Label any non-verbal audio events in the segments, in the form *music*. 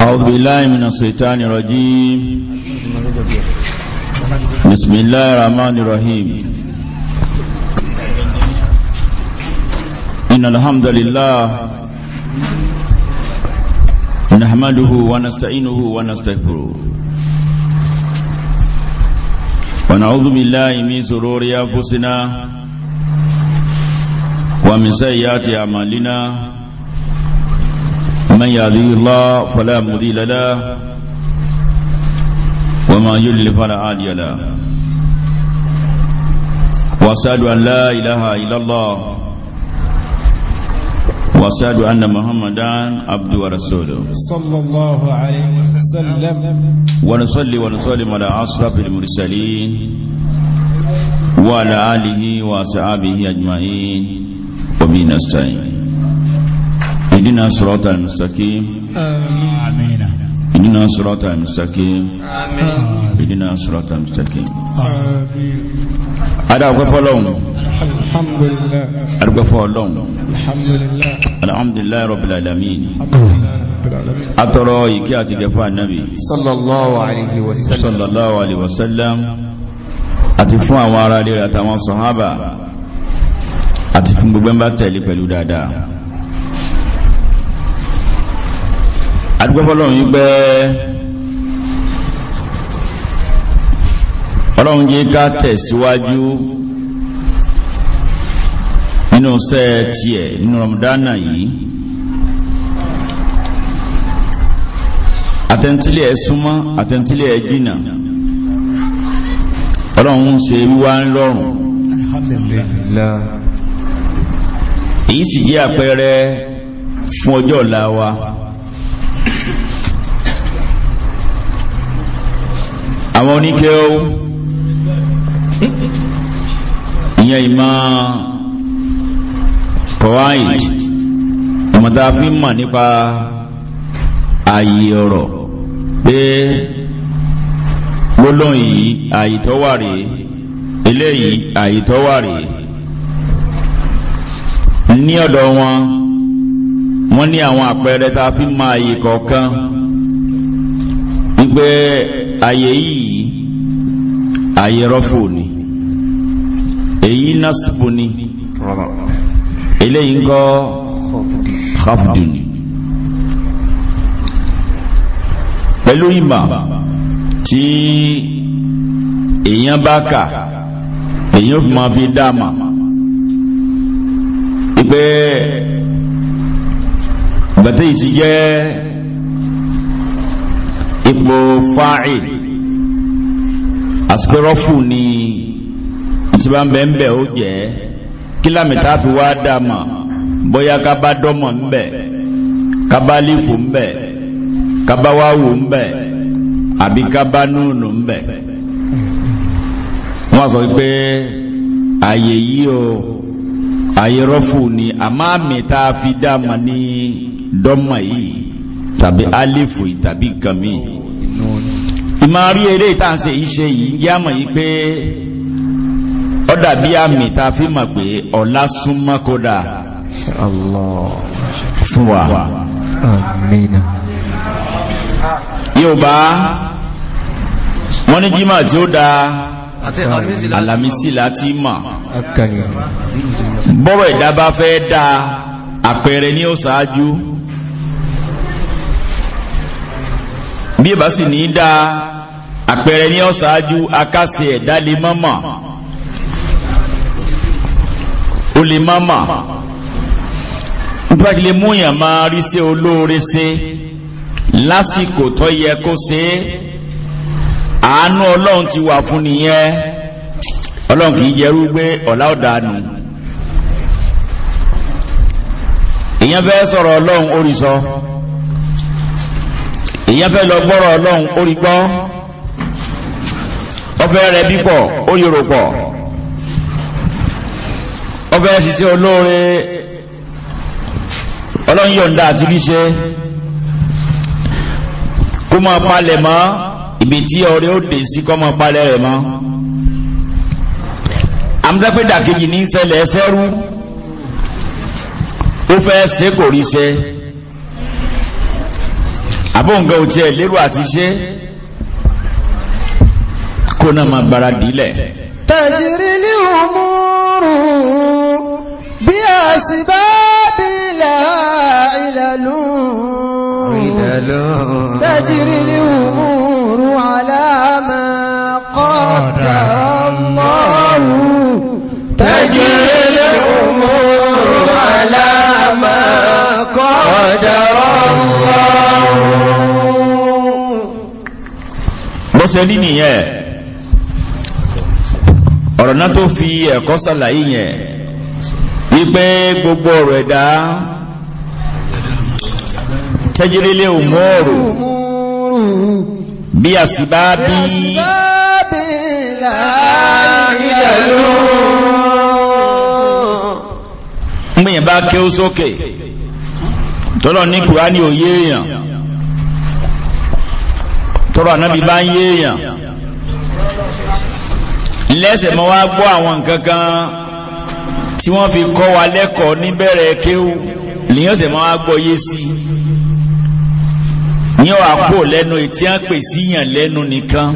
أعوذ بالله من الشيطان الرجيم بسم الله الرحمن الرحيم إن الحمد لله نحمده ونستعينه ونستغفره ونعوذ بالله من سرور أنفسنا ومن سيئات أعمالنا من يهدي الله فلا مضل له وما يضلل فلا هادي له واشهد ان لا اله الا الله واشهد ان محمدا عبد ورسوله صلى الله عليه وسلم ونصلي ونسلم على اشرف المرسلين وعلى اله واصحابه اجمعين وبه نستعين اهدنا صراط المستقيم آمين اهدنا صراط المستقيم آمين اهدنا صراط المستقيم آمين ada ọpẹ́ fọ́lọ́run alhamdulillah adúgbò fọ́lọ́run alhamdulillah alhamdulillah rabbil alamin atọrọ ìkẹ́ àti gẹfà nábi sallallahu alaihi wasallam àti fún àwọn ará rẹ̀ àtàwọn sọ̀hábà àti fún gbogbo ẹmbá tẹ̀lé pẹ̀lú dáadáa adúgbọ́fọ́lọ́run yí pé ọlọ́run yí ká tẹ̀síwájú nínú sẹ́ tiẹ̀ nínú ramadana yìí àtẹ̀ntílẹ̀ ẹ̀ súnmọ́ àtẹ̀ntílẹ̀ ẹ̀ jìnà ọlọ́run ṣe wíwá ń lọ́rùn èyí sì jẹ́ àpẹẹrẹ fún ọjọ́ ọ̀la wa. àwọn oníkẹ́ ó ìyẹn ìmọ̀ provide ọmọdé fi mọ̀ nípa ààyè ọ̀rọ̀ pé gbólóhùn yìí ààyè tó wà rèé eléyìí ààyè tó wà rèé ní ọ̀dọ̀ wọn wọ́n ní àwọn àpẹẹrẹ tá a fi mọ̀ ààyè kọ̀ọ̀kan pé àyè yìí àyè rọ́fò ni èyí násìbò ni eléyìí ń kọ́ khafdu ni pẹ̀lú ìmà tí èyàn bá kà èyàn fi máa fi dáàmà ìpé bàtẹ́ ìtì jẹ́ ipò fa'il àsìkérọ́fù ni ìtìbá ń bẹ̀ ń bẹ̀ ó jẹ́ kílàmìtà fi wá dàmà bóyá kaba dọ́mọ̀ ń bẹ̀ kaba lífù ń bẹ̀ kaba wáwù ń bẹ̀ àbí kaba núùnù ń bẹ̀ wọ́n sọ pé àyè yìí o àyè rọ́fù ni àmàmì fi dàmà ní dọ́mọ̀ yìí tàbí alifu tàbí nǹkan míì ìmọ̀ rí eré ìtànṣe iṣẹ́ yìí yá mọ̀ yí pé ó dàbí àmì tá a fi mọ̀ pé ọ̀la súnmọ́ kódà fún wa yóò wọ́n ní jímọ̀ tí ó dáa alamisi láti mọ̀ bọ́rọ̀ ìdábá fẹ́ dáa àpẹẹrẹ ní ó ṣáájú bí ìbá sì ní í dá àpẹẹrẹ ní ọ̀sáájú akásẹ̀ ẹ̀dá lè mọ́mọ́ ó lè mọ́mọ́ nípa ìlẹ̀ múyàn máa rí sí olóore ṣe lásìkò tó yẹ kó ṣe àánú ọlọ́run ti wà fún nìyẹn ọlọ́run kì jẹ́rú gbé ọ̀lá ọ̀dànù èèyàn fẹ́ sọ̀rọ̀ ọlọ́run ó sọ. So èyàn fẹ́ lọ gbọ́rọ̀ ọlọ́run ó rí gbọ́ ọfẹ́ rẹ̀ bípọ̀ ó yòrò pọ̀ ọfẹ́ ṣiṣẹ́ olóore ọlọ́run yọ̀ǹda àti bí ṣe kó máa palẹ̀ mọ́ ibi tí ọ̀rẹ́ ó dé sí kọ́ máa palẹ̀ rẹ̀ mọ́ amúdápẹ́dàkejì ní ṣẹlẹ̀ ẹsẹ́rú ó fẹ́ ṣe kò rí ṣe àbọ̀ nǹkan ò tiẹ̀ lérò àti ṣe kó náà máa gbára dílẹ̀. tẹ̀jìrì ní òmùrù bí àṣìbá bílẹ̀ ìlẹ̀lú tẹ̀jìrì ní òmùrù aláàmà bó ṣe rí nìyẹn ọ̀rọ̀ náà tó fi ẹ̀kọ́ yẹn wípé gbogbo ọ̀rọ̀ ẹ̀dá tẹ́jìrìlẹ̀ òmòrò bí àsìbá bí ń gbìyànbá kí ó sókè tọ́lọ̀ ní kùránì òye èèyàn tọrọ ànábì bá ń yéèyàn lẹ́sẹ̀ mọ́ wá gbọ́ àwọn nǹkan kan tí wọ́n fi kọ́ wa lẹ́kọ̀ọ́ níbẹ̀rẹ̀ kéwù lẹ́sẹ̀ mọ́ wá gbọ́ yé sí ní ọ̀ àpò lẹ́nu tí wọ́n pè sí yàn lẹ́nu nìkan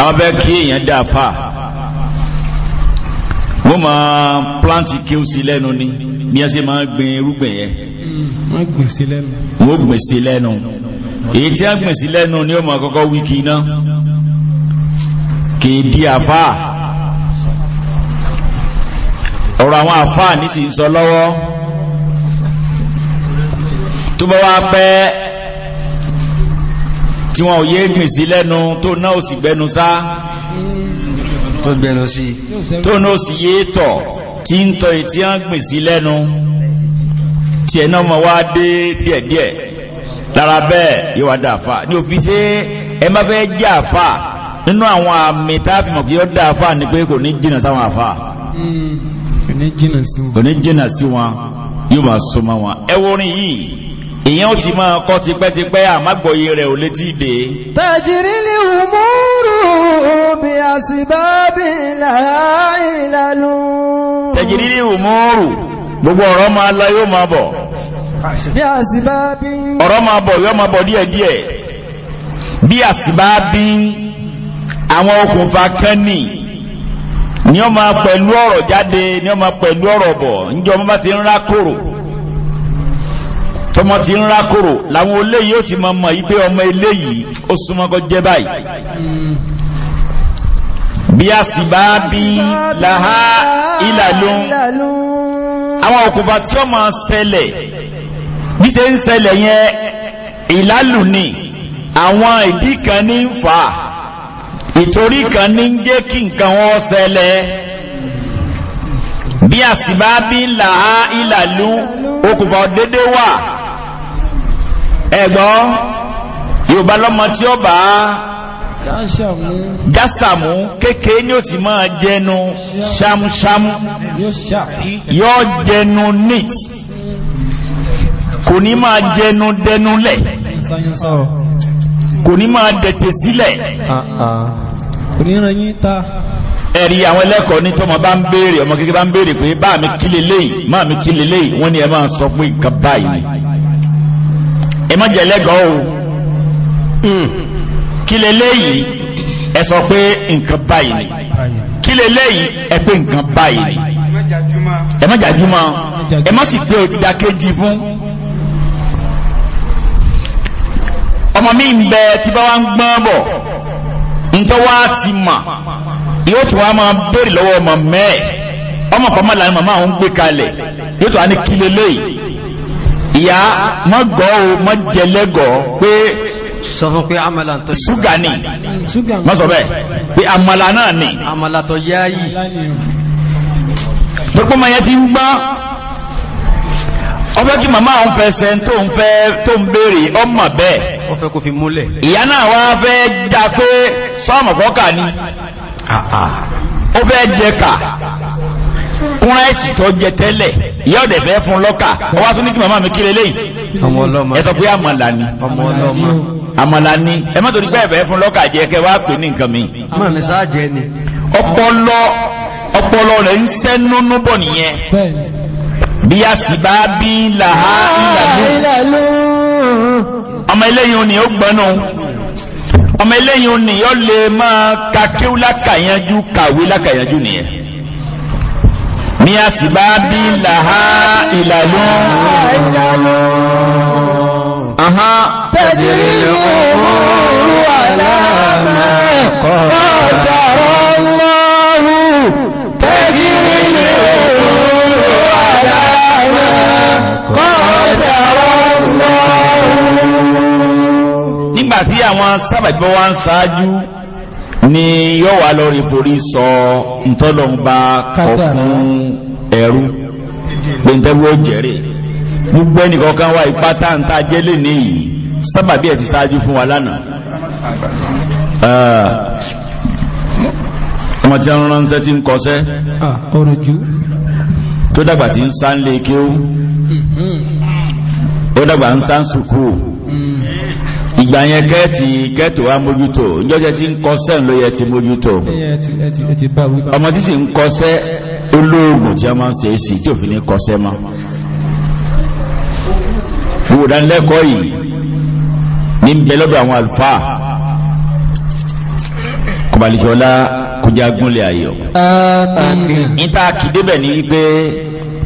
àwọn bẹ́ẹ̀ kí èèyàn dà fà mo máa plant kéwù sí lẹ́nu ni bí wọ́n ṣe máa gbin irúgbìn yẹn wọ́n gbìn sí lẹ́nu èyí tí a gbìn sí lẹ́nu ni ó mọ̀ kọ́kọ́ wíkì iná kìí di àfáà ọ̀rọ̀ àwọn àfáà ní sì ń sọ lọ́wọ́ tó bá wá pẹ́ tí wọn ò yé gbìn sí lẹ́nu tó náà ò sì gbẹnu sá tó náà ò sì yé tọ̀ tí ń tọ́ ètí á gbìn sí lẹ́nu tí ẹ̀ náà mọ̀ wá dé díẹ̀díẹ̀ lára bẹ́ẹ̀ yóò wá dà fà ní òfin ṣe ẹ má fẹ́ jẹ́ àfà nínú àwọn àmì tá a fi mọ̀ pé yóò dà fà ni pé kò ní jìnnà sáwọn àfà kò ní jìnnà sí wọn yóò máa so mọ́ wọn ẹ wo orin yìí èèyàn ti máa kọ́ tipẹ́tipẹ́ àmágbọ̀yé rẹ̀ ò létí ìdè. tẹ̀jìrì ni umuru bí àsìbábì làá ìlànà. ni umuru gbogbo ọ̀rọ̀ máa lọ yóò máa bọ̀ bí àsìbábí ọ̀rọ̀ máa bọ̀ yọ́ máa bọ̀ díẹ̀ díẹ̀ bí àsìbábí àwọn okùnfà kan ní ni ọ máa pẹ̀lú ọ̀rọ̀ jáde ni ọ máa pẹ̀lú ọ̀rọ̀ bọ̀ níjọ ọmọ bá ti ń rá kòrò tọmọ ti ń rá kòrò làwọn eléyìí ó ti máa mọ̀ yí pé ọmọ eléyìí ó súnmọ́ kó jẹ́ báyìí bí àsìbábí làhá ìlàlú àwọn okùnfà tí ọ máa bí ṣe ń ṣẹlẹ̀ yẹn ìlálù ni àwọn ìdí kan ní ń fà á ìtorí kan ní ń jẹ́ kí nǹkan wọn ṣẹlẹ̀ bí àsìbá bí ń là á ìlàlú okùnfà dédé wà ẹ̀gbọ́n yorùbá lọ́mọ tí ó bá gásàmú kékeré ní ó ti máa jẹnu ṣámúṣámú yóò jẹnu nít kò ní máa jẹnu dẹnulẹ̀ kò ní máa dẹ̀tẹ̀ sílẹ̀ ẹ̀rí àwọn ẹlẹ́kọ̀ọ́ ní tọ́mọ bá ń béèrè ọmọ kékeré bá ń béèrè pé bá mi kí leléyìí má mi kí leléyìí wọ́n ní ẹ máa sọ fún nǹkan báyìí ẹ má jẹ́ ẹlẹ́gọ̀ọ́ o hmm. kí leléyìí ẹ sọ pé nǹkan báyìí kí leléyìí ẹ pé nǹkan báyìí ẹ má jàjúmọ́ ẹ má sì pé ìdákejì fún ọmọ mi ń bẹ tí bá wá ń gbọ́n bọ̀ ntọ́ wá ti mà yóò tún wá máa béèrè lọ́wọ́ ọmọ mẹ́ẹ̀ ọmọ kan máa lànà màmá òun gbé kalẹ̀ yóò tún wá ní kílé léyìí ìyá má gọ́ o má jẹ lẹ́gọ̀ọ́ pé sọ fún pé amala tó ṣúgà ni má sọ bẹ́ẹ̀ pé amala náà ni amala tó yáyì tó pọ́ máa yẹ ti ń gbọ́n ọfẹ́ kí màmá òun fẹ́ sẹ́ tó ń fẹ́ tó ń béèrè ọmọ bẹ́ẹ̀ ó fẹ́ kó fi múlẹ̀ ìyá náà wá fẹ́ dá pé sọ́ọ̀mù kọ́kà ni ah, ah. ó fẹ́ jẹ kà kún ẹ̀sì tó jẹ tẹ́lẹ̀ ìyá ọ̀dẹ̀ fẹ́ fún lọ́kà wọ́n wá tún ní kí màmá mi kílẹ̀ lẹ́yìn ẹ sọ pé àmàlà ni àmàlà ni ẹ má torí pé ẹ̀fẹ́ fún lọ́kà jẹ kẹ wá pè ní nǹkan ọpọlọ rẹ̀ ń sẹ́nu núbọ̀ nìyẹn bí a sì bá bí làá ìlàlú ọmọ eléyìn ni ó gbọ́nù ọmọ eléyìn ni ó lè máa kakíw lákàyànjú kàwé lákàyànjú nìyẹn bí a sì bá bí làá ìlàlú tẹ́sìrì òhun wà láàmà ọ̀dà ọlọ́run nígbà àwọn sábàbí wá ń ṣáájú ni yóò wà lórí forí sọ ntọ́lọ́mba kọ fún ẹrú pé gbogbo ẹnìkan kan wá ipá tá ń ta jẹ́lẹ̀ níyì sábàbí ẹ̀ ti ṣáájú fún wa lánàá ah. ah, mm-hmm. ó dàgbà ń sá ń ìgbà yẹn kẹ́ẹ̀tì kẹ́ẹ̀tì wá mójútó ìjọ́jẹ́ tí ń kọsẹ́ ló yẹ ti mójútó ọmọ tí sì ń kọsẹ́ olóògùn tí a máa ń ṣe sí tí òfin ní kọsẹ́ ma. ìwòdánilẹ́kọ̀ọ́ yìí ní ń bẹ lọ́dọ̀ àwọn àlùfáà kọbalikọ́lá kọjá gúnlẹ̀ ayọ̀ ìta kìdébẹ̀ ní wípé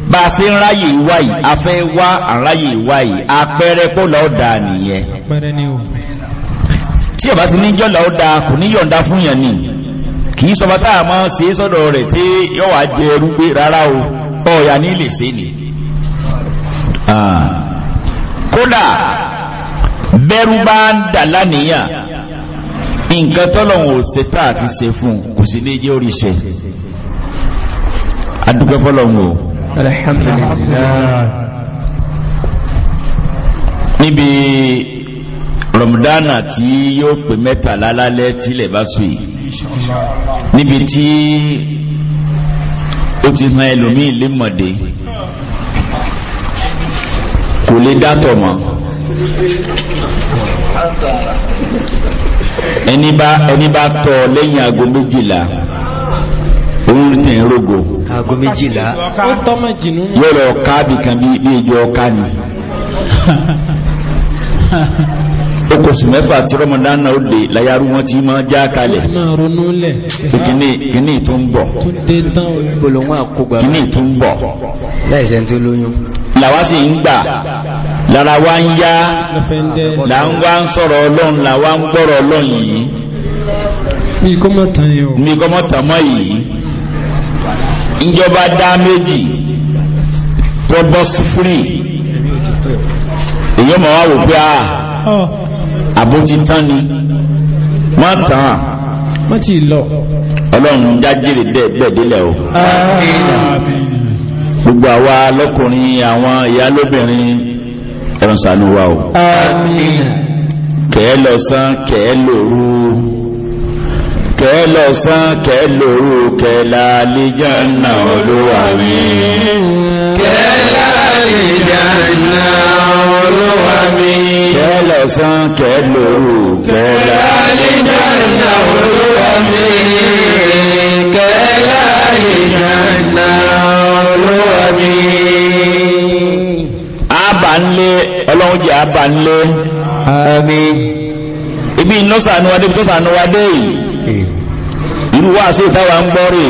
bá a sí ráyè wá yìí a fẹ́ wá àráyè wá yìí àpẹẹrẹ pọ́lọ̀ ọ̀dà nìyẹn tí ọba ti níjọ́lọ̀ ọ̀dà kò ní yọ̀ǹda fún yàn ni kì í sọba táà máa ṣe é sọ́dọ̀ rẹ̀ tí yọ́ wà jẹ rúgbé rárá o ọ̀yà ní lè ṣe ni kódà bẹ́rú bá ń dà lánìyàn nǹkan tọ́lọ̀hún ò ṣe tá àti ṣe fún kò sí lè jẹ́ oríṣẹ́ adúgbẹ́fọ́lọ́hún o الحمد لله níbi rọmọdánà tí yóò pè mẹ́tàlá lálẹ́ tílẹ̀ bá sùn yìí níbi tí ó ti hàn ẹlòmíì lémọ̀dé kò lè dátọ̀ mọ́ ẹni bá ẹni bá aago méjìlá òun tí ń rógo aago méjìlá yóò lọ ká bì kan bí ìjọ ká ni *laughs* okoṣù mẹ́fà tí rọmọdánà ó lè láyárú wọn ti máa já kalẹ̀ tí kìíní tó ń bọ̀ kìíní tó ń bọ̀ láìsẹ̀ tó lóyún làwá sì ń gbà lára wá ń yá là ń wá ń sọ̀rọ̀ ọlọ́run làwá ń gbọ́rọ̀ ọlọ́run yìí mi kọ́mọ̀tàn mọ́ yìí ìjọba dá méjì pọ́bọ́sí fúrì èyí ọmọ wá wò pé à ah, oh. àbótí tán ni má tán má ti lọ ọlọ́run jájèrè bẹ́ẹ̀dẹ́lẹ̀ o gbogbo àwa lọ́kùnrin àwọn ìyá lóbìnrin ẹ̀rọ̀nsánú wa o kẹ́ẹ̀ lọ́sán kẹ́ẹ̀ lòru kẹlọ́sán kẹlòrú kẹlà àlìjánà olúwa mi kẹlà àlìjánà olúwa mi kẹlọ́sán kẹlòrú kẹlà àlìjánà olúwa mi kẹlà àlìjánà olúwa mi. àbánlé ọlọ́run jẹ́ àbánlé. àmín. ibi ìnọ́sànúwádé ibi tó sànúwádé yìí irú wà sí ìtawà ń gbọ́rẹ̀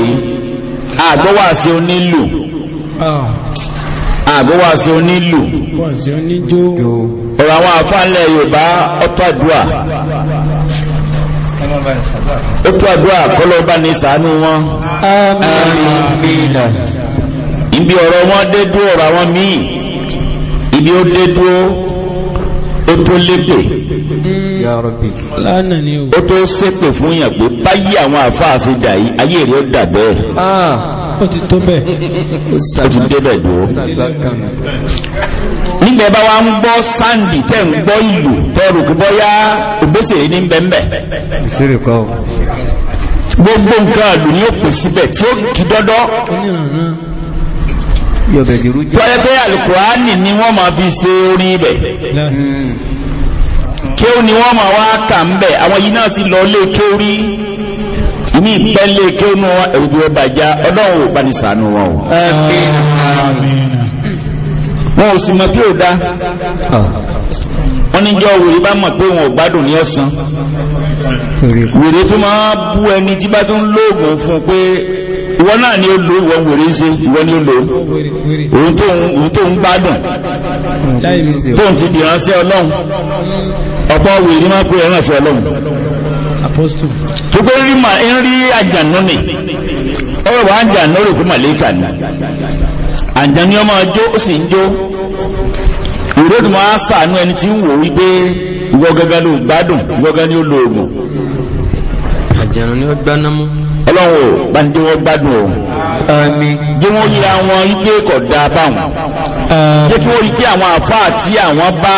àgbọ́wà sí onílù àgbọ́wà sí onílù ọ̀rọ̀ àwọn àfáàlẹ̀ Yorùbá ọ̀tọ̀dúà ó tó àdúrà kọlọ́bá ní sàánú wọn ibi ọ̀rọ̀ wọn dédú ọ̀rọ̀ àwọn míì ibi ó dédú ó tó lépè ya Rabbi lánà ni o ó tó sépè fún yàn pé báyìí àwọn àfáà sí dà yìí ayé rẹ̀ dà bẹ́ẹ̀ ah, ó ti tó bẹ́ẹ̀ ó ti débẹ̀ dúró nígbà bá wa ń gbọ́ sáǹdì tẹ́ ń gbọ́ ìlú tẹ́rù kí bọ́yá ògbésèrè ní bẹ́ẹ̀ gbogbo nǹkan àlù ní òpè síbẹ̀ tí ó kì dọ́dọ́ tọ́lẹ́gbẹ́ alukùránì ni wọ́n máa fi ṣe orí ibẹ̀ kéw ni wọ́n máa wá kà ń bẹ̀ àwọn yìí náà sì lọ lé kéw rí ìmí ìpẹ́ lé kéw nù wọn ẹ̀rù bí wọ́n bàjá ọlọ́run ò bá ní sànú wọn o. wọn ò sì mọ bí ò dá wọn níjọ wèrè bá mọ̀ pé wọn ò gbádùn ní ọ̀sán wèrè tó máa bú ẹni tí bá tún lóògùn fún pé ìwọ náà ni ó lò ìwọ wèrè ṣe ìwọ ni ó lò òun tó ń gbádùn tó ń ti di ránṣẹ́ ọlọ́run ọ̀pọ̀ wèrè máa pè ránṣẹ́ ọlọ́run tó pé rí mà ń rí àjànú ni ọ̀rọ̀ wa àjànú rò pé màlẹ́kà ni àjànú ọmọ ọjọ́ ó sì ń jó ìròdùn máa sàánú ẹni tí ń wò wípé ìwọ gẹ́gẹ́ ló gbádùn ìwọ gẹ́gẹ́ lo oògùn àlìjẹ̀nà ni ó gbáná mú ọlọ́run ò bá ní jẹ́ wọ́n gbádùn òun àmín jẹ́ wọ́n yí àwọn ilé kọ̀dá báwọn jẹ́ kí wọ́n rí pé àwọn àfáà tí àwọn bá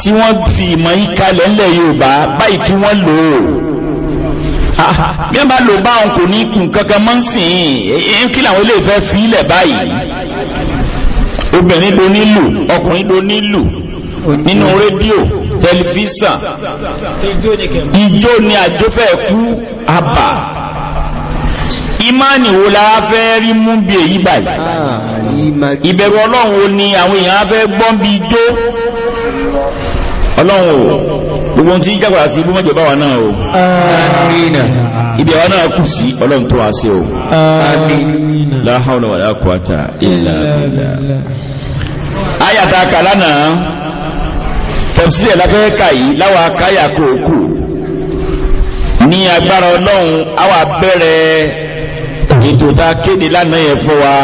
tí wọ́n fi ìmọ̀ ìkalẹ̀ ńlẹ̀ Yorùbá báyìí kí wọ́n lò ó bí wọ́n bá lò kò ní kùn kankan mọ́ sí i kí làwọn ilé ìfẹ́ fi ilẹ̀ báyìí obìnrin do nílù ọkùnrin do nílù nínú rédíò tẹlifíṣàn ijó ni àjọfẹ́ kú àbà ìmáàni wo la fẹ́ rí mú bí èyí báyìí ìbẹ̀rù ọlọ́run o ni àwọn èèyàn fẹ́ gbọ́n bí ijó ọlọ́run o gbogbo tí jágbàrá sí ibú mọ́jọba wa náà o àmìnà náà kù sí ọlọ́run tó wá sí o àmìnà la hawla wala quwwata illa billah ayàtà kàlánà tẹ̀sílẹ̀ láfẹ́ kà yìí láwa káyà kò kù ní agbára ọlọ́run àwa bẹ̀rẹ̀ ètò tá a kéde lánàá yẹn fún wa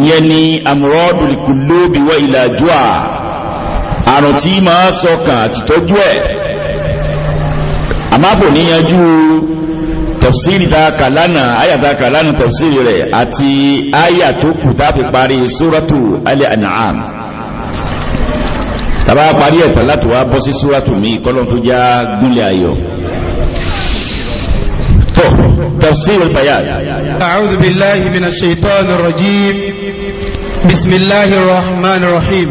ìyẹn ni amradul qulubi wa ilajuha àrùn tí máa sọkàn àtìtọ́jú ẹ̀ àmáfò níyanjú tafsiri ta kàlánà àyà ta kàlánà tafsiri rẹ̀ àti àyà tó kù tá a fi parí suratu al-an'am àbá parí ẹ̀tà láti wá bọ́ sí súrátù mi kọ́lọ́n tó já gúnlẹ̀ ayọ̀ tó tafsir al-bayan a'udhu billahi minash shaitanir rajim bismillahir rahmanir rahim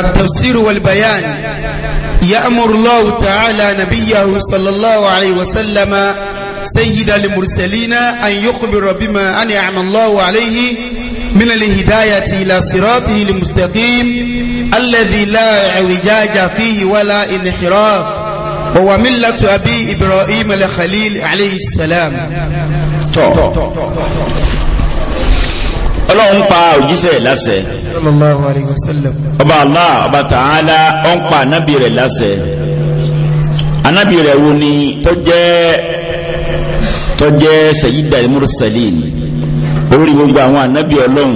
at-tafsir wal bayan ya'muru Allah ta'ala nabiyahu sallallahu alayhi wa sallama sayyidal mursalina an yukhbira bima an'ama Allah alayhi من الهداية إلى صراطه المستقيم الذي لا اعوجاج فيه ولا انحراف وهو ملة أبي إبراهيم الخليل عليه السلام ọlọ́run pa òjíṣẹ́ láṣẹ sallallahu alaihi wasallam ọba Allah ọba ta'ala ọ ń pa anábì rẹ̀ láṣẹ anábì rẹ̀ wo ni tó jẹ́ tó jẹ́ sayyidal mursalin lórí gbogbo àwọn ànábì ọlọ́run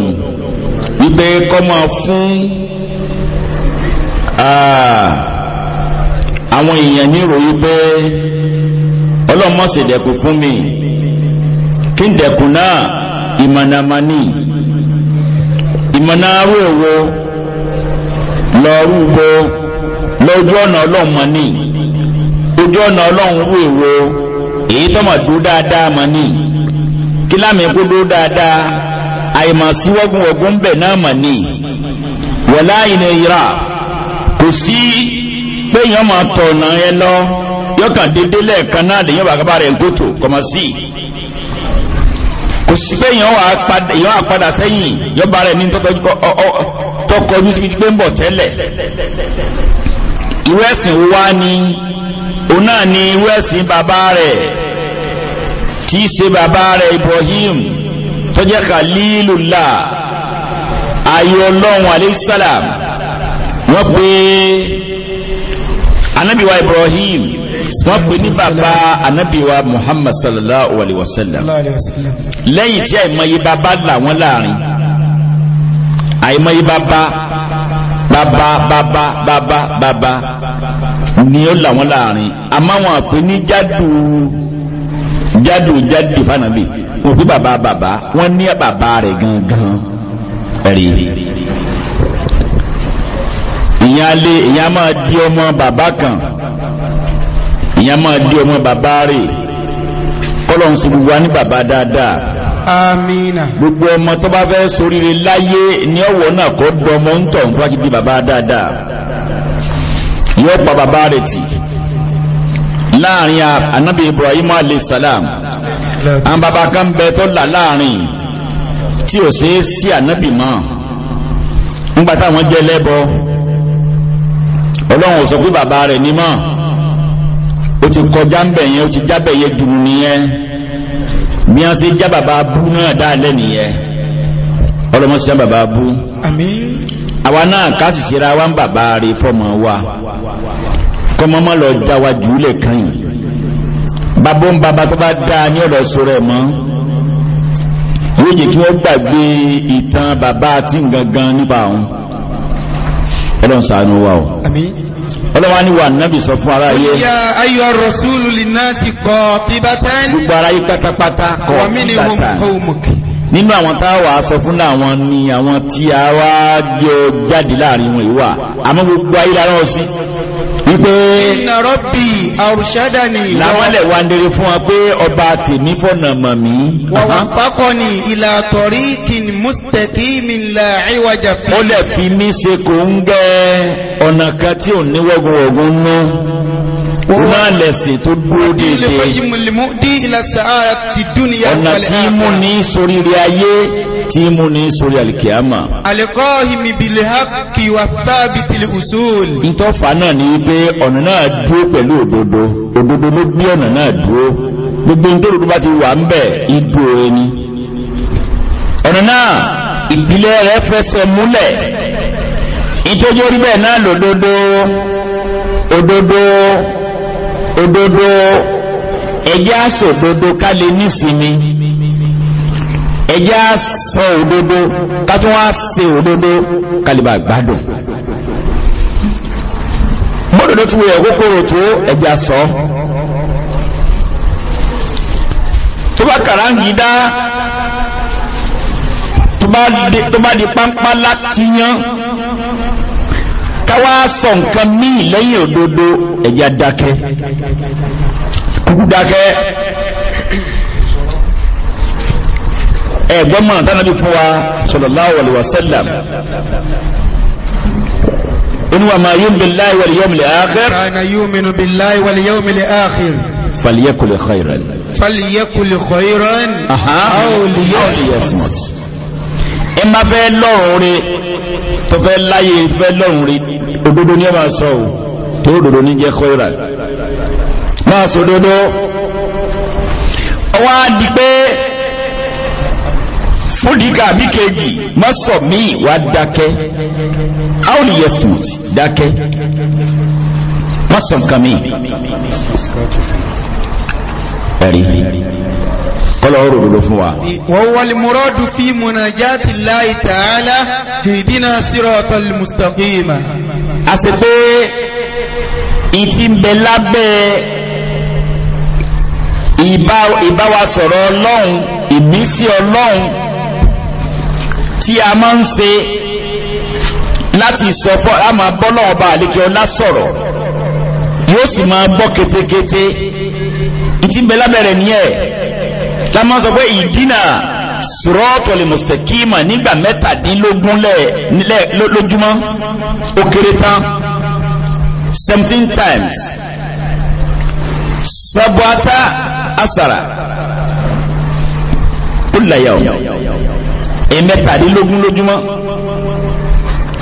wípé kọ́ máa fún àwọn èèyàn ní ìròyìn ọlọ́run má ṣe dẹ̀kùn fún mi kí n dẹ̀kùn náà ìmọ̀nàmọ́ni ìmọ̀nàárò èwo lọ́rùbọ lójú ọ̀nà ọlọ́run mọ́ ni ojú ọ̀nà ọlọ́run èyí tó dúró dáadáa ni. kí láàmì kó dó dáadáa àìmọ̀ síwọ́gun ọ̀gùn bẹ̀ náà mọ̀ ní wọ̀lá ilẹ̀ ìra kò sí pé èèyàn máa tọ̀nà ẹ lọ yọkàn dédé lẹ́ẹ̀kan náà lèyàn bá kábàárẹ̀ ń kótó kọ̀mọ̀ sí kò sí pé èèyàn padà sẹ́yìn yọba rẹ̀ ní tọkọjú síbi pé ń bọ̀ tẹ́lẹ̀ irú ẹ̀sìn wo wá ní òun náà ní irú ẹ̀sìn bàbá rẹ̀ tí í ṣe bàbá rẹ̀ Ibrahim tó jẹ́ Khalilullah ayé ọlọ́run aleyhisalaam wọ́n pè anabiwa Ibrahim wọ́n pè ní bàbá anabiwa Muhammad sallallahu alayhi wa sallam lẹ́yìn tí àìmọye bàbá làwọn láàrin àìmọye bàbá bàbá bàbá bàbá bàbá ni ó làwọn láàrin àmọ́ wọn àpè ní jádùú jádò jádò fanabi wọn fi bàbá bàbá wọn ní bàbá rẹ̀ gangan rí ìyẹn alẹ́ ìyẹn máa di ọmọ bàbá kan ìyẹn máa di ọmọ bàbá rẹ̀ kọlọ́n sí gbogbo wa ní bàbá dáadáa amina gbogbo ọmọ tó bá fẹ́ ṣoríire láyé ní ọ̀wọ̀ náà kọ́ dọmọ ń tọ̀ nípa gidi bàbá dáadáa yóò pa bàbá rẹ̀ tì láàrin anábì Ibrahim alaihissalam àwọn bàbá kan bẹ tó là láàrin tí ò sí sí anábì mọ́ nígbà táwọn jẹ́ lẹ́bọ ọlọ́run ò sọ pé bàbá rẹ̀ ní mọ́ ó ti kọjá ń bẹ̀ yẹn ó ti jábẹ̀ yẹn dùn nìyẹn bí wọ́n ṣe já bàbá bú náà dáalẹ́ nìyẹn ọlọ́mọ sí já bàbá bú àwa náà ká sì ṣe ra wa ń bàbá rẹ̀ fọmọ wa kọmọmọ lọ jáwa jùlẹ̀ kan yìí babó ń baba tó bá dá ní ọ̀rọ̀ sọ̀rọ̀ ẹ̀ mọ́ yóò jẹ́ kí wọ́n gbàgbé ìtàn bàbá àti gangan nípa àwọn ọlọ́run ṣàánú wa o ọlọ́wà ní wà náàbì sọ fún ara yẹ ya ayyọ rọ̀súlù lè náà sì kọ́ tí bá tẹ́ ní gbogbo ara yí pátápátá kọ́ nínú àwọn tá a wà sọ fún àwọn ni àwọn tí a wá jọ jáde láàrin wọn ìwà àmọ́ gbogbo ayé lára ọ sí wípé ìnàrọ́bì àrùṣádà ni lámọ́lẹ̀ wà ń dèrè fún wa pé ọba tèmi fọ́nà mọ̀ mí wọ̀wọ̀n fákọ́ ni ìlà tọ̀rí kí ni mústẹ̀kì mi là ìwàjà fi ó lẹ̀ fi mí ṣe kò ń gẹ́ ọ̀nà kan tí ò ní wọ́gun wọ̀gun náà náà lẹ̀sìn tó dúró dédé ọ̀nà tí mú ní sórí rí ayé tí mú ní sórí alìkìyàmà ìtọ́fà náà ní wípé ọ̀nà náà dúró pẹ̀lú òdodo òdodo ló gbé ọ̀nà náà dúró gbogbo ìdóòdó bá ti wà ń bẹ̀ ìdó ẹni ọ̀nà náà ìpìlẹ̀ rẹ̀ fẹsẹ̀ múlẹ̀ ìtójó rí bẹ́ẹ̀ náà lòdodo òdodo òdodo ẹjẹ́ àṣọ òdodo ká lè nísìnyí ẹjẹ́ àṣọ òdodo ká tún wá ṣe òdodo ká lè bá gbádùn bọ́dọ̀dọ̀ tí wọ́n kókòrò tó ẹjẹ́ àṣọ tó bá kàráǹgídá tó bá di pápá láti yán káwá sọ nǹkan míì lẹ́yìn òdodo ẹ̀já dákẹ́ kúkú dákẹ́ ẹ̀gbọ́n mọ̀ tánàbí fún wa sallallahu alaihi wasallam إن وما يؤمن بالله واليوم الآخر كان يؤمن بالله واليوم الآخر فليكل خيرا فليكل خيرا أو ليصمت ẹ má fẹ́ lọ́rùn rẹ̀ tó fẹ́ láyé tó fẹ́ lọ́rùn rí òdodo ní ọmọ sọ ò tó òdodo ní jẹ́ kọ́ìrà máa sọ òdodo ọwá di pé fúdíkà bí kejì má sọ míì wá dákẹ́ auliyesmut dákẹ́ má sọ nǹkan míì ẹ̀rí kọ́lọ̀ ọrọ̀ òdòdó fún wa wọ́wọ́lì mọ́rọ́dù fi munajati Allahi ta'ala hìdínà siratal mustaqima a sì pé ìtí ń bẹ lábẹ́ ìbáwa sọ̀rọ̀ ọlọ́run ìmísí ọlọ́run tí a máa ń ṣe láti sọ fọ́ a máa ọlá sọ̀rọ̀ yóò sì máa gbọ́ ketekete ìtí ń bẹ lábẹ́ rẹ̀ nìyẹn lámọ́ sọ pé ìdínà sọ́rọ́tọ̀lẹ̀ mùsùtẹ̀kímà nígbà mẹ́tàdínlógún lójúmọ́ ó kéré tán 17 times sabuata asara kúlẹ̀yà ọ̀ ẹ̀mẹ́tàdínlógún lójúmọ́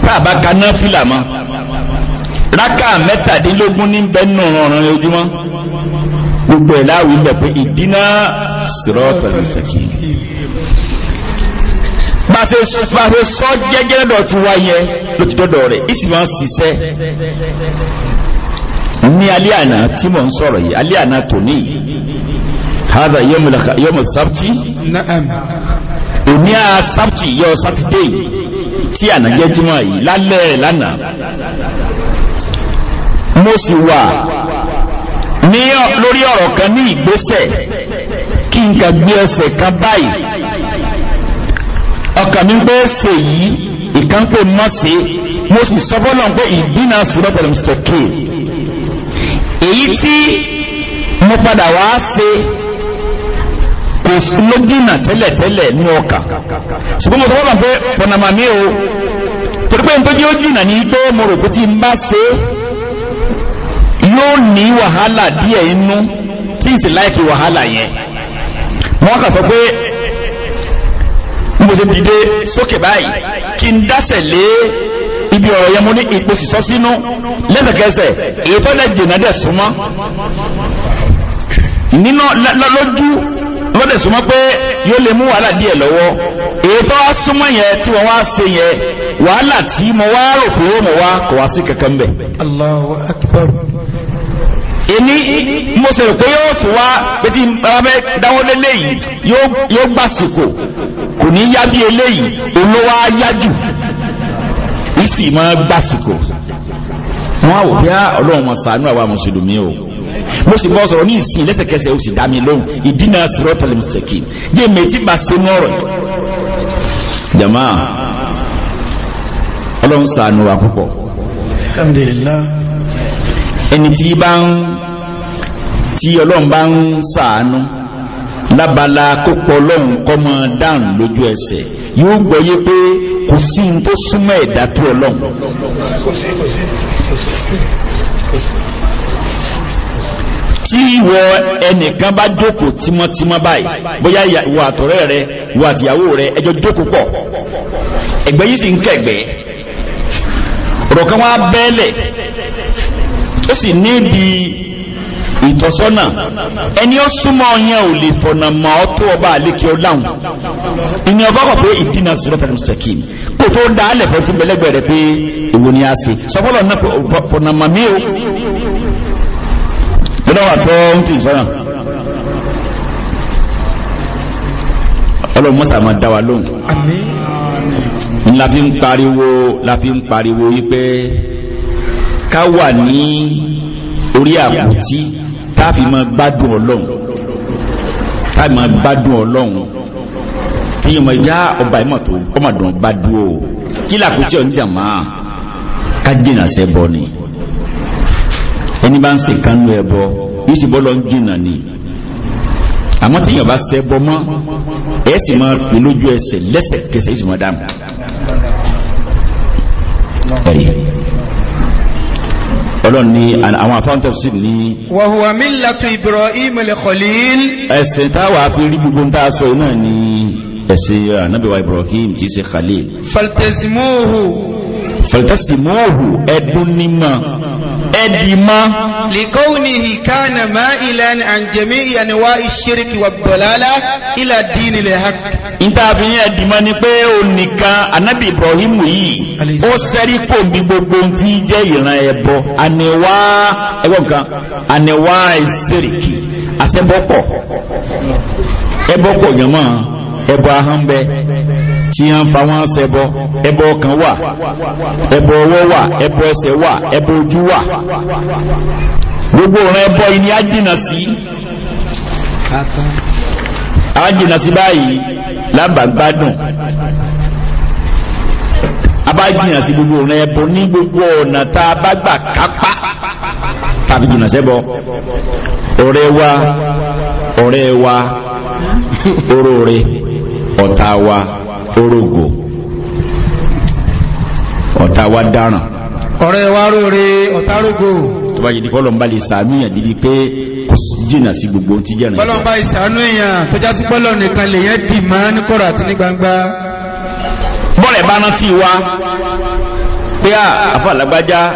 tàbá kaná fìlà mọ́ rákà mẹ́tàdínlógún ní bẹ́ẹ̀ nù ọ̀rọ̀ ojúmọ́ gbogbo ẹ̀ láàwí ilẹ̀ pé ìdínà sírọ́tọ̀ ìtẹ̀kì bá ṣe sọ gẹ́gẹ́ lọ́dọ̀ tí wá yẹ ló ti dọ́dọ̀ rẹ̀ ìsì máa ń ṣiṣẹ́ ní alẹ́ àná tí mò ń sọ̀rọ̀ yìí alẹ́ àná tòní hada yọmọ sábtì òní à sábtì yọ sátidé tí àná jẹ́ jímọ̀ yìí lálẹ́ lánàá mo sì wà ní lórí ọ̀rọ̀ kan ní ìgbésẹ̀ kí n kà gbé ẹsẹ̀ kan báyìí ọkàn mi pé ṣe yìí ìkan pé mọ́ sí mo sì sọ fọ́lọ̀ pé ìdínà sí lọ́pẹ̀lẹ̀ mr k èyí tí mo padà wá ṣe kò lógínà tẹ́lẹ̀tẹ́lẹ̀ ní ọkà ṣùgbọ́n mo sọ fọ́lọ̀ pé fọ̀nàmà mi o torí pé n tó jẹ́ ó jìnà ní pé mo rò pé tí n bá ṣe é yóò ní wàhálà díẹ̀ inú tí ìsì láìkì wàhálà yẹn wọ́n kà sọ pé mo ṣe dìde sókè báyìí kí n dásẹ̀ lé ibi ọ̀rọ̀ yẹn mo ní ipò sísọ́ sínú lẹ́sẹ̀kẹsẹ̀ èyí tó dẹ̀ jìnà dẹ̀ súnmọ́ nínú lójú lọ́dẹ̀ súnmọ́ pé yóò lè mú wàhálà díẹ̀ lọ́wọ́ èyí tó wá súnmọ́ yẹn tí wọ́n wá ṣe yẹn wàhálà tí mo wá rò pé ó mo wá kò wá sí kankan bẹ̀. Allahu Akbar èmi mo sì rò pé yóò tún wá pé tí abẹ́ dáwọ́ léléyìí yóò gbàsìkò kò ní yá bí eléyìí olówó á yá jù ìsì máa gbàsìkò wọ́n á wò pé ah, ọlọ́run mọ̀ ṣàánú àwa mùsùlùmí o mo sì bọ́ sọ̀rọ̀ ní ìsìn lẹ́sẹ̀kẹsẹ̀ ó sì dá mi lóhùn ìdínà sírọ́tàlì mùsùlùmí jẹ́ mẹ́tí bá se ní ọ̀rọ̀ jama ọlọ́run ṣàánú wa púpọ̀ alhamdulillah ẹni tí bá ń tí ọlọ́run bá ń sàánú lábala kópọ̀ ọlọ́run kọ́mọ dáhùn lójú ẹsẹ̀ yóò gbọ́yé pé kò sí ní tó súnmọ́ ẹ̀dá tó ọlọ́run tí ìwọ ẹnìkan bá jókòó tímọ́tímọ́ báyìí bóyá ìwọ àtọ̀rẹ́ rẹ ìwọ àtìyàwó rẹ ẹjọ́ jókòó pọ̀ ẹgbẹ́ yìí sì ń kẹ̀gbẹ́ ọ̀rọ̀ kan wá bẹ́ẹ̀lẹ̀ ó sì níbi ìtọ́sọ́nà ẹni ó súnmọ́ yẹn ò lè fọ̀nà mọ́ ọ tó ọba àlékè ọláhùn ìní ọba kọ̀ pé ìdínà sí rọ́fẹ̀rẹ̀ mùsùlùmí kò tó dá alẹ̀ fẹ́ tí bẹ̀lẹ́gbẹ̀ rẹ̀ pé èwo ni a ṣe sọfọ́lọ̀ náà fọ̀nà mọ́ mi o lọ́dọ̀ wà tó ń tì sọ́nà ọlọ́run mọ́sà máa dá wa lóhùn ńlá fi ń pariwo la fi ń pariwo yí pé ká wà ní orí àkútí táàfì máa gbádùn ọlọ́run táàfì máa gbádùn ọlọ́run tí yóò máa yá ọba ìmọ̀ tó ọmọdún bá dúró kí làkútí ọ̀ ń máa ká jìnà sẹ́bọ ni ẹni bá ń ṣe kánú ẹbọ yóò sì bọ́ lọ ń jìnà ni àmọ́ tí yóò bá sẹ́bọ mọ́ ẹ̀ sì máa fi lójú ẹsẹ̀ lẹ́sẹ̀kẹsẹ̀ yóò sì máa dà ọlọ́run ní àwọn afáǹtọ̀ sí ní wàhùwà millatu Ibrahim al-Khalil ẹ̀sìn táwà fi rí gbogbo tá sọ náà ní ẹ̀sìn ànábì Ibrahim tí ṣe Khalil faltazimuhu falitasi mọ́ọ̀hù ẹ̀dùn nímọ̀ ẹ̀dìmọ́. lìkọ́wùnì ìkànnà máa ìlànà àjẹmí ìyànníwá ìṣíríkì wà bọ̀lálá ìlà dínì lè hàk. níta fi yẹn ẹ̀dìmọ́ ni pé ó nìkan anabi ibrahim yìí ó sẹ́rí kò bí gbogbo tí jẹ́ ìran ẹ̀bọ àníwá ẹ̀gbọ́n kan àníwá ìṣíríkì àṣẹbọ́pọ̀ ẹ̀bọ́pọ̀ yẹn mọ́ ẹ̀bọ ahọ́n bẹ́ẹ̀ tí a ń fa wọn ṣẹbọ ẹbọ ọkàn wà ẹbọ ọwọ́ wà ẹbọ ẹsẹ̀ wà ẹbọ ojú wà gbogbo ọ̀rọ̀ ẹbọ yìí ni a jìnà sí a jìnà sí báyìí lábàgbádùn a bá jìnà sí gbogbo ọ̀rọ̀ ẹbọ ní gbogbo ọ̀nà tá a bá gbà kápá tàbí jìnà sẹ́bọ ọ̀rẹ́ wa ọ̀rẹ́ wa oró ọ̀tá wa orogo ọ̀tá wa dáràn ọ̀rẹ́ wa róore ọ̀tá rógo tó bá jẹ́ dípọ́ lọ́nbá lè sàánúyàn dídí pé kò jìnà sí gbogbo ohun tí jẹ́ rìn lọ́nbá ìsàánúyàn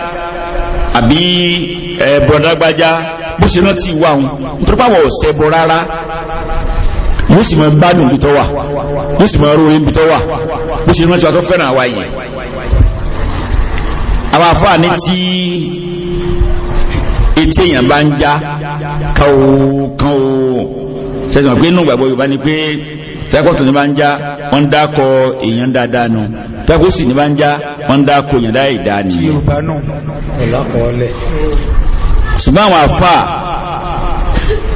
àbí ẹ̀bọ̀dágbájá bó ṣe rántí wa òun nítorí pàwọ̀ ọ̀sẹ̀ rárá yóò sì máa gbádùn bí tó wà yóò sì máa rórí bí tó wà bó ṣe rántí wa tó fẹ́ràn àwa yìí àwọn àfáà ní tí etí èèyàn bá ń já káwó káwó sẹ́sìn wọn pé inú ìgbàgbọ́ Yorùbá ni pé tẹ́kọ̀tù ní bá ń já wọ́n ń dákọ̀ èèyàn dáadáa nù tẹ́kọ̀ sì ní bá ń já wọ́n ń dákọ̀ èèyàn dáadáa nì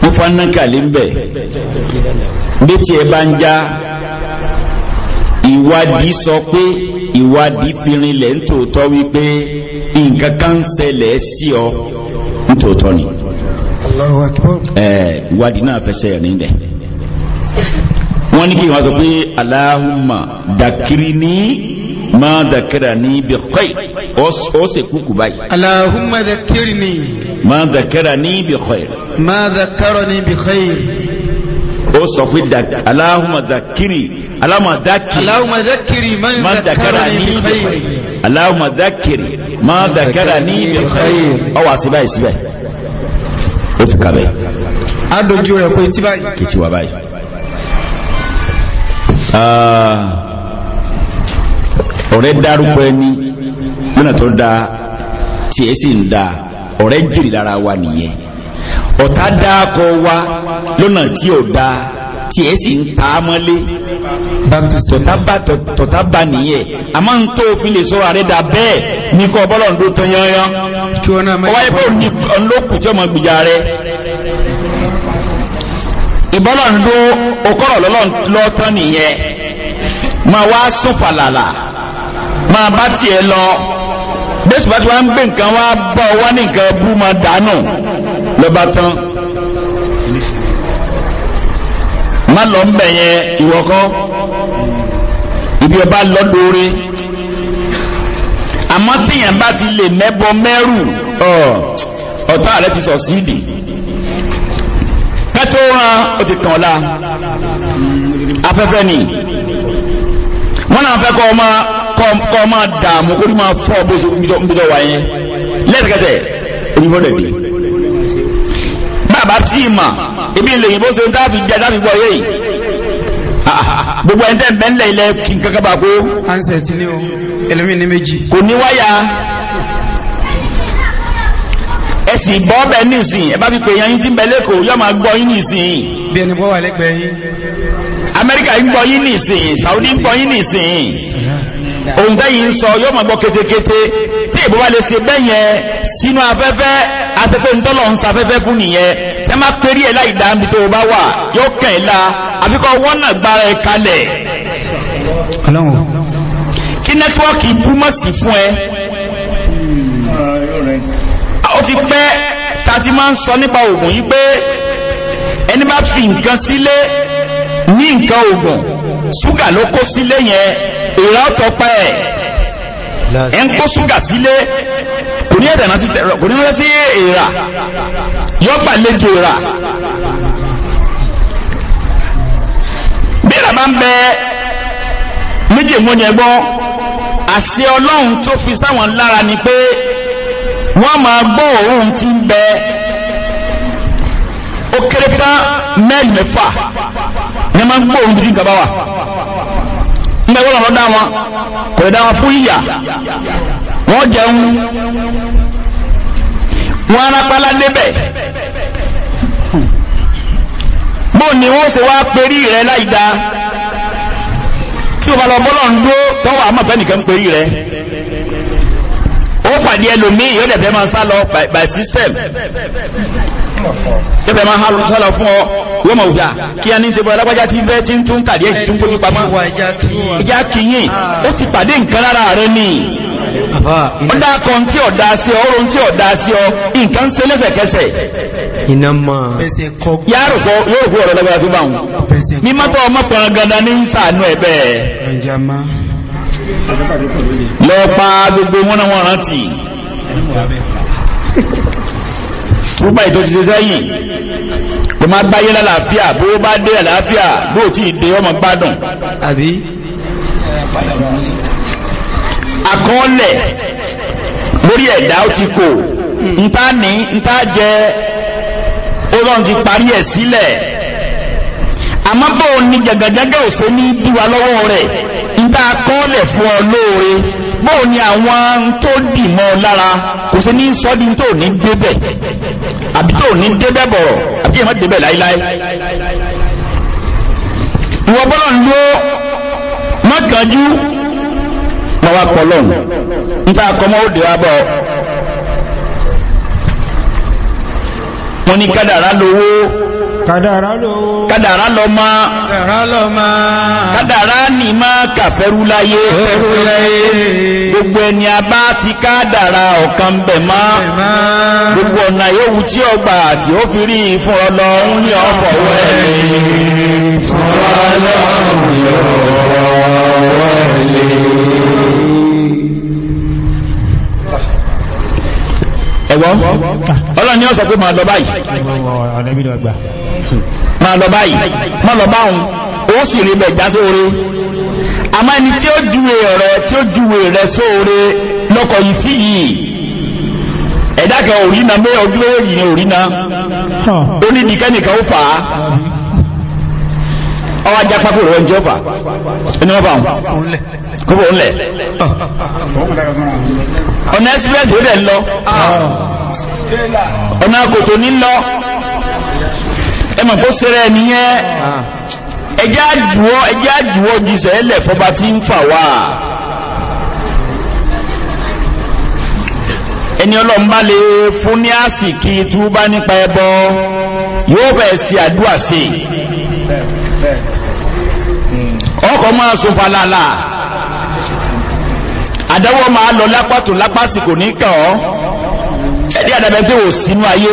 mufanakali ń bẹ bí tiẹ̀ bá ń já ìwádìí sọ pé ìwádìí fi rinlẹ̀ nítòótọ́ wípé nǹkan kan ń ṣẹlẹ̀ sí ọ nítòótọ́ ni ìwádìí náà fẹsẹ̀ rìn lẹ̀ wọ́n ní kí wọ́n sọ pé Allahumma dakiri ní ma dakara ni bi khayr o se kuku báyìí. alahumma dakirni. ma dakara ni bi khayr. ma dakara ni bi khayr. o sọ fún da alahumma dakiri alahumma dakiri. alahumma dakiri ma dakara ni bi khayr. alahumma dakiri ma dakara ni bi khayr. ọwọ àṣìbáyìí síbẹ̀ ó fi kàbẹ̀. a dojú rẹ̀ kó etí báyìí. kìtìwá báyìí. Ah ọ̀rẹ́ dárúkọ ẹni lọ́nà tó da tí ẹ sì ń da ọ̀rẹ́ jèrè lára wa nìyẹn ọ̀tá dáàkọ wa lọ́nà tí ò da tí ẹ sì ń ta á mọ́lé tọ̀tá bá nìyẹn àmọ́ ń tó òfin lè sọ́ra rẹ̀ dà bẹ́ẹ̀ ní kọ́ bọ́lọ̀ ń dó tán yányán ọwáyé pé òun ló tí ọmọ gbìjà rẹ̀ ìbọ́lọ̀ ń dó okọ́rọ̀ lọ́tán nìyẹn máa wá sún fàlàlà. Ma bá tiẹ̀ lọ bẹ́sù bá ti wá ń gbé nǹkan wá bá ọ wá ní nǹkan bú máa dànù lọ́ba tán má lọ ń bẹ̀ yẹn ìwọ kọ́ ibi ọba lọ lóore àmọ́ tíyàn bá ti lè mẹ́bọ mẹ́rù ọ̀tá rẹ ti sọ síìdì kẹ́tọ́ wọn ó ti tàn la afẹ́fẹ́ ni wọ́n náà fẹ́ kọ́ ọ máa kọ́ máa dààmú kó máa fọ́ bó ṣe gbídọ̀ wà yẹn lẹ́ẹ̀kẹsẹ̀ onífọ́dẹ̀ dé bàbá tí ì mà ebi lè yìnbó ṣe dáàbì jẹ dáàbì gbọ́ yé gbogbo ẹni tẹ́ ń bẹ́ ilẹ̀ kí n kankan bá kó. ansẹ̀ tí ni o ẹlẹ́mì ní méjì. kò ní wáyà ẹ sì bọ́ bẹ́ẹ̀ nísìnyí ẹ bá fi pè yẹn yín tí ń bẹ lẹ́kọ̀ọ́ yọ máa gbọ́ yín nísìnyí. bí ẹni bọ́ wà lẹ́gbẹ̀ẹ́ yín amẹ́ríkà ń gbọ́ yín nìsín saudi ń gbọ́ yín nìsín ohun tẹ́yìn ń sọ yóò máa gbọ́ ketekete tí ìbúwa lè ṣe bẹ́yẹn sínú afẹ́fẹ́ afẹ́fẹ́ ń tọ́lọ̀ ń safẹ́fẹ́ fún nìyẹn tẹ́ má pérí ẹ̀ láì dáa níbi tó o bá wà yóò kàn ẹ́ la àfikọ́ wọ́n náà gbára ẹ̀ kalẹ̀ kí nẹ́tíwọ́ọ̀kì bú sí fún ẹ ó ti pẹ́ ta ti máa ń sọ nípa ògùn yìí pé ẹni bá fi nǹkan sílé ní nǹkan ogun ṣúgà ló kó sílé yẹn èrè ọ̀tọ̀pẹ́ ẹ̀ ń kó ṣúgà sílé kò ní ẹ̀dẹ̀nà sísẹ̀ rẹ̀ kò ní rẹ́ sí èrà yọ́gbà lẹ́jọ́ èrà bí èrà ń bẹ méjì mú gbọ́ àṣẹ ọlọ́run tó fi sáwọn lára ni pé wọ́n máa gbọ́ òórùn tí ń bẹ ó kéré tán mẹ́rin mẹ́fà ní ma ń gbọ́ ohun dídí gaba wa nígbà wọ́n lọ́dá wọn kò lè dá wọn fún ìyà wọ́n jẹun wọ́n arápálá débẹ̀ bó ni wọ́n ṣe wá perí rẹ láì tí o bá lọ bọ́lọ̀ ń dúró tọ́wọ́ àmọ́ fẹ́ perí rẹ ó pàdé ẹlòmíì yóò dẹ̀fẹ́ máa sálọ by system tẹ́fẹ́ máa sálọ fún ọ wọ́n mọ̀ òjá kí a ní ṣe bọ́ alágbájá tí bẹ́ tí ń tún tàdí ẹ̀ tún fojú pamọ́ ìyá kìyìn ó ti pàdé nǹkan lára rẹ ni ó dá kan tí ọ̀dá sí ọ oorun tí ọ̀dá sí ọ nǹkan ṣe lẹ́sẹ̀kẹsẹ̀ yàrá kọ yóò kú ọ̀rọ̀ lágbára tó bá wọn mímọ́tọ́ ọmọ pọn ganda ní sàánú ẹ̀ bẹ́ẹ̀ lọ pa gbogbo wọn náà wọn rántí púpà ètò ti ṣe sẹ́yìn tó máa gbáyé lálàáfíà bó bá dé àlàáfíà bó tí ì dé ọmọ gbádùn àbí àkọọ́lẹ̀ lórí ẹ̀dá ó ti kò ntá ní ntá jẹ ọlọ́run ti parí ẹ̀ sílẹ̀ àmọ́ bó ní jàgàjàgà ò ṣe ní dúwa lọ́wọ́ rẹ̀ ìta kọ́ọ̀lẹ̀ fún ọ mọ́ bóò ni àwọn tó dì mọ́ lára kò sí ní sọ́dí tó ní débẹ̀ àbí tó ní débẹ̀ bọ̀rọ̀ àbí ẹ̀mọ́ débẹ̀ láíláí ìwọ bọ́lọ̀ ń ló mọ́kànjú lọ́wọ́ pọ̀lọ́n níta kọmọ́ ó dè wá bọ̀ wọ́n ní kádàrá lówó kádàrá lọ máa kádàrá ní máa kàfẹ́rú láyé gbogbo ẹni a bá ti kádàrá ọ̀kan bẹ̀ máa gbogbo ọ̀nà yóò tí ó gbà ó fi rí fún ọlọ́run ní ọ̀fọ̀ wẹ́ẹ̀lẹ́ fún ọlọ́run ní ọ̀fọ̀ gbàgbọ́ ọlọ́ni ọ̀sọ̀ pé máa lọ báyìí máa lọ báyìí máa lọ báhùn ó sì rí bẹ̀ já sóore àmọ́ ẹni tí ó júwe rẹ̀ tí ó júwe rẹ̀ sóore lọ́kọ̀ yìí sí yìí ẹ̀dá kan òrìnà mé ọdún lórí òrìnà ó ní nìkẹ́nìkan ó fà á ọwá jápá kúrò ẹni tí ó fà ẹni wọ́n fà ń kúrò ńlẹ̀ ọ̀nà express ló dẹ̀ ń lọ ọ̀nà àkòtò ní lọ ẹmọ̀ kó sẹ́rẹ̀ ẹni yẹn ẹjẹ́ àjùwọ́ ẹjẹ́ àjùwọ́ jìsẹ̀ ẹlẹ̀ fọba tí ń fà wá ẹni ọlọ́mbà lè fún ní àsìkí túbá nípa ẹbọ yóò fẹ́ sí àdúà sí i ọkọ̀ máa sun falala àdáwọ̀ máa lọ lápàtò lápàsìkò ní kàn ọ́ ẹ̀dí àdàbẹ̀ pé ò sínú ayé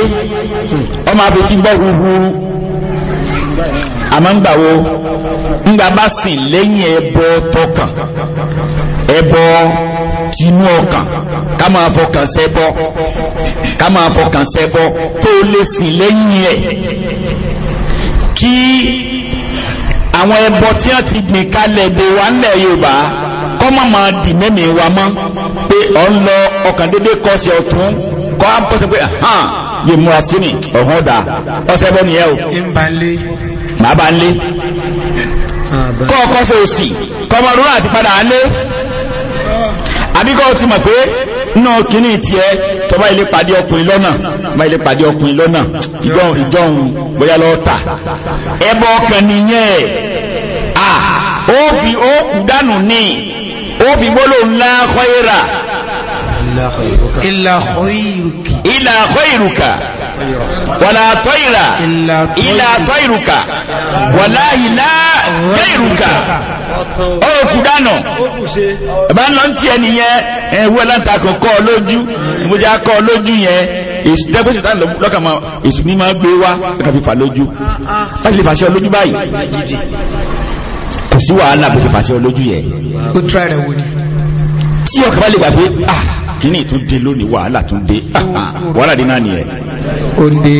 ọmọ abetí gbọ́ huhu àmọ́ ń gbà wo ńgbà bá sìn lẹ́yìn ẹbọ tọkàn ẹbọ tinú ọkàn ká máa fọkàn sẹ́bọ ká máa fọkàn sẹ́bọ tó lè sìn lẹ́yìn ẹ̀ kí àwọn ẹbọ tí wọ́n ti gbìn kalẹ̀ dè wá ńlẹ̀ Yorùbá kọ́ mọ̀ máa dì mẹ́mì wa mọ́ pé ọ̀ ń lọ ọkàn dédé kọ́sẹ̀ ọ̀tún kọ́ á bọ́sẹ̀ pé hàn yìí múra sí ni ọ̀hún ọ̀dà ọ̀sẹ̀ bọ́ nìyẹn o. bàbá ń lé kọ́ ọkọ́ sẹ́ òsì kọ́ ọmọ rúra àti padà á lé àbíkọ́ ti mọ̀ pé náà kìíní ti ẹ tọba ilé pàdé ọkùnrin lọ́nà tọba ilé pàdé ọkùnrin lọ́nà ìjọun bóyá lọ́ọ́ ta ẹbọ ọkàn nìyẹn à ó fi ó kù dànù ní ó fi gbóló ńlá kọ́yẹ́rà ìlà kọ́yìrùkà wàlá tọ́yìrà ìlà tọ́yìrùkà wàlá ìlà kẹ́yìrùkà ó kù dànù ẹ̀bá ń lọ ń tiẹ̀ nìyẹn ẹ̀wọ́ látàkọ̀ kọ́ ọ lójú ìmúdí akọ́ ọ lójú yẹn èsì tẹ́ gbèsè táà lọ́kà máa èsì ní máa gbé wá ẹ̀ka fífà lójú láti lè fàṣẹ lójú báyìí kò sí wàhálà bó ti fàṣẹ lójú yẹn. ó tíra rẹ̀ wò ni tí ọkà bá lè gbà pé ah kíní tún dé lónìí wàhálà tún dé ah, ah, wàhálà dé náà nìyẹn. ó dé.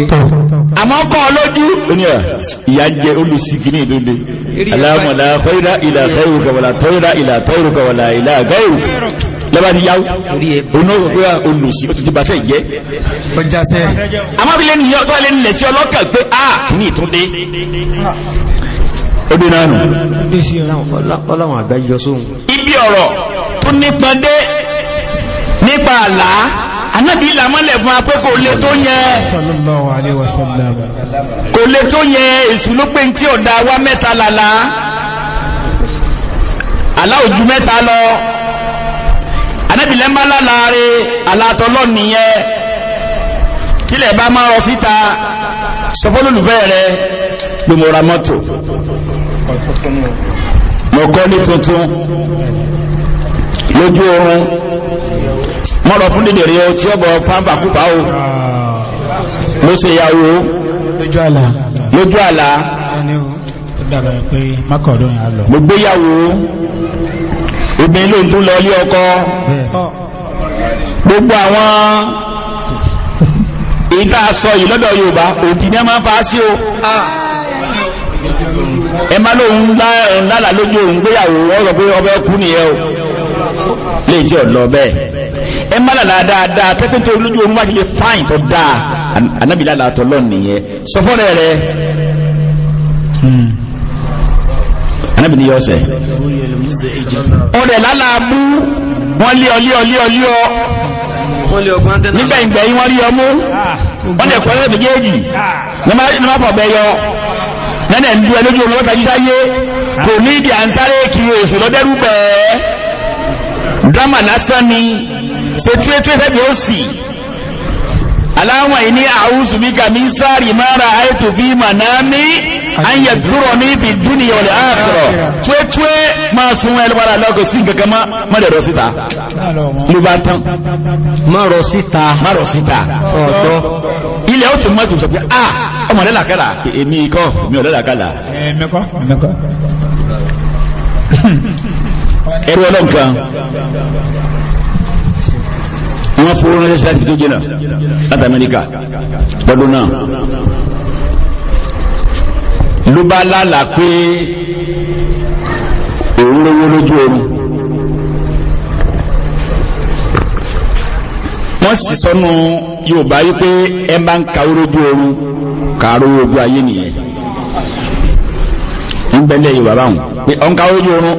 àmọ́ kọ́ ọ lójú oníyà ah, ìyá jẹ olùsí kíní tó dé. aláàmọ̀lá kọ́ìrà ìlà kọ́ìrù kọ̀wàlà tọ́ìrà ìlà tọ́ìrù kọ̀wàlà ìlà gọ́ìrù lọ́ba ni yáwó onóòwò pé olùsí ó ti ti basẹ́ jẹ́. ọjà ah kíní tún ó dé náà nù ibi ọ̀rọ̀ tó nípa dé nípa àlá anábì ìlàmọ́lẹ̀ fún apẹ́ kò lè tó yẹ kò lè tó yẹ èṣù ló pé tí ọ̀dá wá mẹ́ta lálá aláòjú mẹ́ta lọ anábì lẹ́mbà láláre alátọ́lọ́ nìyẹn tílẹ̀ bá máa rọ síta sọ rẹ gbẹmọ̀ra mo kọ́lé tuntun lójú oorun mo lọ fún dídè rí o tí ó bọ̀ fáńbà kúpa o mo ṣe ìyàwó lójú àlá lójú àlá gbogbo ìyàwó obìnrin ló ń tún lọ ilé ọkọ gbogbo àwọn ìta sọ yìí lọ́dọ̀ Yorùbá òbí ní a máa fa sí o. Ah. ẹ má lóhun lálà lójú òun gbéyàwó ọ̀rọ̀ pé ọbẹ̀ kú nìyẹn o lè jẹ́ ọ̀lọ́ bẹ́ẹ̀ ẹ má lálà dáadáa tẹ́pẹ́tẹ́ olójú òun wáṣẹ́ lè fáìn tó dáa anábìlá làtọ̀ nìyẹn sọ fọ́rẹ́ rẹ anábì hmm. ní yọ́sẹ̀ lé ọ lé ọ ọ rí ọmú ah. lè ah. ní yọ nẹ́nẹ̀ ń dúẹ lójú olówó tajídáyé kò ní ìdí à ń sáré kiri òṣù lọ́dẹ́rú bẹ́ẹ̀ drama lásán ni ṣe tí ó tí ó fẹ́ bí ó sì aláwọ̀ ìní àwúsù bí kàmí sáàrì mara àìtò fi mà náà ní àyẹ̀ dúró ní fi dúnì ọ̀lẹ̀ àkọ̀rọ̀ tuétué máa sún ẹlúwàrà lọ́kọ̀ sí kankan má lè rọ síta ló bá tán má rọ síta má rọ síta fọ́ọ̀dọ́ ilẹ̀ ó tún mọ́ tún sọ pé ọmọ lẹ́làkàlà èmi e, ikọ́ mi ò lẹ́làkàlà ẹ̀rọ ọlọ́nkan wọ́n fowó ránṣẹ́ sí láti tó jìnà láti amẹ́ríkà lọ́dún náà ló bá lálà pé òun lówó lójú omi wọ́n sì sọnù Yorùbá wípé ẹ bá ń kàwé lójú oorun kàáró ojú ayé nìyẹn ń bẹ́lẹ̀ Yorùbá báwọn pé ọ̀n lójú oorun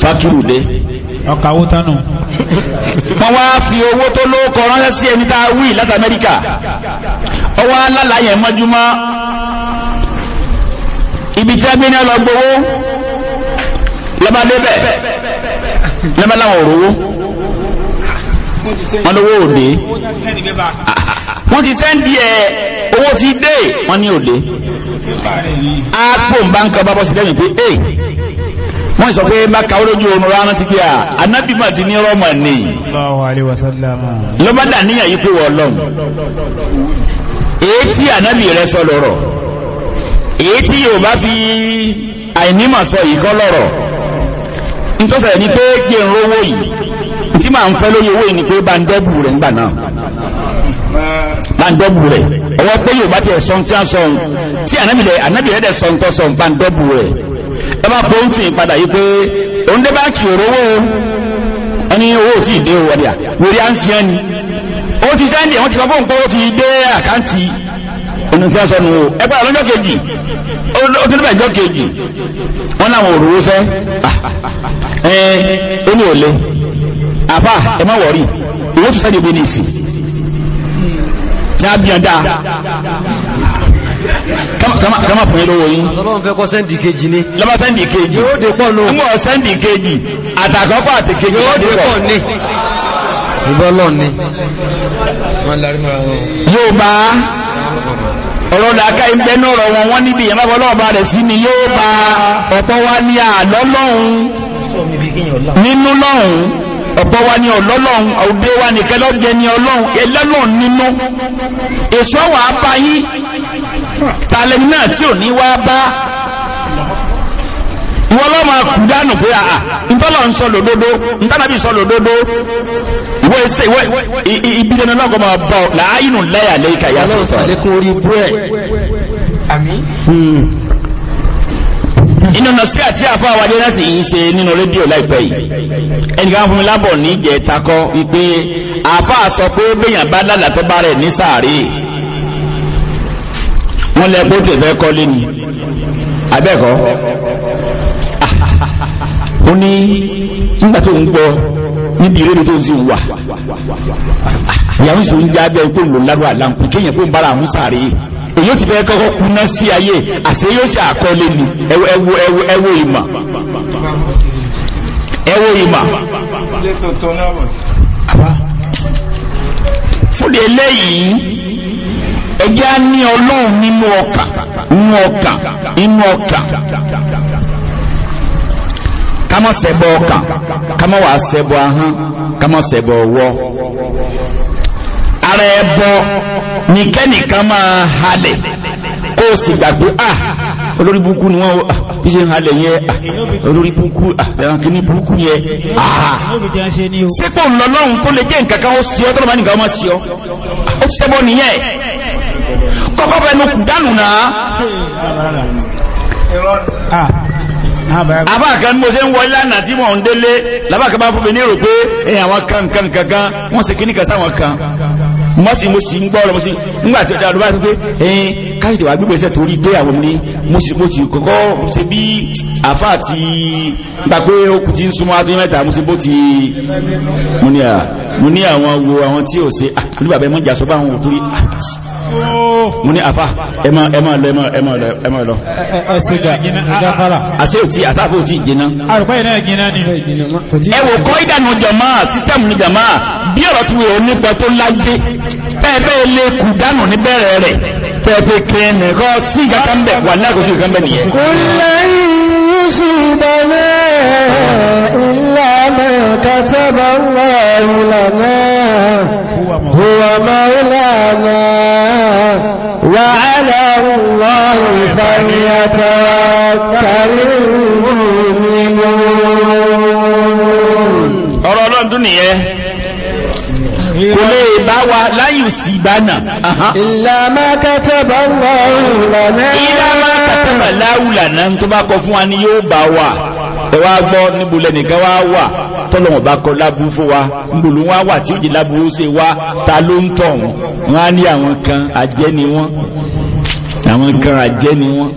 fátúrù dé ọkà owó tánù wọ́n wá fi owó tó ló kọ ránṣẹ́ sí ẹni tá a wí láti amẹ́ríkà ọwọ́ alálàyé mọ́júmọ́ ibi tí a gbé ní ọlọ́gbowó lọ́ba débẹ̀ lọ́ba láwọn òrówó wọ́n lówó òde wọ́n ti sẹ́ndì ẹ̀ owó ti dé wọ́n ní òde wọ́n sọ pé maka olójú oorun rárá ti pé à anábì máa ti ní rọ́mà ní ló bá dà níyà èyí tí anábì rẹ sọ lọ́rọ̀ èyí tí yóò bá fi àìnímọ̀ sọ yìí kọ́ lọ́rọ̀ nítọ́sẹ̀rẹ̀ ni pé kí n rówó yìí tí máa ń fẹ́ lóye owó yìí ni pé bá ń dẹ́bù rẹ̀ ńgbà náà bá ń dẹ́bù rẹ̀ ọwọ́ pé yóò bá tiẹ̀ sọ tí a sọ tí anábì rẹ̀ sọ ń tọ́ sọ bá ń dẹ́bù rẹ̀ ẹ bá pọ̀ tí padà yí pé òun dé báńkì òrówó ẹni owó tí ìdé owó ọdẹ lórí à ń sìn ẹni ó ti sẹ́ndì wọ́n ti sọ fóun pé ó ti dé àkáǹtì ohun tí o ẹ padà lọ́jọ́ kejì ó ti dé báyìí lọ́jọ́ kejì wọ́n náà wọ́n òrówó sẹ́ *laughs* ẹ ó ní òlé àfà ẹ má wọ̀rí owó ti sẹ́ndì òbí ní ìsìn tí a bí ọ̀dà kama fún yín lówó ọlọ́run fẹ́ kọ́ sẹ́ndì kejì ni. lọ́ba sẹ́ndì kejì. yóò dé pọ̀ nù. o. sẹ́ndì kejì àtàkọ́kọ́ àti kejì. yóò dé pọ̀ ní. ni. yóò bá ọlọ́dà ká ń wọn wọ́n níbi ìyẹn bá ọ̀pọ̀ wa ni ọlọ́lọ́run ọ̀gbẹ́ wa nìkẹ́ lọ́jẹ́ ni ọlọ́run ẹlọ́lọ́run nínú èso àwọn apá yí tàlẹ́mì náà tí ò ní wá bá ìwọ́n lọ́ máa kù dánù pé àà ntọ́lọ̀ ń sọ lòdodo ntánàbí sọ lòdodo ibi máa bọ̀ nù lẹ́yìn kàyà sọ̀rọ̀ inú nọ̀síà tí àfọ́ àwàdé náà sì ń ṣe nínú rédíò láìpẹ́ yìí ẹnìkan fún mi lábọ̀ ní ìjẹtakọ́ wípé àfọ́ àsọ pé béèyàn bá dàdà tó bá rẹ̀ ní sàárè wọ́n lẹ kó tẹ̀fẹ́ kọ́lé ni abẹ́ẹ̀kọ́ ó ní nígbà tó ń gbọ́ níbi ìrẹ́lẹ̀ tó ń sì wà ìyàwó ìṣòwò ń jábẹ́ pé òun lò lágbà láǹkù kéèyàn kó ń bára àwọn yìí èyí ó ti fẹ́ kọ́kọ́ kuná sí ayé àṣẹ yóò ṣe àkọọ́lẹ̀ ni ẹwọ ìmọ̀ ẹwọ ìmọ̀ fúnlẹ̀ eléyìí ẹjẹ́ á ní ọlọ́run nínú ọkàn nínú ọkàn nínú ọkàn kámọ́ sẹ́bọ̀ ọkàn sẹ́bọ̀ ahọ́n kámọ́ ọwọ́ ara ẹbọ ní kẹ́nìkan máa halẹ̀ kó o sì gbàgbé à ah, olórí burúkú ni wọ́n ah, bí ṣe ń halẹ̀ yẹ ah, olórí burúkú àwọn kìíní burúkú yẹ sípò ńlọlọ́run tó lè jẹ́ nǹkan kan ó sì ọ́ tọ́lọ́mọ́ nìkan ọmọ sí ọ́ ó ti ṣẹbọ nìyẹn kọ́kọ́ bẹ́ẹ̀ ló kù dánù náà abákan mo se ń wọlé lánàá tí mò ń délé labákan bá fún mi ní rò pé èèyàn àwọn kan kan kankan wọ́n sì kíní kan sáwọn kan mọ́sí mo gbọ́ ọ̀rọ̀ mo sì nígbà tí ọ̀dà pé ẹ̀yìn kásìtì wà gbígbèsẹ̀ torí pé àwọn ní mo ti kọ́kọ́ ṣe bí àfá àti gbà pé okù ti ń súnmọ́ adúlé mẹ́ta mo ṣe bó ti mo ní àwọn wo àwọn tí ò ṣe ah, àbí bàbá ẹmọ ìjàsọ bá àwọn ò torí ah, mo ní àfá ẹmọ ẹmọ lọ ẹmọ lọ ẹmọ lọ. àṣẹ òtí àtàfà òtí ìjìnà. àrùkọ yìí náà ni. ẹ wò kọ́ ìdánù jàmá sísítẹ́mù ní jàmá bí ọ̀rọ̀ tí wò ó nípa tó láyé fẹ́ẹ́ bẹ́ẹ̀ kù dánù níbẹ̀rẹ̀ rẹ̀ fẹ́ẹ́ k kẹ́ẹ̀nẹ̀kọ́ sí ìgbàkánbẹ̀ wà náà kò sí ìgbàkánbẹ̀ nìyẹn kò lẹ́yìn يصيبنا إلا ما كتب الله لنا هو ọ̀rọ̀ ọlọ́run dún kò lè bá wa láyù sí ìbánà ìlàmà kàtàbà láwùlànà tó bá kọ fún wa ní yóò wa ẹwà gbọ́ níbulẹ̀ nìkan wá wà tọ́lọ̀wọ̀n bá kọ lábú fún wa níbulú wá wà tí ó jẹ́ lábú ó ṣe wá ta ló ń tọ̀ wọ́n á ní àwọn kan àjẹ́ ni wọ́n àwọn kan àjẹ́ ni wọ́n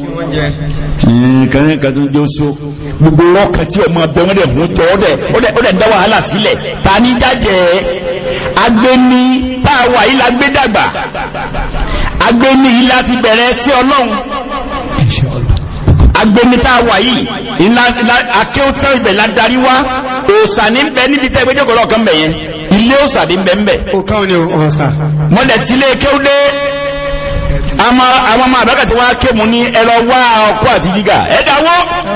kàrin kan tó ń jó so gbogbo rọ́kàn tí ọmọ ọbẹ̀ wọ́n dẹ̀ hún tọ́ ó dẹ̀ dá wàhálà sílẹ̀ ta ní jáde agbéni táàwà yìí la gbé dàgbà agbéni yìí láti bẹ̀rẹ̀ sí ọlọ́run agbéni táàwà yìí akéwòtán ibẹ̀ la darí wá òòsà ní bẹ níbi tẹ́ gbẹ́jọ́gọ́lọ́ kan bẹ̀ yẹn ilé òòsà ní bẹ̀ ń bẹ̀. ó káwọn ni òòsà. mọ̀lẹ̀ tí ilé kéwòdé àwọn ọmọ àbákà tí wọ́n ké mú ní ẹlọ wá ọkọ́ àti gíga ẹ̀dàwó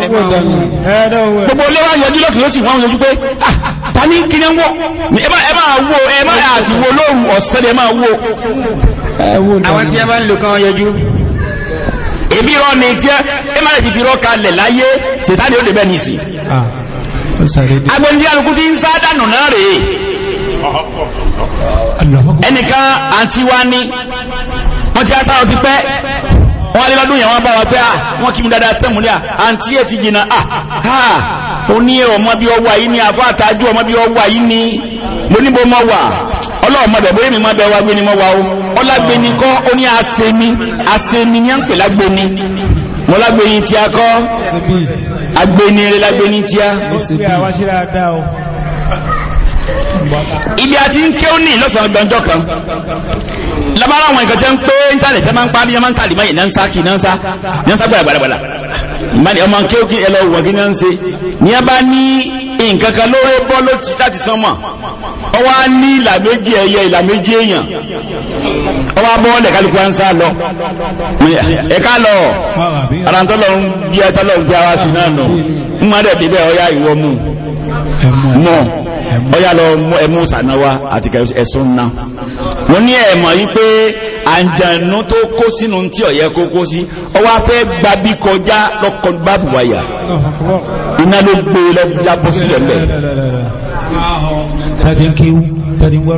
gbogbo olówó yọjú lọ́kùnrin ó sì wọ́n yọjú pé ah, ta ní kí ní wọ́ ẹbá wo ẹbá àti wo lóòrùn ọ̀sẹ́lẹ̀ máa wo àwọn tí ẹ bá ń lò kan yọjú èmi rọ ní tí ẹ má lè fi fi rọ kalẹ̀ láyé sètáni ó lè bẹ́ẹ̀ nìsí agbóhundí alùkú fi ń sá dànù náà rèé ẹnìkan àti wa ní wọ́n ti aṣáwọ̀ ti pẹ́ wọ́n alẹ́ lọ́dún yẹn wọ́n bá wa pé à ah, wọ́n kí mú dáadáa tẹ́mù ní ah, àǹtí ẹ̀ ti jìnà à ah, ha ó ní ọmọ bí ọwọ́ yìí ni àfọ́ àtàjú ọmọ bí ọwọ́ yìí ni mo ní bó mọ́ wà ọlọ́ọ̀mọ bẹ̀ bóyá mi má bẹ wá gbé ni mọ́ wà o ọlágbé ni kọ́ ó ní àṣẹ ni àṣẹ ni ní à ń pè lágbé ni mo lágbé ni tí a kọ́ agbé ni eré lágbé ni tí a ibi àti ń ké ó ní lọ́sàn gbọ́njọ́ kan labara àwọn nǹkan tẹ́ ń pé ń sáré tẹ́ máa ń pa bí wọ́n máa ń kàlì báyìí náà ń sá kì náà ń sá náà ń sá gbàdà gbàdà mani ọmọ kí ó kí ẹ lọ wọ̀ kí náà ń ṣe ní a bá ní nǹkan kan lóore bọ́ ló ti láti san mọ̀ ọ wá ní ìlà méjì ẹyẹ ìlà méjì èèyàn ọ wá bọ́ ọ̀lẹ̀ kálukú à ń sá lọ ẹ ká lọ ara ń tọ́lọ ń bí ẹ tọ́lọ ń gbé ara sí náà nù ń má dẹ̀ débẹ̀ ọ̀yá ìwọ mú mọ́ ọyá lọ ẹmú sànáwá àti ẹ̀sùn náà wọ́n ní ẹ̀mọ̀ yí pé àǹjànú tó kó sínú tí ọ̀yẹ́ kó kó sí ọwá fẹ́ gbabí kọjá lọ́kọ̀ bábù wáyà iná ló gbé e lọ́jà bọ́ sílẹ̀ lẹ̀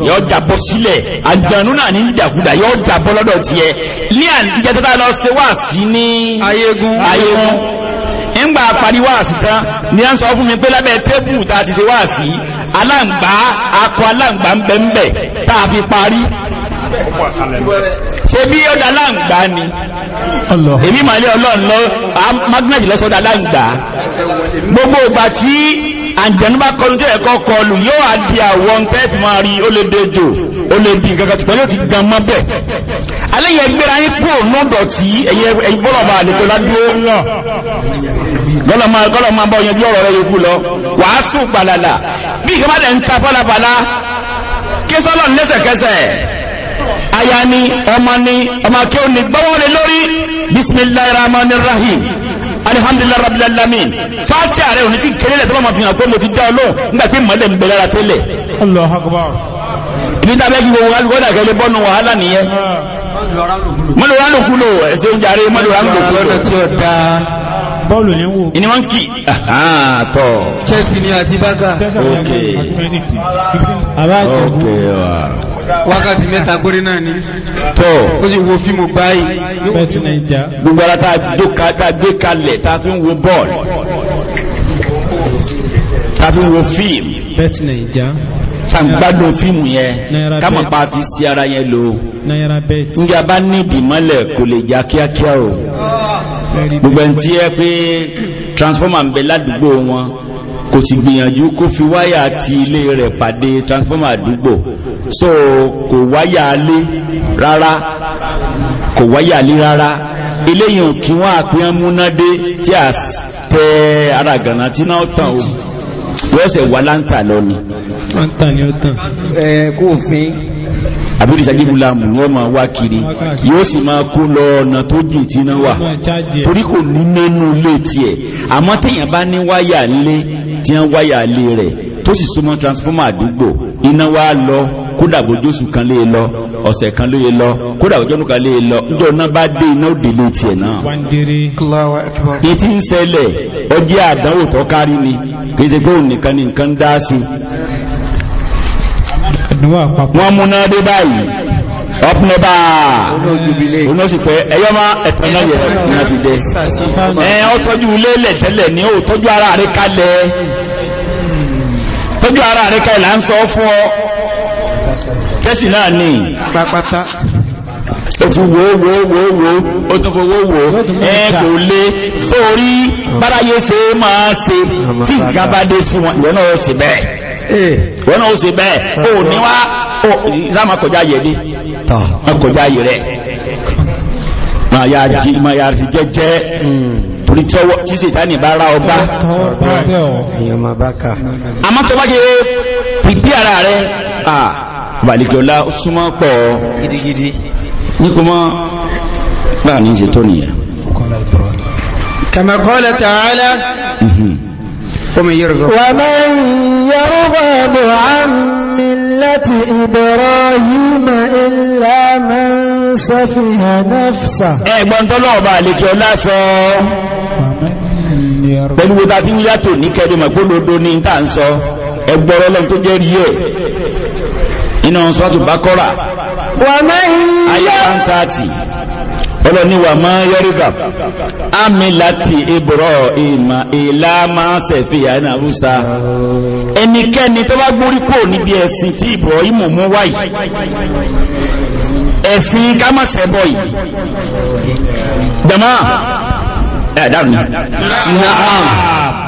yọ jàbọ́ sílẹ̀ àǹjànú náà ní ìdàkúdà yọ jàbọ́ lọ́dọ̀ tiẹ̀ ní àǹjẹ́ tó wá sí ní ayégún ń gbà parí wáàsí tán ní à ń sọ fún mi pé lábẹ́ tébù tá ti ṣe wáàsí aláǹgbá akọ aláǹgbá ń bẹ ń bẹ tá a fi parí ṣe bí ọ̀dà aláǹgbá ni èmi màá lé ọlọ́run lọ magnet lọ́sọ̀dà aláǹgbá gbogbo ìgbà tí àjẹnúbá kọlu tí ẹ̀kọ́ kọlu yóò á di àwọn tẹ́ẹ̀fì máa rí ó lè dejò ó lè bí nǹkan kàtìpẹ́ yóò ti gan mọ́ bẹ̀ aléyẹ gbéra yín kúrò nọ́dọ̀ tí ẹ̀yìn bọ́lọ̀ bá àlejò ládúró gọ́lọ̀ máa bá ọyẹn bí ọ̀rọ̀ rẹ yòókù lọ wàásù gbàlàlà bí ìkàmá lẹ̀ ń ta fọ́làfàlà késọ́lọ̀ lẹ́sẹ̀kẹsẹ̀ aya ni ọmọ ni ọmọ kí ó ní gbọ́wọ́ lé lórí bismillahirrahmanirrahim alihamdulilayi rabbil alamin fati ààrẹ òní ti kéré lẹ̀ tó bá ma fi hàn pé mo ti dá ọlọ́run nígbà pé mọ́lẹ̀ ń bẹ̀rẹ̀ ara tẹ́lẹ̀ níta bẹ́ẹ̀ kí gbogbo alùgbọ́dà kẹlẹ́ bọ́nu wàhálà nìyẹn mọ́lùwá ló kúlò ẹ̀sẹ̀ oúnjẹ ààrẹ mọ́lùwá ló kúlò bọ́ọ̀lù ní wò ní wọ́n kí àtọ̀ chelsea ni àti bákà wákàtí mẹ́ta gbórí náà ni tọ́ ó sì wo fíìmù báyìí gbogbo ara sàǹgbádùn fíìmù yẹn kámọ̀ pa ti sí ara yẹn lò nígbà bá níbi mọ́lẹ̀ kò lè já kíákíá o gbogbo ẹni tí ẹ pé transformer ń bẹ ládùúgbò wọn kò sì gbìyànjú kó fi wáyà ti ilé rẹ̀ pàdé transformer àdúgbò so kò wáyà lé rárá kò wáyà lé rárá eléyìí kí wọ́n àpéyàn múná dé tí a tẹ ara gànà tí náà tàn o yóò ṣe wà láǹtà lọ́ni. láǹtà ni ó tàn. ẹ kó òfin. àbúrò ìṣàgbébu láàmù wọn máa wá kiri yóò sì máa kó lọ ọ̀nà tó jìn tí náà wà torí kò ní nínú ilé tiẹ̀ àmọ́ téèyàn bá ní wáyà lé tí wọ́n wáyà lé rẹ̀ tó sì súnmọ́ transformer àdúgbò iná wá lọ kódà bójósù kan lè e lọ ọ̀sẹ̀ kan lè e lọ kódà bójósù kan lè e lọ níjọ́ náà bá dé iná òde ló tiẹ̀ náà. etí ń ṣẹlẹ̀ ọjẹ́ àdánwò tó kárí ni kì í ṣe pé òun nìkan ni nǹkan dá sí. wọ́n múná dé báyìí ọ̀pọ̀lọpọ̀ onóṣìpẹ́ ẹ̀yọ́ máa ẹ̀tàn náà yẹ̀ ní àti dẹ ẹ̀ ó tọ́jú ara rẹ̀ kalẹ̀ tọ́jú ara rẹ̀ kalẹ̀ là ń sọ fún ọ tẹ́sì náà ní pápátá ó ti wo wo wo wo ó tó wo ẹ kò lé sórí báráyé ṣe máa ṣe tí ìgbàbádé sí wọn lọ́nà ó sì bẹ́ẹ̀ lọ́nà eh. ó sì bẹ́ẹ̀ ó ní wá sáàmà kọjá yẹ ní kọjá yẹ rẹ̀ máa yá jí máa yá rí jẹ́jẹ́ torí tí sèdánì bá rá ọba àmọ́ tó bá jẹ́ balikiola súnmọ́ pọ̀ gidigidi ní kò mọ́ bá ní ṣe tó kama qala ta'ala ومن يرغب ومن يرغب عن ملة إبراهيم إلا من سفه نفسه ẹgbọ́n tọ́lọ̀ ọba àlekẹ́ ọlá sọ pẹ̀lú wo ta ti ń yàtò ní kẹ́lẹ́mọ̀ gbólódó ní ta ń sọ ẹgbọ́rọ́lọ́n tó iná sọ́tù bá kọ́rà ayáńtàtì ọlọ́ni wà máa yẹ́rìgà ámì láti ìbọ̀rọ̀ ìmà ìlà máa sẹ̀fì àìnà rúsa ẹnikẹ́ni tó bá gbórípò níbi ẹ̀sìn tí ìbọ̀rọ̀ ìmọ̀ mú wáyìí ẹ̀sìn kámọ̀sẹ̀bọ̀ yìí jama ẹ̀dánù na'am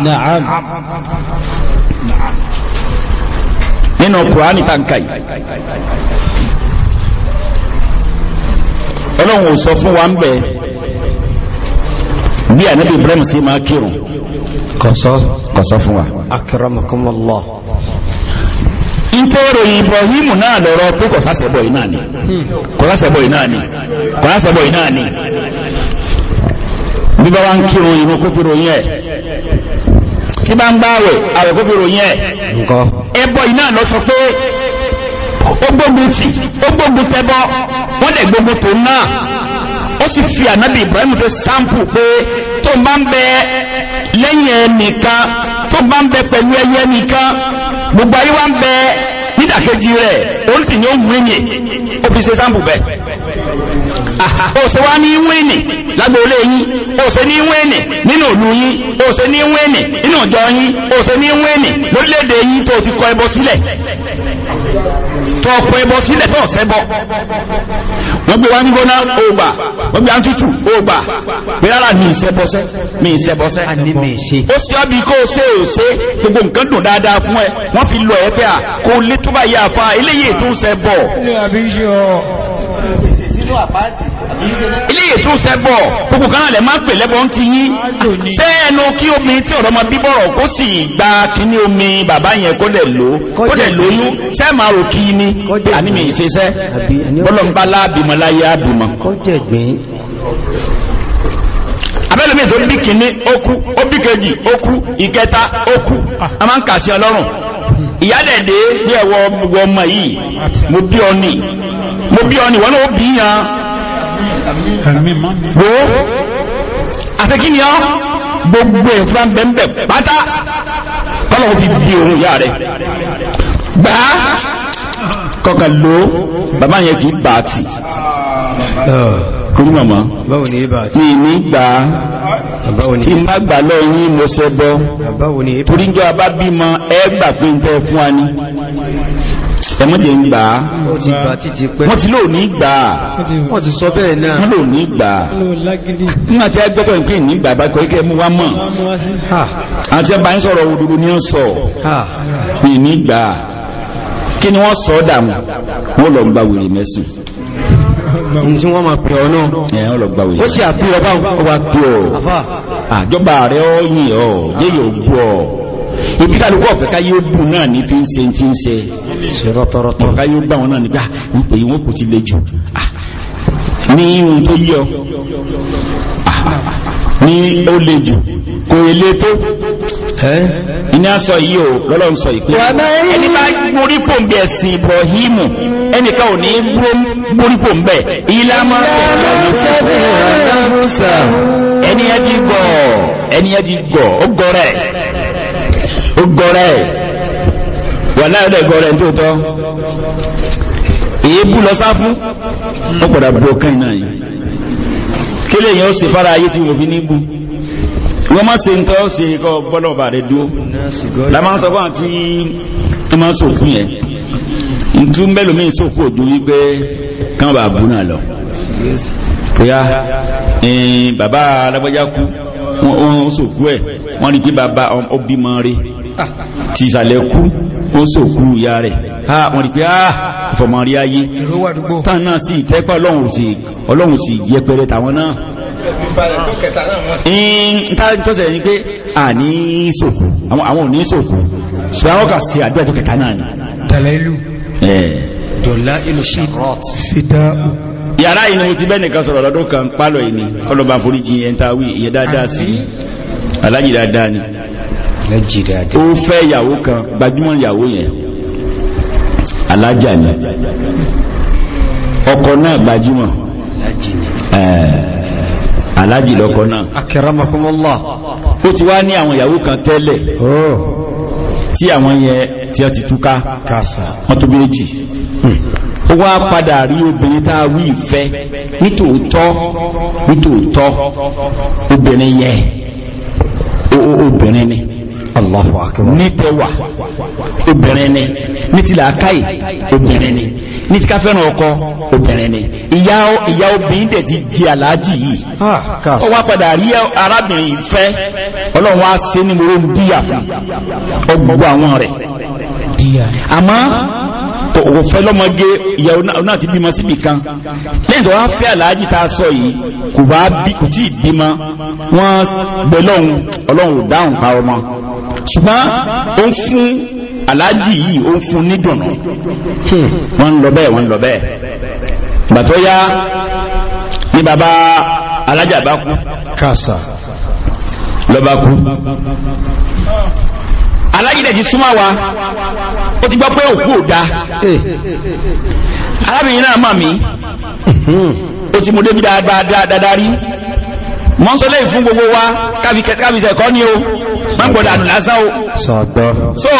na'am nínú kùránì tàǹkà yìí ọlọ́run ò sọ fún wa ń bẹ bí ànábì Ibrahim sí máa kírun kò sọ fún wa akramakumullah ntẹ́rọ Ibrahim náà lọ́rọ̀ pé kò sásẹ̀bọ̀ iná ni kò sásẹ̀bọ̀ iná ni kò sásẹ̀bọ̀ iná ni bí bá ń kírun ìrún kófìrò yẹn tí bá ń gbáwẹ̀ àwẹ̀ kó fi ròyìn ẹ̀ ẹbọ iná lọ sọ pé ó gbógun tì ó gbógun tẹbọ wọ́n lè gbógun tó náà ó sì fi ànábì Ibrahim tó sáǹpù pé tó bá ń bẹ lẹ́yìn ẹnìkan tó bá ń bẹ pẹ̀lú ẹyẹ nìkan gbogbo ayé wa ń bẹ nídàkejì rẹ̀ ó sì ní ó mú ẹ̀yìn ó fi ṣe sáǹpù bẹ́ẹ̀. ọ̀sẹ̀ ah, wá ní ìwé nì lágbòólé yín ọ̀sẹ̀ ní ìwé nì nínú ìlú yín ọ̀sẹ̀ ní ìwé nì nínú ìjọ yín ọ̀sẹ̀ ní ìwé nì lórílẹ̀-èdè yín tó ti kọ ẹbọ sílẹ̀ tó ọkọ̀ ẹbọ sílẹ̀ tó ọ̀sẹ̀ bọ wọ́n gbé wá ń gbóná ògbà wọ́n gbé wá ń tútù ògbà pé rárá mi ìṣẹ́bọsẹ́ mi ìṣẹ́bọsẹ́ ó sì ọ́bí kó o ṣe ò ṣe gbogbo nǹkan dùn dáadáa fún ẹ wọ́n fi lọ ẹ pé à kó yà fa eléyìí tó ń ṣẹ bọ̀ nínú àpáàdì àbí ìgbẹ́nà. ilé ìtún sẹ́gbọ̀ gbogbo kan náà lè máa pè lẹ́bọ̀ ń ti yín ṣé ẹnu kí omi tí ọ̀rọ̀ ọmọ bíbọ̀rọ̀ kó sì gba kíní omi bàbá yẹn kó dẹ̀ lò kó dẹ̀ lóyún ṣé máa rò kí ni àní mi ìṣeṣẹ́ bọ́lọ̀ ń bá láàbìmọ̀ láyé àbìmọ̀ abẹ́lẹ̀mí tó bí kìíní okú ó bí kejì okú ìkẹta okú a máa ń kà sí ọlọ́run ìyálẹ̀dẹ́ bí ẹ̀wọ̀ ọmọ yìí mo bí ọ ní mo bí ọ ní wọ́n ó bí yan wo àti kí ni ọ gbogbo ẹ̀ tí wọ́n bẹ̀ ń bẹ̀ pátá kọ́lọ̀ fi di òun ìyá rẹ̀ gbàá kọkà ló bàbá yẹn kì í bà tì kúrú mọ̀mọ́ tí ní gbà tí má gbà lọ́yìn mo ṣe bọ́ torí jọ abá bímọ ẹ gbà pé ń tẹ́ fún wa ní ẹmọ́dé ń gbà á wọ́n ti lò ní gbà á wọ́n ti sọ bẹ́ẹ̀ náà wọ́n lò ní gbà á nígbà tí a gbọ́gbọ́ ìpín ní gbà bá kọ́ríkẹ́ mú wá mọ̀ àti ẹbá ń sọ̀rọ̀ òdodo ní ọ̀sọ̀ ìní gbà kí ni wọ́n sọ ọ́ dààmú wọ́n lọ gba wèrè mẹ́sìn. ohun tí wọ́n máa pè ọ́ náà. ẹ wọ́n lọ gba wèrè. ó sì àpè ọba ọba pè ọ́ àjọba rẹ̀ ọ́ yìn ọ́ yé yóò gbọ́ ọ́ ibi kálukú ọ̀fẹ́ yóò bù náà ní fi ń se. ti ń ṣe. ṣèrọtọrọtọ. ọ̀ká yóò bá wọn náà nígbà wípé wọn kò ti le jù ah, ní ihun tó yí ọ. Ah, ah, ní ó lè jù kò ilé tó iná sọ yìí o lọ́lọ́ ń sọ ìpín ẹni bá gbórí pò ń bẹ̀ sí Ibrahimu ẹnìkan ò ní gbórí pò ń bẹ̀ ilá máa sọ ẹni ẹ ti gọ̀ ẹni ẹ ti gọ̀ ó gọ̀ rẹ̀ ó gọ̀ rẹ̀ kílè yẹn ó ṣe fara ayé tí wọ́n fi ní bú wọ́n má ṣe nǹkan ó ṣe kọ́ gbọ́dọ̀ bà rẹ̀ dúró la máa ń sọ fún àti wọ́n máa ń sọ fún yẹn ntú mẹ́lòmíì sòfò ojú wípé kán bá bú náà lọ bóyá eh, bàbá alágbájá kú wọ́n sòfò ẹ̀ wọ́n rí pé bàbá ọbí mọ́ rí tìsàlẹ̀ kú ó sòfò ìyá rẹ̀ wọ́n rí pé ah fọmọ rí ayé tán náà sì tẹ́pẹ́ ọlọ́run sì yẹpẹrẹ tàwọn náà tọ́sẹ̀ ní pé à ní sòfò àwọn ò sòfò ṣe sí àdúrà tó kẹta náà ni dàlẹ́ yàrá yìí ti bẹ́ẹ̀ nìkan sọ̀rọ̀ lọ́dún kan pálọ̀ yìí ni foríjì yẹn ta dáadáa sí alájì dáadáa ni ó fẹ́ ìyàwó kan gbajúmọ̀ ìyàwó yẹn alájà ni ọkọ̀ náà gbajúmọ̀ alájì lọ́kọ̀ náà akramakumullah ó ti wá ní àwọn ìyàwó kan tẹ́lẹ̀ oh. tí àwọn yẹn tí ó ti túká wọ́n tó méjì ó wá padà rí obìnrin tá a wí ìfẹ́ nítòótọ́ obìnrin yẹn obìnrin Allahu akbar ní tẹwà obìnrin ni ní ti làákàyè obìnrin ni ní ti káfẹ́ràn ọkọ obìnrin ni ìyá obìnrin tẹ̀ ti di aláàjì yìí ó wá padà rí arábìnrin fẹ́ ọlọ́run wá sí ní mòró ń díyà fún ọgbọ̀n àwọn rẹ̀ àmọ́ òun fẹ́ lọ́mọge ìyàwó náà ti bímọ síbì kan lẹ́yìn tó wá fẹ́ àlàájì tá a sọ yìí kò bá bí kò tí ì bímọ wọ́n gbẹ lọ́hùn ọlọ́hùn dáhùn pa ọmọ ṣùgbọ́n ó ń fún àlàájì yìí ó ń fún ní wọ́n ń lọ bẹ́ẹ̀ wọ́n ń lọ bẹ́ẹ̀ ìgbà yá ní bàbá alájà bá kú lọ́ba kú alájídẹ̀ ti súnmọ́ wa ó ti gbọ́ pé òkú ò dá eh. arábìnrin náà mà mí hmm. ó ti mú débi dáadáa rí mọ́sọ́lẹ̀ fún gbogbo wa kábísẹ̀ kọ́ ni o máa ń gbọ́dọ̀ lásán o so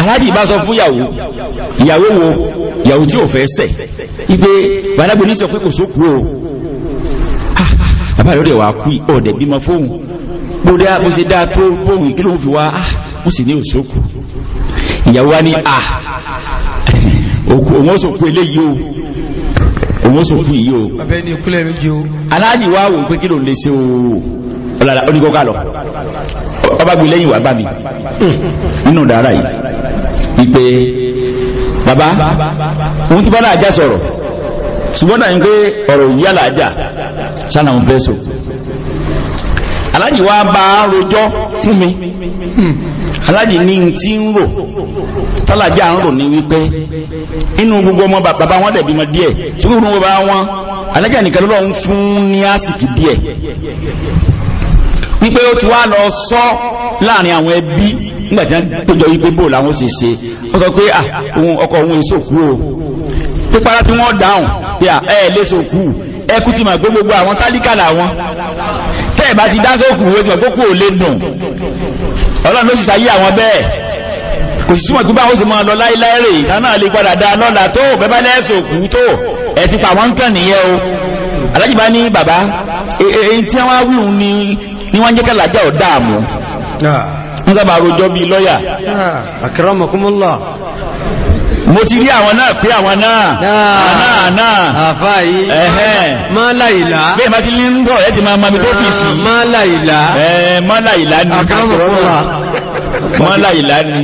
aláàdì bá sọ fún yàwó ìyàwó wo yàwó tí ò fẹ́ sẹ̀ ipé bàdágbò ní sọ pé kò bó dá bó ṣe dá tó bóhùn kí ló fi wá ah wọ́n sì ní òṣòkù ìyàwó wá ní ah òun ó sòkú eléyìí o òun ó sòkú yìí o aláàjì wá wò pé kí ló lè ṣe o ọ̀làlà oníkọ́kà lọ ọba gbé lẹ́yìn wà bá mi hmm, nínú dára yìí wípé bàbá òun ti bá náà já sọ̀rọ̀ ṣùgbọ́n náà ń pé ọ̀rọ̀ yìí àlàájá sáà náà ń fẹ́ sọ alájì wá bá rojọ́ fún mi hmm. alájì ní tí ń rò tálàjì à ń rò ní wípé inú gbogbo ọmọ bàbá wọn dẹ̀bí mọ díẹ̀ tí gbogbo ọmọ bàbá wọn alájì àníkà ló lọ́n fún ní àsìkò díẹ̀ wípé ó ti wá lọ sọ láàrin àwọn ẹbí nígbàtí wọ́n péjọ wípé bò láwọn sì ṣe wọ́n sọ pé ọkọ̀ òun èso kú o pípara tí wọ́n dáhùn pé ẹ lè so kú ẹ kú ti mà gbogbo àwọn tálíkà làwọn tẹ́ ìbá ti dáńsọ́ òkú ìwé tìmọ̀ kókó ò lè dùn ọlọ́run ló sì sáyé àwọn bẹ́ẹ̀ kò sì túmọ̀ ìpínpá àwọn sì máa lọ láíláí rè kaná lè padà dá lọ́la tó bẹ́bá lẹ́sẹ̀ òkú tó ẹ̀ ti pa wọ́n tàn nìyẹn o alájìbá ní bàbá èyí e, e, e, tí wọ́n wíhun ni wọ́n jẹ́ kẹ́lájà ọ̀ dáàmú ah. wọ́n sábà rojọ́ bíi lọ́yà. Ah, akramakumullah mo ti rí àwọn náà pé àwọn náà náà náà àfá yìí ẹ̀hẹ́n máa láìlá bí ẹ̀má ti ní ń bọ̀ ẹ́ ti máa mami tó fi sí máa láìlá máa láìlá ní kásìrọ́rọ̀ máa láìlá ní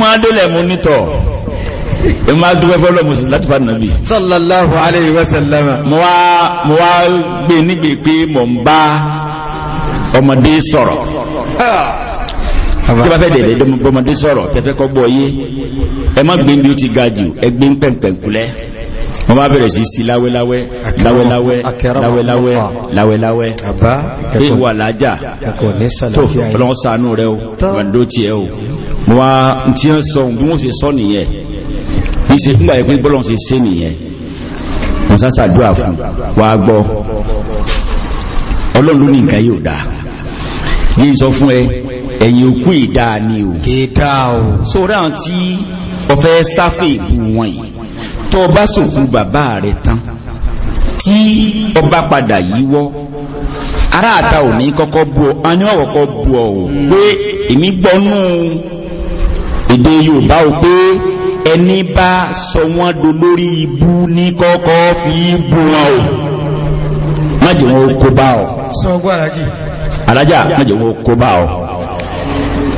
máa délẹ̀ mú nítọ̀ ẹ máa dúpẹ́ fọ́lọ́ mùsùlùmí láti fa nàbí. sallallahu alayhi wa sallam. mo wá mo wá gbé nígbè pé mò ń bá ọmọdé sọ̀rọ̀ tí a bá fẹ́ dẹ̀dẹ̀ bọ́mọdé sọ̀rọ̀ tẹ́fẹ́ kọ́ gbọ́ yé ẹ má gbé bí ó ti ga jù ẹ gbé ń pẹ̀mpẹ̀kulẹ́ wọ́n bá bẹ̀rẹ̀ sí sí láwẹ́láwẹ́ láwẹ́láwẹ́ láwẹ́láwẹ́ láwẹ́láwẹ́ pé wà lájà tó ọlọ́wọ́ sànú rẹ o wàndó tiẹ̀ o wà tí ń sọ bí wọ́n ṣe sọ nìyẹn ìṣe fúngbà yẹn pé bọ́lọ̀ ṣe ṣe nìyẹn wọ́n sá ṣàdúrà fún wa gbọ́ ọlọ́run ló ní nǹkan yóò dáa yìí sọ fún ẹ ẹ̀yìn òkú ìdáa ni o kéèdáa o sórí àwọn tí ọ̀fẹ́ sáfẹ́ ìbú wọn yìí tó bá sòkú bàbá rẹ̀ tán tí ọba padà yíwọ́ aráàta ò ní kọ́kọ́ bu ọ ani ọ̀kọ́ bu ọ o pé èmi gbọ́nú èdè Yorùbá o pé ẹni bá sọ wọ́n do lórí ibú ní kọ́kọ́ fi bu wọn o májèwọ́n kó bá ọ. sọ gbọ́ alájà. alájà májèwọ́n kó bá ọ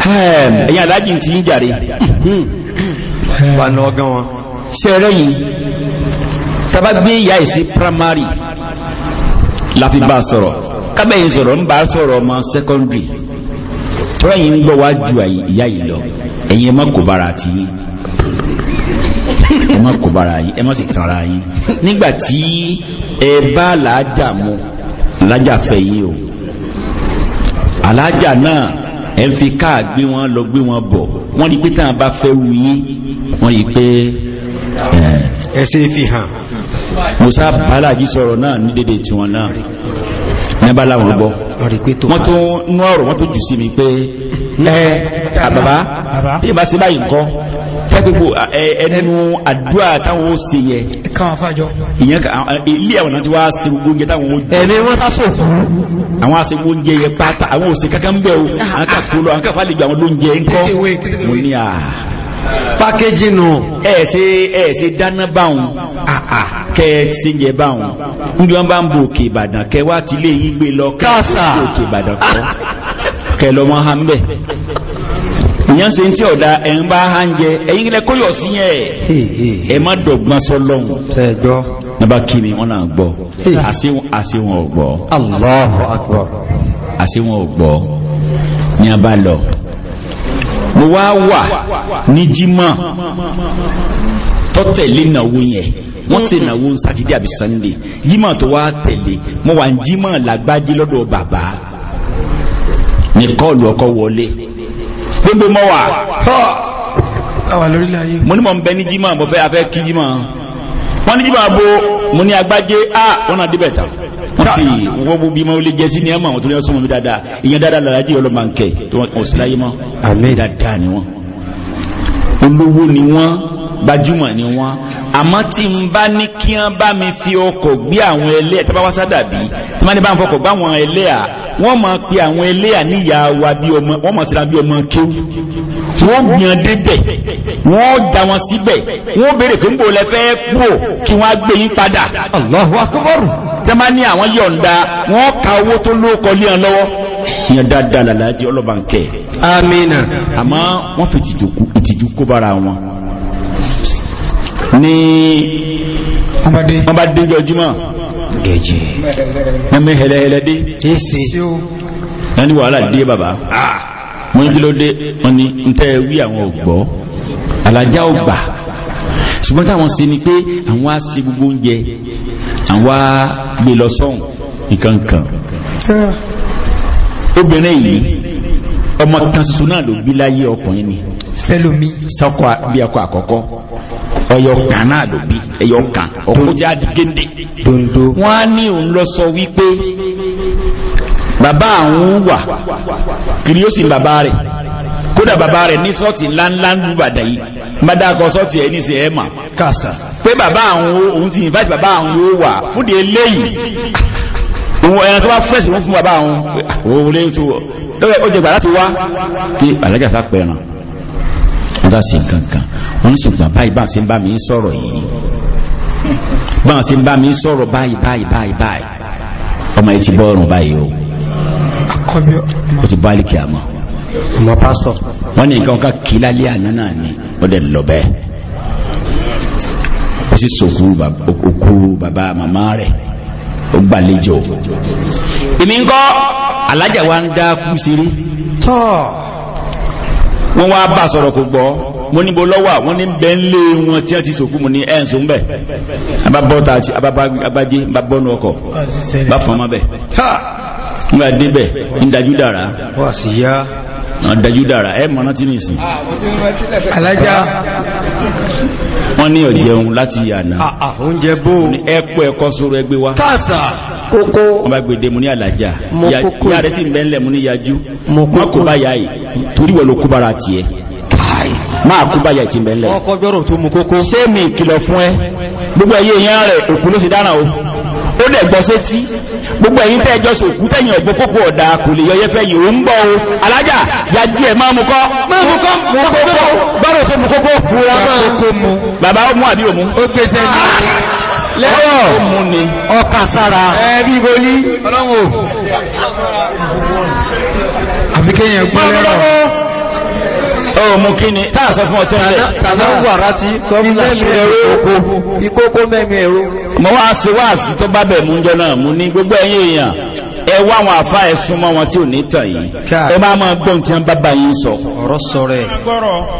ẹ̀yìn alájì tí ń jàre hmm. wànà ọgán wọn ṣẹ́rẹ́ yìí tàbá gbé ìyá ìsí primary láfi bá sọ̀rọ̀ kábẹ̀yìn sọ̀rọ̀ ń bá sọ̀rọ̀ ọmọ secondary tọ́rọ yìí ń gbọ́ wá ju ìyá yìí lọ ẹ̀yin ẹmọ́ kò bára ti ẹmọ́ kò bára yìí ẹmọ́ sì tanra yìí nígbàtí ẹ bá làájà mu làájà fẹ́ yìí o àlàájà náà ẹ fi káà gbé wọn lọ gbé wọn bọ̀ wọ́n rí pé táwọn bá fẹ́ wu yín wọ́n rí pé ẹ ṣe fi hàn. musa balaji sọ̀rọ̀ náà ní dédé tiwọn náà nígbà láwọn gbọ́ wọ́n tún nú ọ̀rọ̀ wọ́n tún jù sí mi pé ẹ àbàbá bí ìbá sí báyìí nǹkan fẹ́ pípò ẹnu àdúrà táwọn ó ṣe yẹ ìyẹn ilé àwọn tí se ṣe oúnjẹ táwọn ó jẹ ẹni wọ́n sásò fún àwọn àṣe oúnjẹ yẹ pátá àwọn òsè kankan bẹ́ẹ̀ o àwọn kàkó lọ àwọn kàfà lè gbà àwọn lóúnjẹ ńkọ́ mo ní à pákéjì nù ẹ̀ẹ̀sẹ̀ dáná báhùn kẹ́ẹ̀sẹ̀ yẹ báhùn ní wọ́n bá ń bò òkè ìbàdàn kẹwàá ti lè yígbé lọ kẹ́ẹ̀sẹ̀ òkè ìbàdàn kọ́ kẹlọmọ ha ń bẹ̀ ìyàn se ń tí ọ̀dá ẹ̀ ń bá ha ń jẹ ẹ̀yìn ilẹ̀ kóyọ̀ sí yẹn ẹ̀ má dọ̀gbọ́n sọlọ́hún tẹ́gbọ́ nígbà kí ni wọ́n náà gbọ́ àṣé wọn ò gbọ́ wọn ò gbọ́ ní lọ mo wá wà ní jímọ̀ tọ́tẹ̀lé náwó yẹn wọ́n ṣe náwó sátidé àbí sannde jímọ̀ tó wá tẹ̀lé mo wà ní jímọ̀ làgbájí lọ́dọ̀ bàbá ní kọ́ọ̀lù ọkọ̀ wọlé gbogbo mọ́ wà mo ní mọ̀ ń bẹ ní jímọ̀ mo fẹ́ afẹ́ kí jímọ̀ wọ́n ní jímọ̀ abo mo ní agbájé a ah, wọ́n náà débẹ̀ tán wọ́n sì wọ́n bó bí ma ó lè jẹ́ sí ní ẹ̀mọ̀ tó ní ọ̀sán mi dáadáa ìyẹn dáadáa làlájì ọlọ́mà ń kẹ̀ tó wọn sí láyé mọ́ àmì dáadáa ni wọ́n olówó ni wọ́n gbajúmọ̀ ni wọ́n àmọ́ tí n bá ní kí wọ́n bá mi fi ọkọ̀ gbé àwọn ẹlẹ́yà tí wọ́n bá sádà bí tí wọ́n ní bá ń fọkọ̀ gbá àwọn ẹlẹ́yà wọ́n máa pe àwọn ẹlẹ́yà níyà wa bí ọmọ wọ́n máa sira bí ọmọ kéwù wọ́n gbìyàn débẹ̀ wọ́n dà wọn síbẹ̀ wọ́n béèrè pé ń lẹ́fẹ́ kúrò kí wọ́n á gbé yín padà. Allahu akbar. tí ní wọ́n bá déjọ jímọ̀ gẹ̀ẹ́jì wọ́n mẹ́ hẹlẹ́hẹlẹ́ dé tẹ́sí wọ́n ní wàhálà dé bàbá wọ́n kí ló dé wọ́n ní ń tẹ́ wí àwọn ògbọ́ alájá ògbà ṣùgbọ́n táwọn ṣe ni pé àwọn á ṣe gbogbo oúnjẹ àwọn á gbé lọ sọ́hùn nǹkankan obìnrin yìí ọmọ kan ṣoṣo náà ló bí láyé ọkùnrin ni fẹ́lómi sọ́kọ̀ bí ọkọ̀ àkọ́kọ́ ọyọ kan náà ló bí ẹyọ kan ọkọjá gèdè wọn á ní òun lọ sọ wípé bàbá àwọn wà kiri ó sì ń bàbá rẹ̀ kódà bàbá rẹ̀ ní sọ́ọ̀tì ńláńlá ń lùbàdà yìí mádàkọ sọ́ọ̀tì ẹ̀ ní sí ẹ̀ mà kàṣà pé bàbá àwọn òun ti invite bàbá àwọn yóò wà fúdi eléyìí òun ẹran tó bá fẹ́sì fún bàbá àwọn òun lè tó ó jẹ gbà láti wá pé alájà sá pẹ̀ràn wọ́n sí nǹkan kan wọ́n ṣùgbọ́n báyìí bá ṣe ń mi sọ̀rọ̀ yìí bá ṣe bá mi sọ̀rọ̀ báyìí báyìí báyìí báyìí ọmọ ẹ ti bọ́ ọrùn báyìí o ó ti báàlì kí a mọ̀ wọ́n ní nǹkan ká kí lálẹ́ àná náà ni ó dẹ̀ lọ bẹ́ẹ̀ ó sì sòkú òkú bàbá màmá rẹ̀ ó gbàlejò èmi ń kọ́ alájà wa ń dá kú sí rí tọ́ọ̀ wọ́n wá bá sọ̀rọ̀ kò gbọ́ mo níbo lọ́wọ́ wọ́n ní bẹ́ẹ̀ ń lé wọn tí wọ́n ti sòkú mo ní ẹ̀ ń ń bẹ̀ ababọ́ta àti ababagé babọ́nu ọkọ̀ bá fọ́n bẹ̀ ha nígbà débẹ̀ ń dájú dára wà sí yá wọ́n dájú dára ẹ mọ̀ náà tí ní ìsìn alájá wọ́n ní ọ̀jẹun láti àná ah, ah, oúnjẹ bó ẹ̀pọ̀ ẹ̀kọ́ sóró ẹgbẹ́ wa tàṣà kókó wọ́n bá gbèdé mu ní alájá yá rẹ̀ sì ń bẹ́ńlẹ̀ mu ní yajú máa kú báyà ìtìmẹ̀lẹ̀ ọkọ̀ gbọ́rọ̀ tó mú kókó ṣé ìkìlọ̀ fún ẹ gbogbo ẹyẹ ìyá rẹ̀ òkú ló sì dára o ó dẹ̀ gbọ́ sétí gbogbo ẹ̀yin tẹ́ ẹjọ́ sòkú tẹ̀yìn ọ̀gbọ́ pópó ọ̀dà kò lè yọyẹ fẹ́ yìí ó ń gbọ́ o alájà yájú ẹ̀ máa mú kọ́ àbíkẹ́yìn ẹ̀kú ah! lẹ́rọ̀ ọ̀rọ̀ mú kí ni táà sọ fún ọtí rẹ̀ tàbí wàrá tí kọ́mílà ṣẹ̀rọ ìkókó mẹ́mí ẹ̀rọ mọ́ wá sí wá ẹ wá àwọn àfá ẹ súnmọ́ wọn tí ò ní tàn yìí ẹ máa máa gbọ́n tí wọ́n bá bá yín sọ ọ̀rọ̀ sọ̀rọ̀ ẹ̀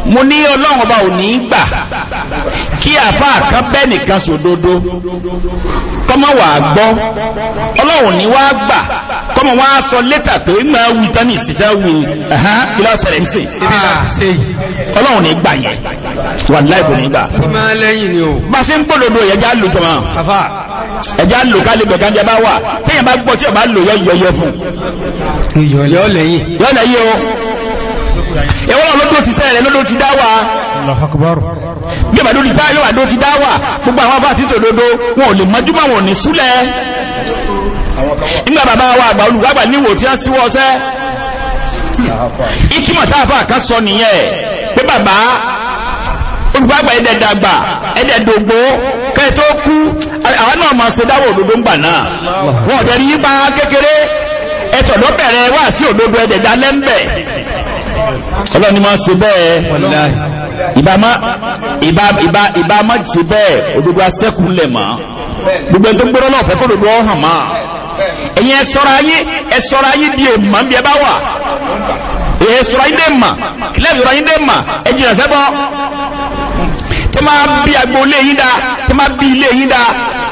mo ní ọlọ́run ọba ò ní gbà kí àfá kan bẹ́ẹ̀ nìkan sòdodo kọ́mọ wà á gbọ́ ọlọ́run ní wá gbà kọ́mọ wá sọ lẹ́tà pé ń máa wí tání ìsìtá wí kí ló ṣẹlẹ̀ ń sè ah. ọlọ́run ní gbà yẹn wà láì kò ní gbà bá a ṣe ń gbọ́dọ̀ ẹ̀já lò jọmọ́ ẹ̀já lò kálíbẹ̀ káńjẹ bá wà téèyàn bá gbọ́ tí ọba lò yọ yẹyẹ fún yọ lẹ́yìn o ẹwọ́n ọlọ́dún ti sẹ́rẹ̀ lọ́dún ti dáwà gbẹ̀bàdó ti dáwà gbogbo àwọn afá àti ìṣòdodo wọn ò lè mọ́júmọ́ wọn ní súlẹ̀ nígbà bàbá wa àgbà olùgbàgbà níwò tí wọ́n síwọ́ ọsẹ́ ìkímọ̀ olùgbàgbà ẹ̀dẹ̀dàgbà ẹ̀dẹ̀dògbò kẹtó kú àwọn náà máa ṣe òdodo ń gbà náà wọn ọ̀dẹ̀ rí bá kékeré ẹtọ̀ ló bẹ̀rẹ̀ sí òdodo máa ṣe bẹ́ẹ̀ ìbámá ìbámá ṣe òdodo gbogbo ẹni tó náà kó òdodo ẹ ṣọ́ra yín ẹ yín di èyẹ sọ̀rọ̀ yín dé mà kìlẹ́ẹ̀bì sọ̀rọ̀ yín dé mà ẹ jìnà sẹ́bọ̀ tí máa bí agbo ilé yín dá tí máa bí ilé yín dá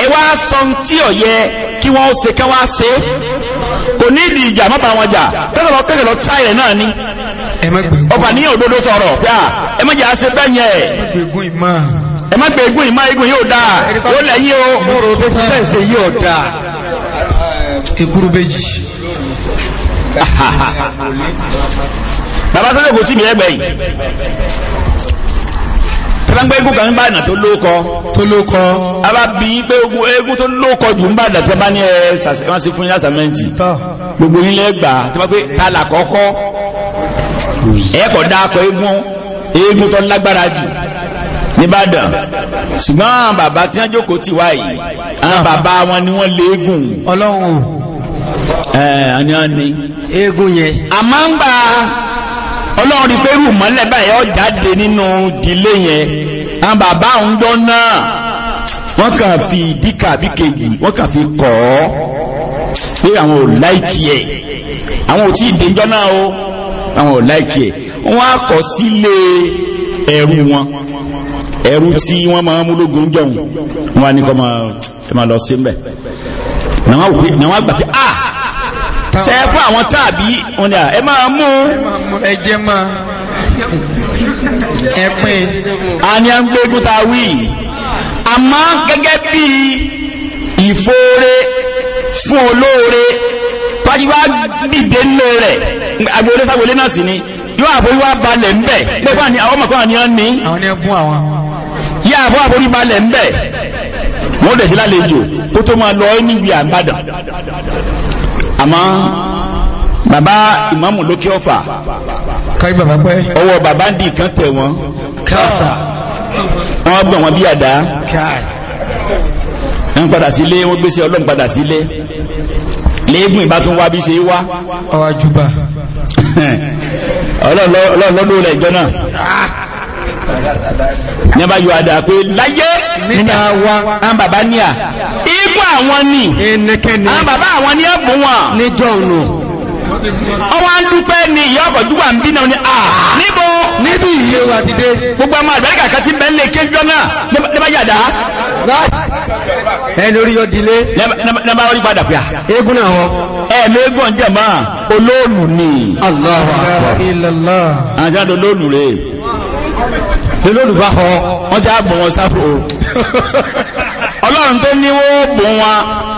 ẹ wá sọ tí ò yẹ kí wọ́n ó ṣe kí wọ́n á ṣe kò ní ìdí ìjà má bàa wọn jà kẹ́kẹ́ lọ kẹ́kẹ́ náà ni ọ̀fà ní òdodo sọ̀rọ̀ pé ẹ má jà á bẹ́ẹ̀ yẹn ẹ má gbé egun ìmá egun yóò dáa ó lẹ́yìn o mo rò ó fẹ́ sẹ́yìn yóò dáa. ekuru bàbá tó lóko tí mi ẹgbẹ́ yìí tẹ́lágbé egun kan ń bá ìnà tó lóko tó lóko ara bí pé egun tó lóko jù ń bá ìdà tí eh, a bá ní ẹ wọ́n sí fún yín lásàmẹ́ǹtì gbogbo yín lẹ́gbà tí wọ́n pé ta là kọ́kọ́ ẹ̀kọ́ dákọ̀ egun egun tó lágbára jù nìbàdàn ṣùgbọ́n bàbá tí wọ́n jókòó tì wáyìí àwọn bàbá wọn ni wọ́n lé egun ọlọ́run ẹ̀yàn anyị anyị. mọ́lẹ̀ jáde nínú ìdílé yẹn àwọn bàbá ń náà wọ́n kàn fi ìdíkà bí kejì wọ́n kàn fi kọ́ ọ́ pé àwọn ò láìkì ẹ̀ àwọn ò tí o àwọn ò láìkì ẹ̀ wọ́n á kọ́ sílé wọn ẹ̀rú tí wọ́n máa múlógún wọ́n lọ sí na wọ́n gbà pé ah sẹ́ẹ̀fọ́ àwọn tàbí wọn ni ah, ẹ máa mú ẹjẹ́ máa ẹ̀pìn a ní a ń gbé gúta wí a máa gẹ́gẹ́ bí ìfóore fún olóore pàjíwá dìde lé rẹ̀ agbóolé sagbóolé náà sì ni yóò àbórí wá balẹ̀ ń bẹ̀ pẹ́pà ni àwọn mọ̀kànlá ni wọ́n ní yóò àbó balẹ̀ ń bẹ̀ wọ́n dẹ̀ sí lálejò kó tó máa lọ ẹni ìwé àgbàdàn àmọ́ bàbá ìmáàmù lókè ọ̀fà kárí bàbá pẹ́ ọwọ́ bàbá ń di ìkan tẹ̀ wọ́n káàsà wọ́n gbọ̀n wọn bí àdá wọ́n padà sílé wọ́n gbé sí ọlọ́run padà sílé léegun ìbá tún wá bí ṣe wá ọwọ́ àjùbà *laughs* ọlọ́run lọ́dún rẹ̀ ìjọ náà ah. ní bá yọ àdá pé láyé nígbà wa àwọn bàbá ní à ipò àwọn ní àwọn bàbá àwọn ní ẹ̀bùn wọn níjọ́ ònà ọwọ́ ń dúpẹ́ ní ìyá ọ̀pọ̀ dúpẹ́ ń bí náà ní à níbo níbi ìyẹ́ wa ti dé gbogbo ọmọ àgbẹ̀rẹ̀ kàkà tí bẹ́ẹ̀ lè kéjọ náà yàdá ẹni orí yọ orí padà pé à eégún náà olóòlù ni olóòlù rèé lólùbá họ wọ́n ti àbọ̀ wọn sáfò ọlọ́run tó ní wọ́n bò wọn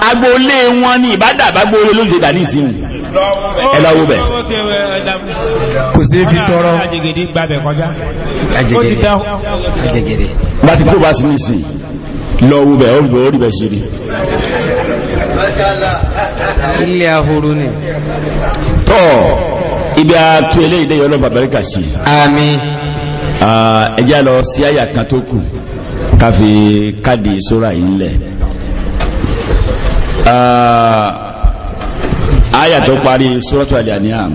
agboolé wọn ní ìbádà àbágbóolé ló ń ṣe dání sí ẹlọ́wọ́ bẹ̀ kò sí fi tọrọ àjẹgẹdẹ gbàbẹ̀ kọjá àjẹgẹdẹ bá ti kó bá sí ní sí lọ́wọ́ bẹ̀ ọ̀rùn orí bẹ̀ ṣe rí ilé ahoro ni tọ́ ibi àtú eléyìí lẹ́yìn ọlọ́run bàbá rí kà sí àmín ẹjá lọ sí àyà kan tó kù ká fi káàdì sóra yìí lẹ̀ àyà tó parí sóràtò Al-An'am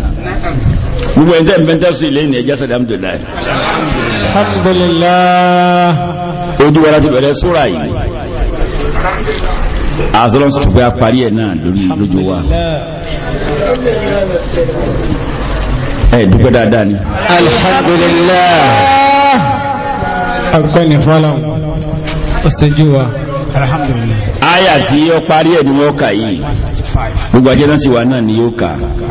gbogbo ẹ̀ntẹ́ ìfẹ́ntẹ́ sí ilé ìní ẹjá sẹ́dá alhamdulillah alhamdulillah ojú wa láti bẹ̀rẹ̀ sóra yìí àzọ́lọ́sọ̀tò pé a parí ẹ̀ náà lórí lójú wa ẹ̀ dáadáa ni alhamdulillah ọpẹ́ ni fọ́lọ́un ọ̀sẹ̀jú wa alhamdulillah aya tí ó parí ẹ̀ ni wọ́n kà yìí gbogbo ajé náà sì wà náà ni yóò kà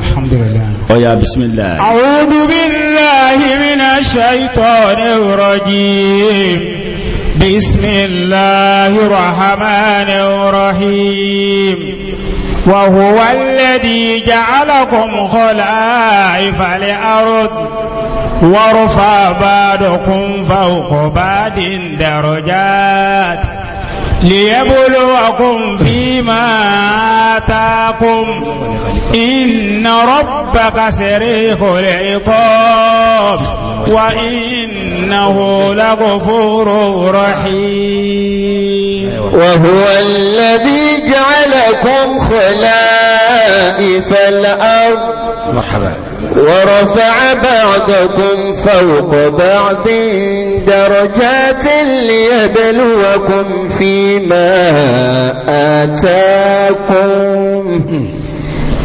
alhamdulillah bismillah a'udhu billahi minash shaitonir rajim bismillahir rahmanir rahim وهو الذي جعلكم خلائف لأرض ورفع بعضكم فوق بعض درجات ليبلوكم فيما آتاكم إن ربك سريع العقاب وإنه لغفور رحيم وهو الذي جعلكم خلائف الأرض مرحبا ورفع بعضكم فوق بعض درجات ليبلوكم فيما آتاكم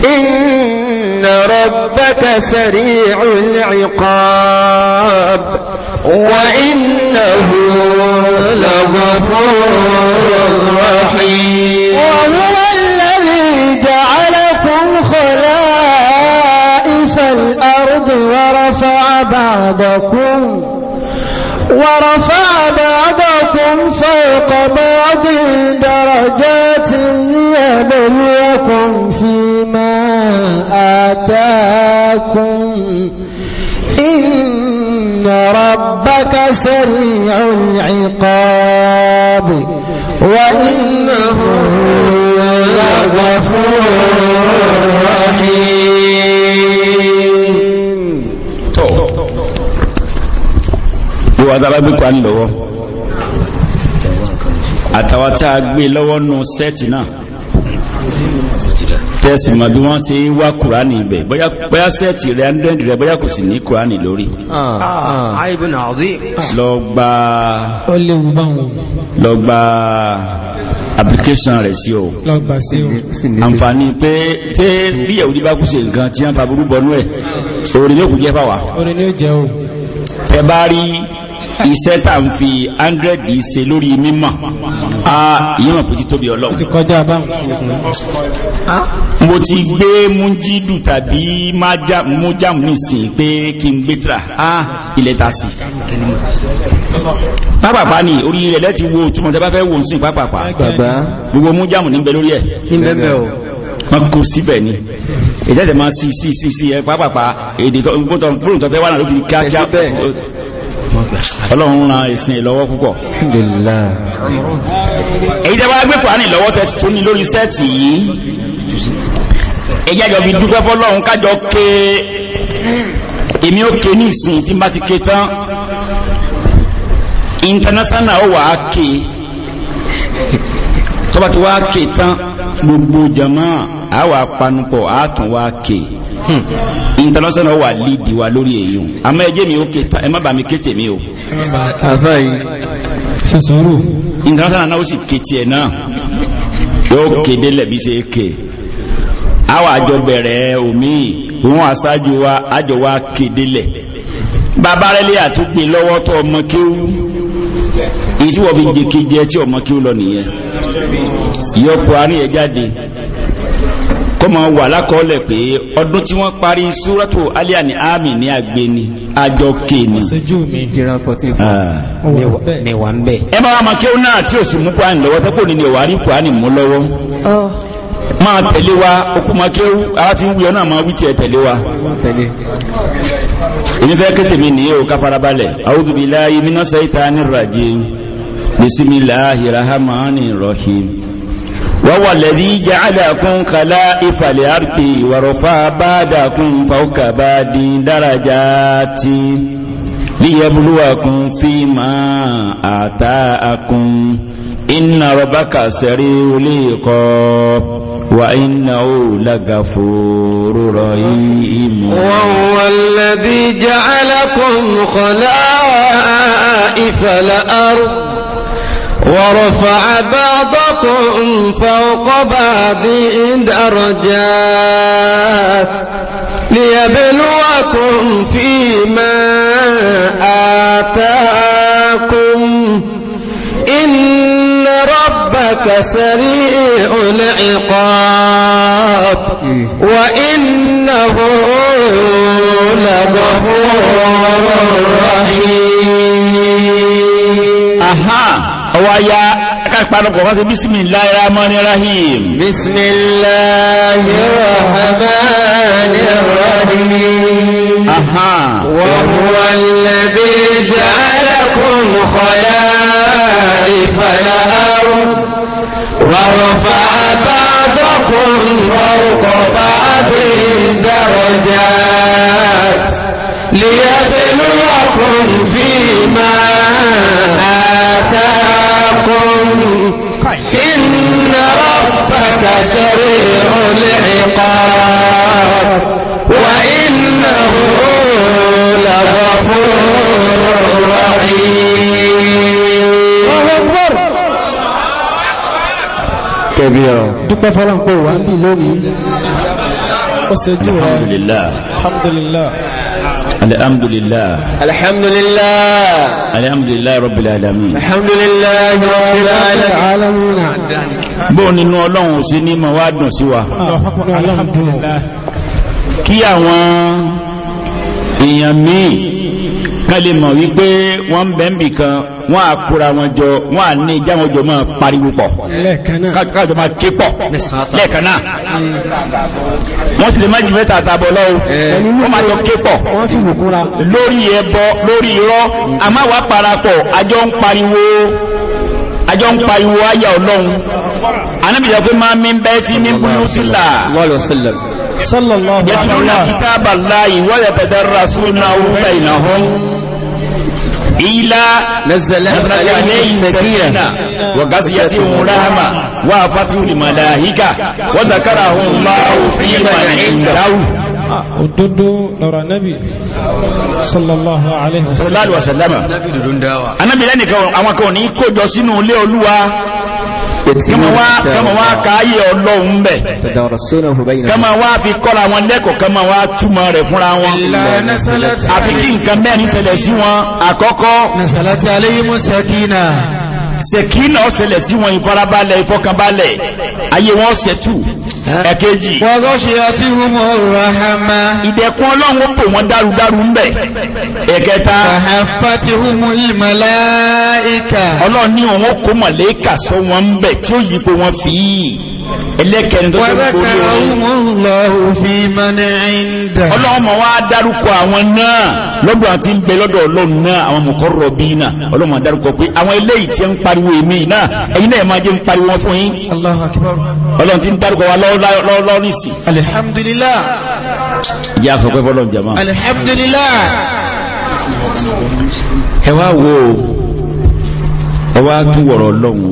إن ربك سريع العقاب وإنه لغفور رحيم ورفع بعضكم ورفع بعضكم فوق بعض درجات ليبلوكم فيما آتاكم إن ربك سريع العقاب وإنه لغفور رحيم gbogbo adára gbé lọ́wọ́ àtàwà tá a gbé lọ́wọ́ nù sẹ́ẹ̀tì náà tẹ́sì ma bí wọ́n ṣe wá kùránì ibẹ̀ bóyá sẹ́ẹ̀tì rẹ̀ andrẹ́ndì rẹ̀ bóyá kò sì ní kùránì lórí ah, ah, lọ́gbà application rẹ̀ sí o àǹfààní pé tẹ́ bí ẹ̀wùdí bá kú ṣe nǹkan tí wọ́n fa burú bọnú ẹ̀ orin yóò kú jẹ́ fáwa ẹ bá rí iṣẹ́ tà ń fi 100 ṣe lórí mímọ̀ a ìyẹ́mọ̀ pé tí tóbi ọlọ́run ti kọjá bá mo ti gbé mújídù tàbí mújàmù nìsìn pé kí n gbé tra a ilẹ̀ ta sí pápápá ni orí ilẹ̀ lẹ́ti wo túnmọ̀ tẹ́ bá fẹ́ wo sí pápápá gbogbo mújàmù níbẹ̀ lórí ẹ̀ wọ́n kò síbẹ̀ ni ìjẹ́jẹ̀ máa sí sí sí sí ẹ pápápá èdè tó ń gbótọ̀ fẹ́ wà náà ló fi kíákíá ọlọ́run ran ìsìn ìlọ́wọ́ púpọ̀ èyí tẹ́ bá gbé kùránì lọ́wọ́ tẹ́sí tó ní lórí sẹ́ẹ̀tì yìí ẹjá jọ fi dúpẹ́ fọ́lọ́run kájọ ké èmi ó ké ní ìsìn tí n bá ti ké tán international ó wà á ké tó bá ti wá ké tán gbogbo jama á wà panupọ̀ á tún wá ké. Hmm. intanọ́sánà wà lídì wa lórí èyí o àmọ́ ẹjẹ́ mi ó kéta ẹ má bà mí kéte mi o. àbá yìí ṣe sùúrù. intanọ́sánà náà ó sì kéte ẹ̀ náà yóò kéde lẹ́bi ṣe é ké àjọ bẹ̀rẹ̀ omi òun àṣáájú wa àjọ wa kéde lẹ̀ bàbá rẹ̀ lè àtúgbè lọ́wọ́ tó ọmọ kéwú èyí tí fi jẹ́ kéjẹ tí ọmọ kéwú lọ nìyẹn yọpọ̀ kọmọ wà lákọọ́lẹ̀ pé ọdún tí wọ́n parí súrọ́tò alíà ní àmì ní àgbéni ni ah. ẹ bá wọn kí ó náà tí ò sì mú kwani lọ́wọ́ tẹ́kọ̀ ní ni òwárí kwani mú lọ́wọ́ oh. máa tẹ̀lé wa okú máa kí ara ti ń wúyọ náà máa wí ẹ tẹ̀lé wa èmi fẹ́ kéte mi nìyẹ o farabalẹ̀ a'udhu billahi minash shaitanir rajim bismillahir rahmanir rahim وهو الذي جعلكم خلائف الأرض ورفع بعدكم فوق بعد درجات ليبلوكم فيما آتاكم إن ربك سريع العقاب وإنه لغفور رحيم وهو الذي جعلكم خلائف الأرض ورفع بعضكم فوق بعض درجات ليبلوكم فيما آتاكم إن ربك سريع العقاب وإنه لغفور رحيم أها wa ya kápánukọ̀ wá sí bismillahir rahmanir rahim bismillahir rahmanir rahim aha wa huwa alladhi ja'alakum khala'ifal ard wa rafa'a ba'dakum fawqa ba'din darajat liyabluwakum fima إن ربك سريع العقاب وإنه لغفور رحيم كبير طيب دقة فلان قوة لله الحمد لله الحمد لله الحمد لله الحمد لله رب العالمين الحمد لله رب العالمين bó nínú ọlọ́run sí ní ma wá dùn sí wa kí àwọn èèyàn míì ká lè mọ̀ wípé wọ́n bẹ́ẹ̀ bìkan wọ́n á kóra wọn jọ wọ́n á ní ìjà wọn jọ máa pariwo pọ̀ kájọ máa ké pọ̀ lẹ́ẹ̀kan náà wọ́n sì lè máa jọ ké pọ̀ àjọ ń pariwo àjọ ń pariwo ayà ọlọ́run anábìyà pé máa mi bẹ́ sí ní búrúsílà yẹtùnú náà kítàbà láàyè wọ́n yẹ pẹ̀tẹ́ rasulina ó fẹ́ ìnáhùn إلى نزلت عليه سكينة وغسيت رحمة وعفته الملائكة وذكره الله في من عنده òdúdó lọ́rọ̀ anábì sallallahu alaihi wasallam anábì lẹ́nìkan àwọn kan ní kójọ sínú ilé olúwa kama wá káyé ọlọ́run bẹ̀ kama wá fi kọ́ra wọn lẹ́kọ̀ọ́ kama wá túmọ̀ rẹ̀ fúnra wọn àfi kí nǹkan mẹ́rin ṣẹlẹ̀ sí wọn àkọ́kọ́ nasalati alayhimus sakina sẹ̀kínà ọ̀sẹ̀lẹ̀ sí wọn ìfarabalẹ̀ ìfọkànbalẹ̀ ayé wọn ṣẹ̀tù ẹ̀kejì ìdẹ̀kùn ọlọ́run pè wọ́n dárúdárú ń bẹ̀ ẹ̀kẹta ọlọ́run ní òun kó mọ̀lẹ́kà sọ wọn ń bẹ̀ tí ó yípo wọn fi ẹlẹ́kẹrin tó ṣe gbogbo ọlọ́mọ wa dárúkọ àwọn náà lọ́dọ̀ àti ń bẹ lọ́dọ̀ ọlọ́run náà àwọn mọ̀kọ́rọ̀ bí náà ọlọ́mọ dárúkọ pé àwọn eléyìí tí ń pariwo èmi náà ẹ̀yin náà máa jẹ́ ń pariwo wọn fún yín ọlọ́run ti ń dárúkọ wa lọ́wọ́ nísì. alhamdulillah. ìyá àfọ̀pẹ́ fọlọ́n jama. alhamdulillah. ẹ wá wo ọwọ́ á tún wọ̀rọ̀ ọlọ́run o.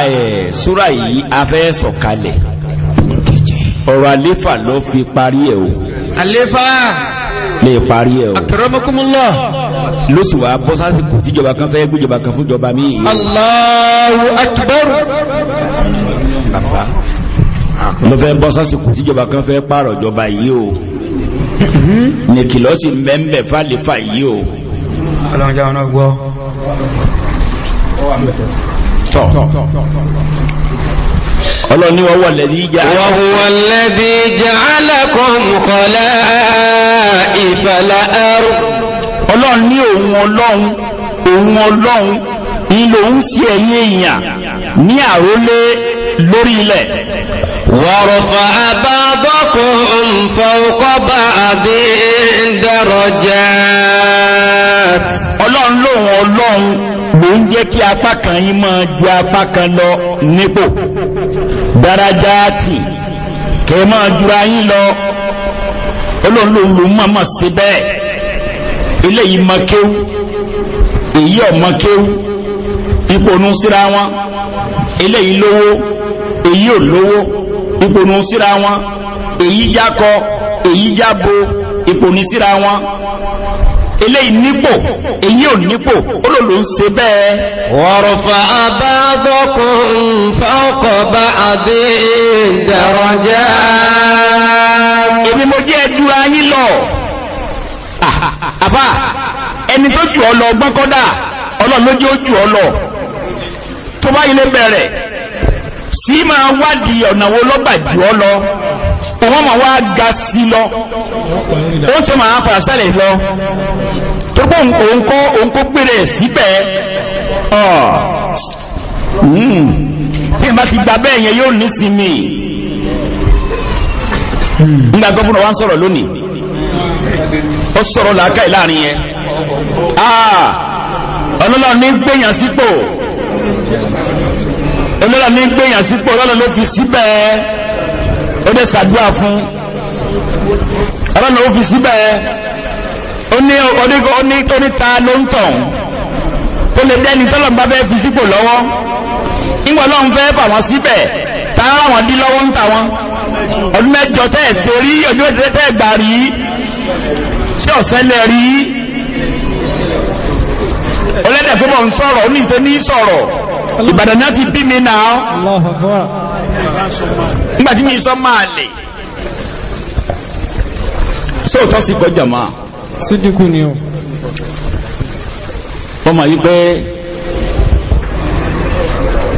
E, súra yìí a fẹ́ sọ̀kalẹ̀ ọ̀rọ̀ àléfà ló fi parí ẹ̀ o àléfà lè parí ẹ̀ o akramakumullah ló sì wá bọ́ sásìkò tíjọba kan fẹ́ gbéjọba kan fúnjọba míì Allahu akbar ló fẹ́ bọ́ sásìkò tíjọba kan fẹ́ pààrọ̀ jọba yìí o nìkìlọ́sì mbẹ́mbẹ́ fàlẹ́fà yìí o ọlọ́ni wọ́n wà lẹ́dí ìjà alẹ́dí ìjà alákọ̀ọ́m kọlá ìfàlà ẹrù ọlọ́run ní òun ọlọ́run òun ọlọ́run ilò ń sí ẹ̀yìn èèyàn ní àrólé lórí ilẹ̀ wọ̀rọ̀fà àbádọ́kùn fọ́ọ̀kọ́bà àbí dẹ́rọjẹ́ ọlọ́run lòun ọlọ́run ló ń jẹ́ kí apá kan yín máa ju apá kan lọ nípò darajaati kẹ́ máa jura yín lọ olóńlòlò mọ̀mọ̀ sí bẹ́ẹ̀ eléyìí mọ kéwú èyí ọ̀mọ kéwú ìpònú síra wọn eléyìí lówó èyí ò lówó ìpònú síra wọn èyí jákọ èyí jábo ìpònú síra wọn eléyìí nípò èyí ò nípò ó lò ló ń ṣe bẹ́ẹ̀ wọ̀rọ̀fà àbádọ́kùn fọ́kọ̀bá àdé ìdàrọ̀já èmi mo jẹ́ ẹdúra yín lọ àbá ẹni tó jù ọ lọ gbọ́kọ́dà ọlọ́run ó jù ọ lọ tó bá ilé bẹ̀rẹ̀ sí máa wádìí ọ̀nà wo jù ọ lọ òun ma wá ga sí lọ ó ṣe máa padà sẹ́lẹ̀ lọ tó pọ̀ òun kó pèrè síbẹ̀ ọ̀ tí hmm. ìbá ti gba bẹ́ẹ̀ yẹn yóò nísinmi nígbà gọ́fúnà wá ń sọ̀rọ̀ lónìí ó sọ̀rọ̀ làákàì láàrin yẹn ah, ọlọ́lọ́ ní gbèyàn sípò ọlọ́lọ́ ní gbèyàn sípò ọlọ́lọ́ ló fi síbẹ̀ ó dẹ̀ sàdúrà fún ọlọ́nà ó fi síbẹ̀ ó ní oníta ló ń tàn tó lè dẹ́ni tọ́lọ̀ bá fẹ́ fi sípò lọ́wọ́ ìgbà ọlọ́run fẹ́ fà wọ́n síbẹ̀ tààrà wọn dí lọ́wọ́ ń ta wọn ọdún mẹ́jọ tẹ́ ẹ̀ ṣe rí ọdún mẹ́jọ tẹ́ ẹ̀ gbà rí ṣé ọ̀sẹ́lẹ̀ rí ọlẹ́dẹ̀ fún bọ̀ ń sọ̀rọ̀ ó ní ìṣe ní sọ̀rọ̀ Ìbàdàn náà ti bí mi náà nígbà mi sọ máa lè sóòtọ́ sí kọjá máa sídìkú ni o ọmọ yìí pé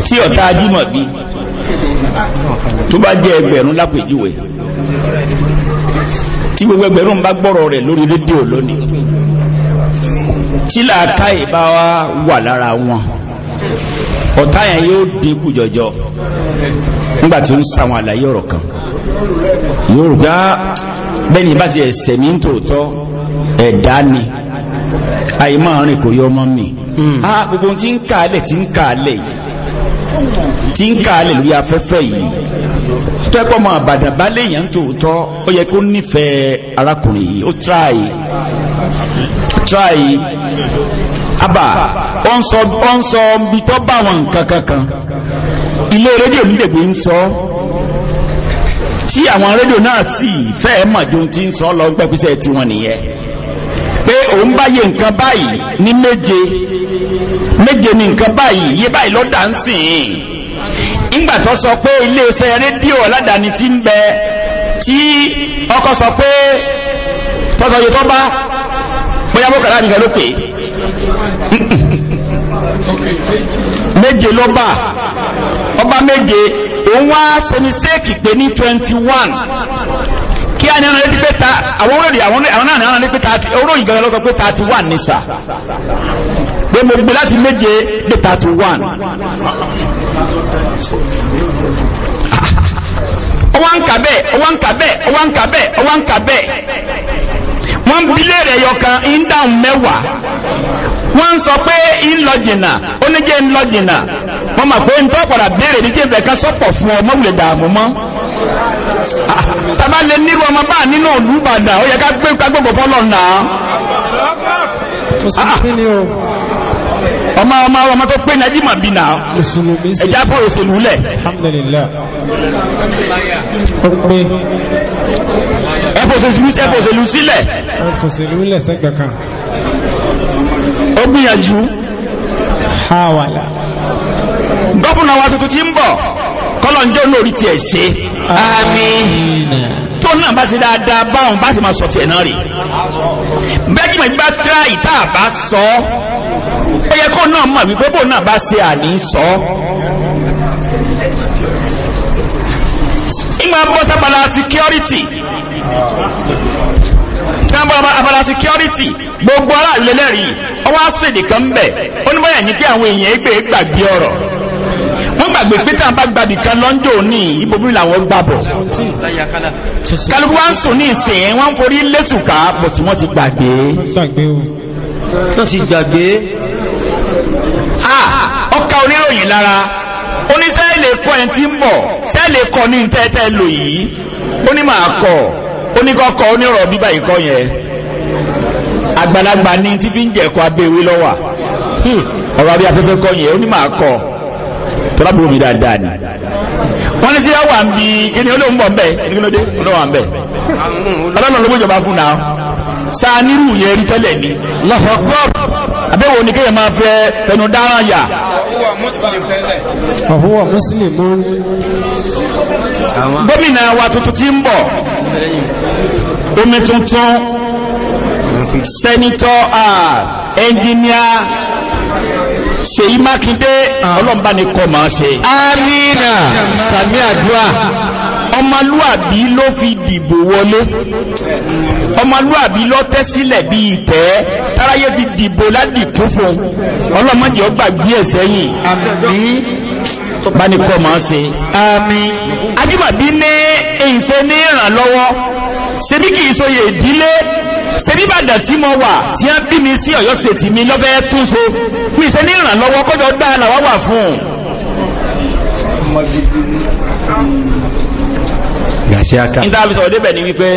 tí ọ̀tá ajímọ̀ bí tó bá jẹ́ ẹgbẹ̀rún lápèjúwe tí gbogbo ẹgbẹ̀rún bá gbọ́rọ̀ rẹ̀ lórí rédíò lónìí tí làákàyè bá wà lára wọn ọ̀tá yóò dínkù jọjọ nígbà ó ń sàwọn àlàyé kan yóò rò gbá ah, bá ti ẹ̀sẹ̀ mi ń tòótọ́ ẹ̀dá ni àìmọ́ rìn kò yọ ọmọ mi. Hmm. a ah, gbogbo ohun ń kàálẹ̀ tí ń tí ń kààlẹ̀ lórí afẹ́fẹ́ yìí tẹ́pọ̀ mọ́ àbàdàn bá léèyàn tòótọ́ ó yẹ kó nífẹ̀ẹ́ arákùnrin yìí ó tíráì tíráì abà ó ń sọ bí tọ́ bá wọn nǹkan kankan ilé rédíò nígbègbè ń sọ tí àwọn rédíò náà sì fẹ́ màjú tí ń sọ lọ pẹ́kúsẹ́ tí nìyẹn pé òun bá yẹ nǹkan báyìí ní méje méje ní nǹkan báyìí yé báyìí lọ́dà ń sìn ìgbà tó sọ pé iléeṣẹ́ rédíò aládàáni ti ń bẹ tí ọkọ̀ sọ pé tọ́tọ̀ yóò tọ́ bá bóyá bókàlá nìkan ló pè *laughs* méje ló bá ọba méje òun wá sẹ́ni pé ní twenty one ìyá ni ọ̀nà létípé ta àwọn olóòdì àwọn náà ni ọ̀nà létípé ta ti olóòyìn gan lọ́kọ̀ pé ta ti wà ní sà pé mo gbé láti méje dé ta ti wà wọ́n ń kà bẹ́ẹ̀ wọ́n ń wọn bẹ́ẹ̀ wọ́n ń kà bẹ́ẹ̀ wọ́n yọkan sọ pé ń lọ jìnnà ó ní lọ jìnnà wọ́n mọ̀ pé ń padà fún ọmọ bá nínú ọmọ ọmọ ọmọ tó pé nàíjí mà bí náà ẹjá fún òṣèlú lẹ̀ ẹfòṣèlú sílẹ̀ ẹfòṣèlú lẹ̀ sẹ́gbẹ̀kan ó gbìyànjú háwàlá gọ́pùnà wa tuntun ti ń bọ̀ kọ́lọ̀njọ́ náà orí tiẹ̀ ṣe àmín tó náà bá ṣe dáadáa báwọn bá ṣe máa sọ tiẹ̀ náà rí bẹ́ẹ̀kì mọ̀ bá tíra ìta àbá sọ ó yẹ kó náà mọ̀ wípé bó náà bá ṣe àní sọ ìgbà bọ́ sábàlá security tí wọ́n bọ́ra abala security gbogbo ara lẹ́lẹ́rìí ọwọ́ àṣèdè kan bẹ̀ ó ní báyà ní pé àwọn èèyàn ẹgbẹ́ gbàgbé ọ̀rọ̀ gbàgbé pé tàn bá gbàbì kan lọ́njọ́ ní ibòmí làwọn gbàbọ̀ kálukú wá ń sùn ní ìsìn wọ́n ń forí lẹ́sùká bọ̀ tí wọ́n ti gbàgbé wọ́n ti gbàgbé ọkà oníròyìn lára oníṣẹ́lẹ̀ kọ́ ẹ̀ tí ń bọ̀ ṣẹ́lẹ̀ kọ́ ní tẹ́tẹ́ lò yìí ó ní màá kọ́ oníkọ́kọ́ onírọ̀ bíbá ìkọ́ yẹn àgbàlagbà ní tí fi ń jẹ̀kọ́ abẹ́wé lọ́wà ọ̀rọ̀ abẹ́ afẹ́fẹ́ kọ́ yẹn ó ní tọ́lá bò dáadáa ni wọ́n ní sí yàwó ń bi kí ni ń bẹ̀ kí ló ń bẹ̀ ọlọ́run ló fún náà sáà nírú yẹn rí tẹ́lẹ̀ ni lọ́fọ̀ọ́ àbẹ́wò ní kéèyàn máa fẹ́ ẹnu dára yà ọ̀húwà muslim mú gómìnà wa tuntun tí ń bọ̀ omi tuntun sẹ́nitọ́ ẹnjìníà Ṣèyí Mákindé ah. ọlọ́mbà ní kọ máa ṣe amina sàmì àdúrà ọmọlúàbí ló fi dìbò wọlé ọmọlúàbí ló tẹ́ sílẹ̀ bí ìtẹ́ táráyé fi dìbò ládìkú fún ọlọ́mọdé ọgbà gbé ẹ̀sẹ̀ yìí bá ní kọ máa ṣe àmín ajímàbí ní èyí ṣe ní ìrànlọ́wọ́ ṣe bí kìí ṣòye ìdílé ṣebíbàdàn tí mo wà tí wọ́n bí mi sí ọ̀yọ́ ṣètì mi lọ́fẹ́ tún ṣe kí iṣẹ́ ní ìrànlọ́wọ́ kọjọ gbá làwa wà fún un. nígbà fi sọ̀rọ̀ débẹ̀ ni wípé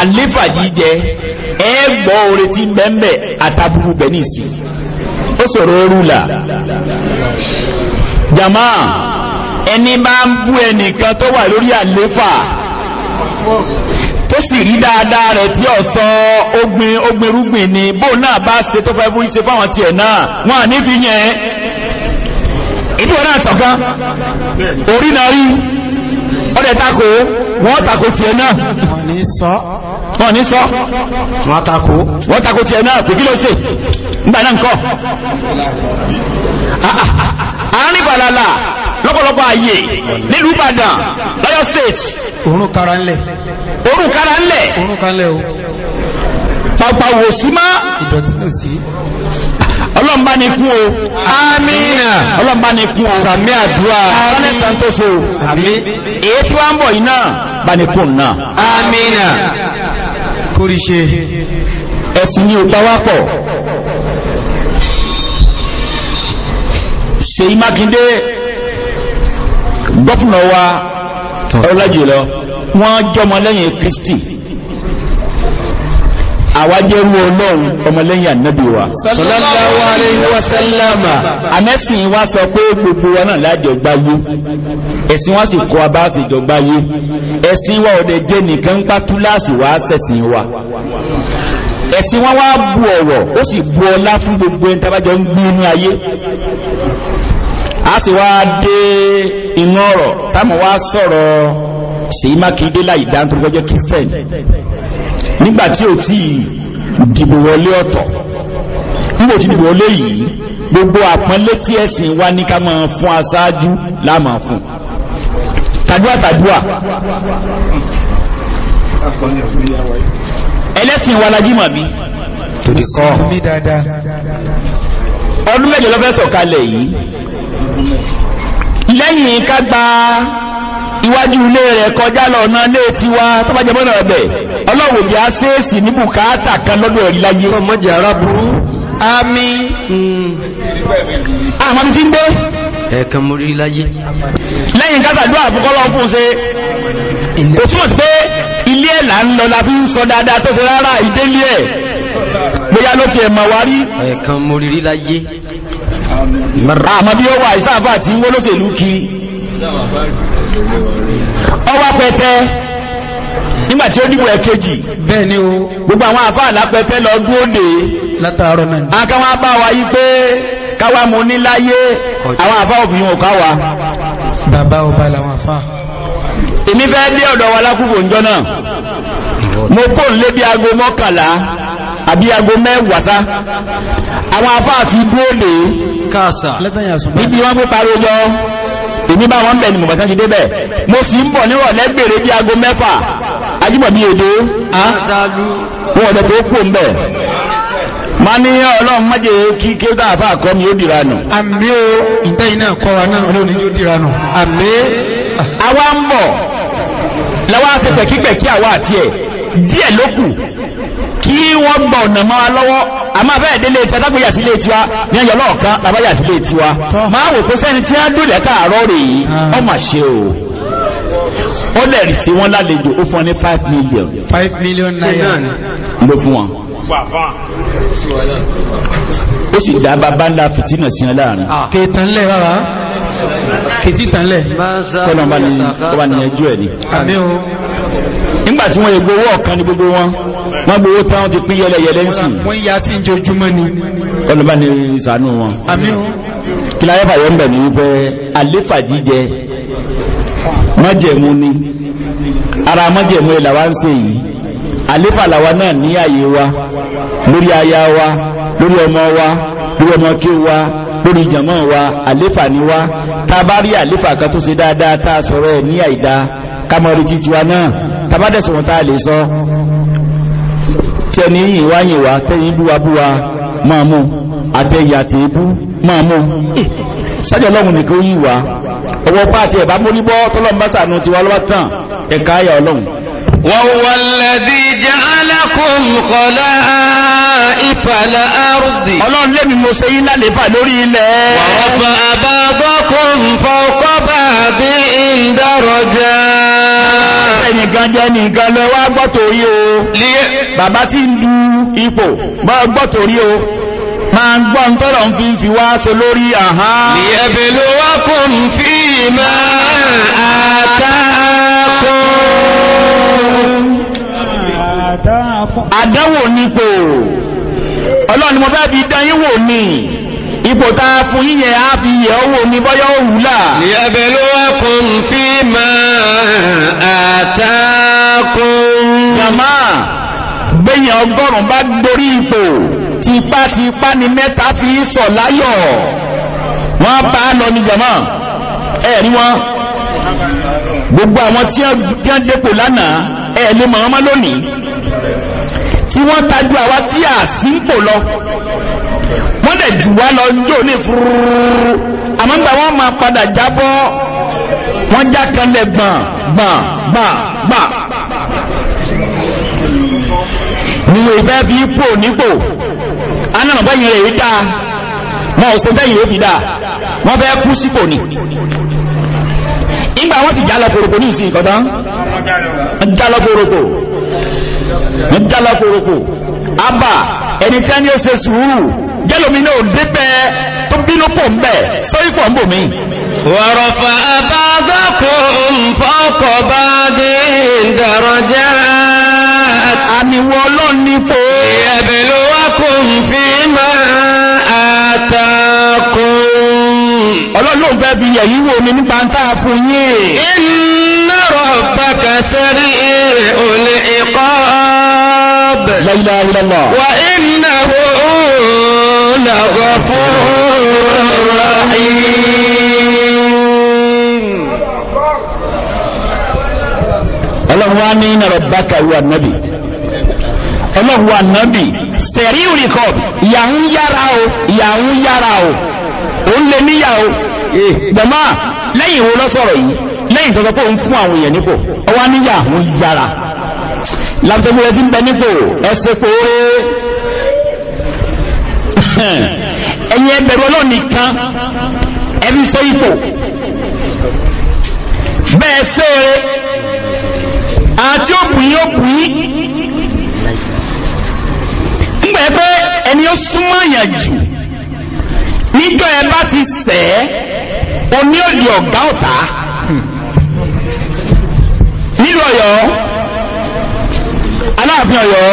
àléfà jíjẹ ẹ gbọ́ oore tí bẹ́ńbẹ́ àtàbùkù bẹ̀ ní ìsìn ó sọ̀rọ̀ orúlà jama ẹni bá ń bú ẹnìkan tó wà lórí àléfà tó sì rí dáadáa rẹ̀ tí ọ̀sọ́ ogbin ogbinrúgbìn ni bó náà bá se tó fẹ́ bú ṣe fáwọn tiẹ̀ náà wọ́n à yẹn ìlú ọ̀nà àtọ̀kan orí náà rí ọdẹ tako wọ́n tako tiẹ̀ náà wọ́n ní sọ wọ́n tako wọ́n tako náà pè kí ló ṣe nígbà náà àárín bàlálà lọ́pọ̀lọpọ̀ ayé nílùú Ìbàdàn lọ́yọ́ state òórùn kara ńlẹ̀ òórùn kara ńlẹ̀ òórùn kara ńlẹ̀ o pàpà wò sí má ìdọ̀tí náà sí ọlọ́mbá ní kún o amínà ọlọ́mbá ní kún o sàmì àdúrà sàmì sàntóso àmì èyí tí wá ń bọ̀ iná bá ní kún náà amínà kóríṣe ẹ̀sìn ní ọgbà wápọ̀ Ṣèyí Mákindé gọ́fúnà wa ọlọ́jùlọ wọ́n jọmọ lẹ́yìn Kristi àwájẹ́rú ọlọ́run ọmọlẹ́yìn ànábì wa sallallahu alayhi wa sallama àmẹ́sìn wa sọ pé gbogbo wa náà lájọ gbáyé ẹ̀sìn wa sì kọ́ abáàsì jọ gbáyé ẹ̀sìn wa ọ̀dẹ̀ jẹ́ nìkan ń pátú láàsì wa sẹ̀sìn wa ẹ̀sìn wa wá bu ọ̀rọ̀ ó sì bu ọlá fún gbogbo ẹni tábàjọ ń gbé inú ayé a sì wá dé inú ọ̀rọ̀ táwọn wá sọ̀rọ̀ Ṣèyí Mákindé láì dá nítorí wọ́n jẹ́ Christian nígbà tí ò tí dìbò wọlé ọ̀tọ̀ nígbà tí dìbò wọlé yìí gbogbo àpọ́nlé tí ẹ̀sìn wa ní ká máa fún aṣáájú láàmà fún tàdúà tàdúà ẹlẹ́sìn wa ọdún mẹ́jọ lọ́fẹ́ sọ̀kalẹ̀ yìí lẹ́yìn ká gba iwájú ilé rẹ̀ kọjá lọ́nà lé tiwa tó bá jẹmọ́nà ọ̀bẹ̀ ọlọ́wọ̀ yà sẹ́ẹ̀sì ní bùkátà kan lọ́dọ̀ ẹ̀rí láyé ọmọjà ara burú àmì àmàbí tí ń dé ẹ̀kan mórí láyé lẹ́yìn kátàdúrà fúkọ́lọ́ fún ṣe kò túnmọ̀ sí pé ilé ẹ̀là ń lọ la fi ń sọ dáadáa tó ṣe rárá ìdélé ẹ̀ bóyá ló ti ẹ̀mà wárí ẹ̀kan mórí láyé àmọ́ bí ó wà ìsáàfà tí wọ́n lóṣèlú kí ọwá pẹtẹ nígbà tí ó dìbò ẹ̀kejì bẹ́ẹ̀ ni o gbogbo àwọn àfáà lápẹtẹ lọ dúó látàárọ̀ náà akáwọn bá wa yí pé káwa mú ní láyé àwọn àfáà òfin wọn káwa bàbá ọba làwọn àfáà èmi fẹ́ dé ọ̀dọ̀ wa lákùfò ń jọ náà mo kò ń lé bí aago mọ́kànlá àbí ago mẹ́wàsá àwọn afá àti ibú òlè níbi wọ́n gbé parí ọjọ́ èmi bá wọ́n bẹ̀ ni mọ̀bàtán ti débẹ̀ mo sì ń bọ̀ níwọ̀ lẹ́gbèrè bí ago mẹ́fà ajímọ̀bí èdè wọn ọ̀dọ̀ tó kú ń bẹ̀ ma ní ọlọ́run kí kí ó kọ́ ó dìra nù àmì ó iná kọ́ tí wọ́n gbà ọ̀nà máa lọ́wọ́ a máa bẹ́ẹ̀ délé tí a dágbéyà sílé tiwa ní ẹyọ lọ́ọ̀kan tàbáyà sílé tiwa máa wò pé sẹ́ni tí a dúlẹ̀ tààrọ́ rè yìí ọ ah. mà ṣe o ó lẹ̀rì sí wọn lálejò ó fún wọn ní five million. five million naira ló fún wọn. ó sì dá bàbá ńlá fìtínà sí wọn láàrin. Ah. kètàn lẹ rárá kètì tàn lẹ. kọ́nà bá ní ẹjọ́ ẹ̀ ni. àmì o nígbà tí wọ́n egbówó ọ̀kan ní gbogbo wọn wọ́n gbówó tí wọ́n ti pín yẹlẹyẹlẹ ń sìn wọ́n yá sí ìjọjúmọ́ ni ọlọ́bá ni ìsànú wọn kí láyé ń bẹ̀ ní wípé àléfà jíjẹ májẹ̀mú ni ara májẹ̀mú ilà wa ń ṣe yìí àléfà làwa náà ní àyè wa lórí aya wa lórí ọmọ wa lórí ọmọ kí wa lórí ìjàmọ́ wa àléfà ni wa tá a bá rí àléfà kan tó ṣe dáadáa tá a sọ̀rọ̀ ẹ̀ ní àìda kámọ́rí títí wa náà tàbádẹ̀sùn wọn táà lè sọ tẹni ìwáyìnwá tẹni búwabúwa máa mú àtẹyà àti máa mú sájọ ọlọ́run nìkan ó yìnwá ọwọ́ pàtí ẹ̀bá móríbọ́ tọ́lọ́mbásánú ti wá lọ́wọ́ tán ẹ̀ka ayà ọlọ́run وهو الذي جعلكم خلائف الأرض ọlọ́run lẹ́mi mo ṣe yín lálẹ́fà lórí ilẹ̀ ورفع بعضكم فوق بعض درجات ẹnìkan jẹ́ nìkan lẹ wá o bàbá tí ń du ipò mọ́ gbọ́tòrí o ma ń gbọ́n tọ́rọ ń fi ń fi wá so lórí àhá ẹ̀bẹ̀ ló wá kún máa àtàkùn àdánwò nípò bá fi ipò ta fún yíyẹ á fi yẹ ọwọ́ mi bọ́yọ́ òwúlà lẹ́bẹ̀ ló wá kún fí máa àtàkùn jama gbẹ̀yìn ọgọ́rùn bá gborí ipò tipátipá ni mẹ́ta fi sọ láyọ̀ wọ́n bá lọ ní jama ẹ̀rí wọn gbogbo àwọn tí wọ́n dépò lánàá ẹ̀ lè mọ̀ wọn lónìí tí wọ́n tajú àwa tí a sí ń pò lọ wọ́n dẹ̀ jù wá lọ jò ní fúrúrú àmọ́ nígbà wọ́n máa padà jábọ́ wọ́n já kanlẹ̀ gbọ̀n gbọ̀n gbọ̀n gbọ̀n ni ìfẹ́ fi pò nípò anàmọ̀bọ́ yìí rẹ̀ dá wọn ò ṣe bẹ́yìn ló fi dá wọ́n fẹ́ kú sípò ni ìgbà wọ́n sì jálọ koroko ní ìsìn ìkọ̀dán jálọ koroko jálọ koroko abba ẹni tí a ní ó ṣe sùúrù jẹ́lómi náà débẹ̀ tó bínú pọ̀ ń bẹ̀ sọ́yí pọ̀ ń bò mí wọ̀rọ̀fà àbágbàkùn fọ́kọ̀ bá dé ìdàrọjá àmìwọ̀ ọlọ́n nípo fi máa àtàkùn ọlọ́lọ́n fẹ́ fi yẹ̀ yíwò mi nípa ń tàà fún yìí ìnárọ̀ pàkàsẹ́rí olè ìkọ́ la ilaha illallah wa innahu la ghafurur rahim ọlọ́run wá ní ìnàrọ̀ bákà wà nábì ọlọ́run wà nábì sẹ̀rí ìrìkọ̀ ìyàwó yára o ìyàwó yára o òun lè níyàwó gbẹ̀má eh. lẹ́yìn wo lọ́sọ̀rọ̀ yìí lẹ́yìn tọ́tọ́ pé òun fún àwọn èèyàn nípò ọwá níyàwó yára lábẹ́gbẹ́rẹ́ tí ń bẹ nípò ẹsẹ̀ fòóré ẹ̀yìn ẹgbẹ̀rún ọlọ́run nìkan ẹbí sọ ipò bẹ́ẹ̀ sóore àti òpùyí òpùyí ńgbẹ̀ pé ẹni ó súnmọ́ àyàn jù níjọ́ ẹ bá ti sẹ̀ ẹ́ oní òdì ọ̀gá ọ̀tá nílùú ọ̀yọ́ aláàfin ọ̀yọ́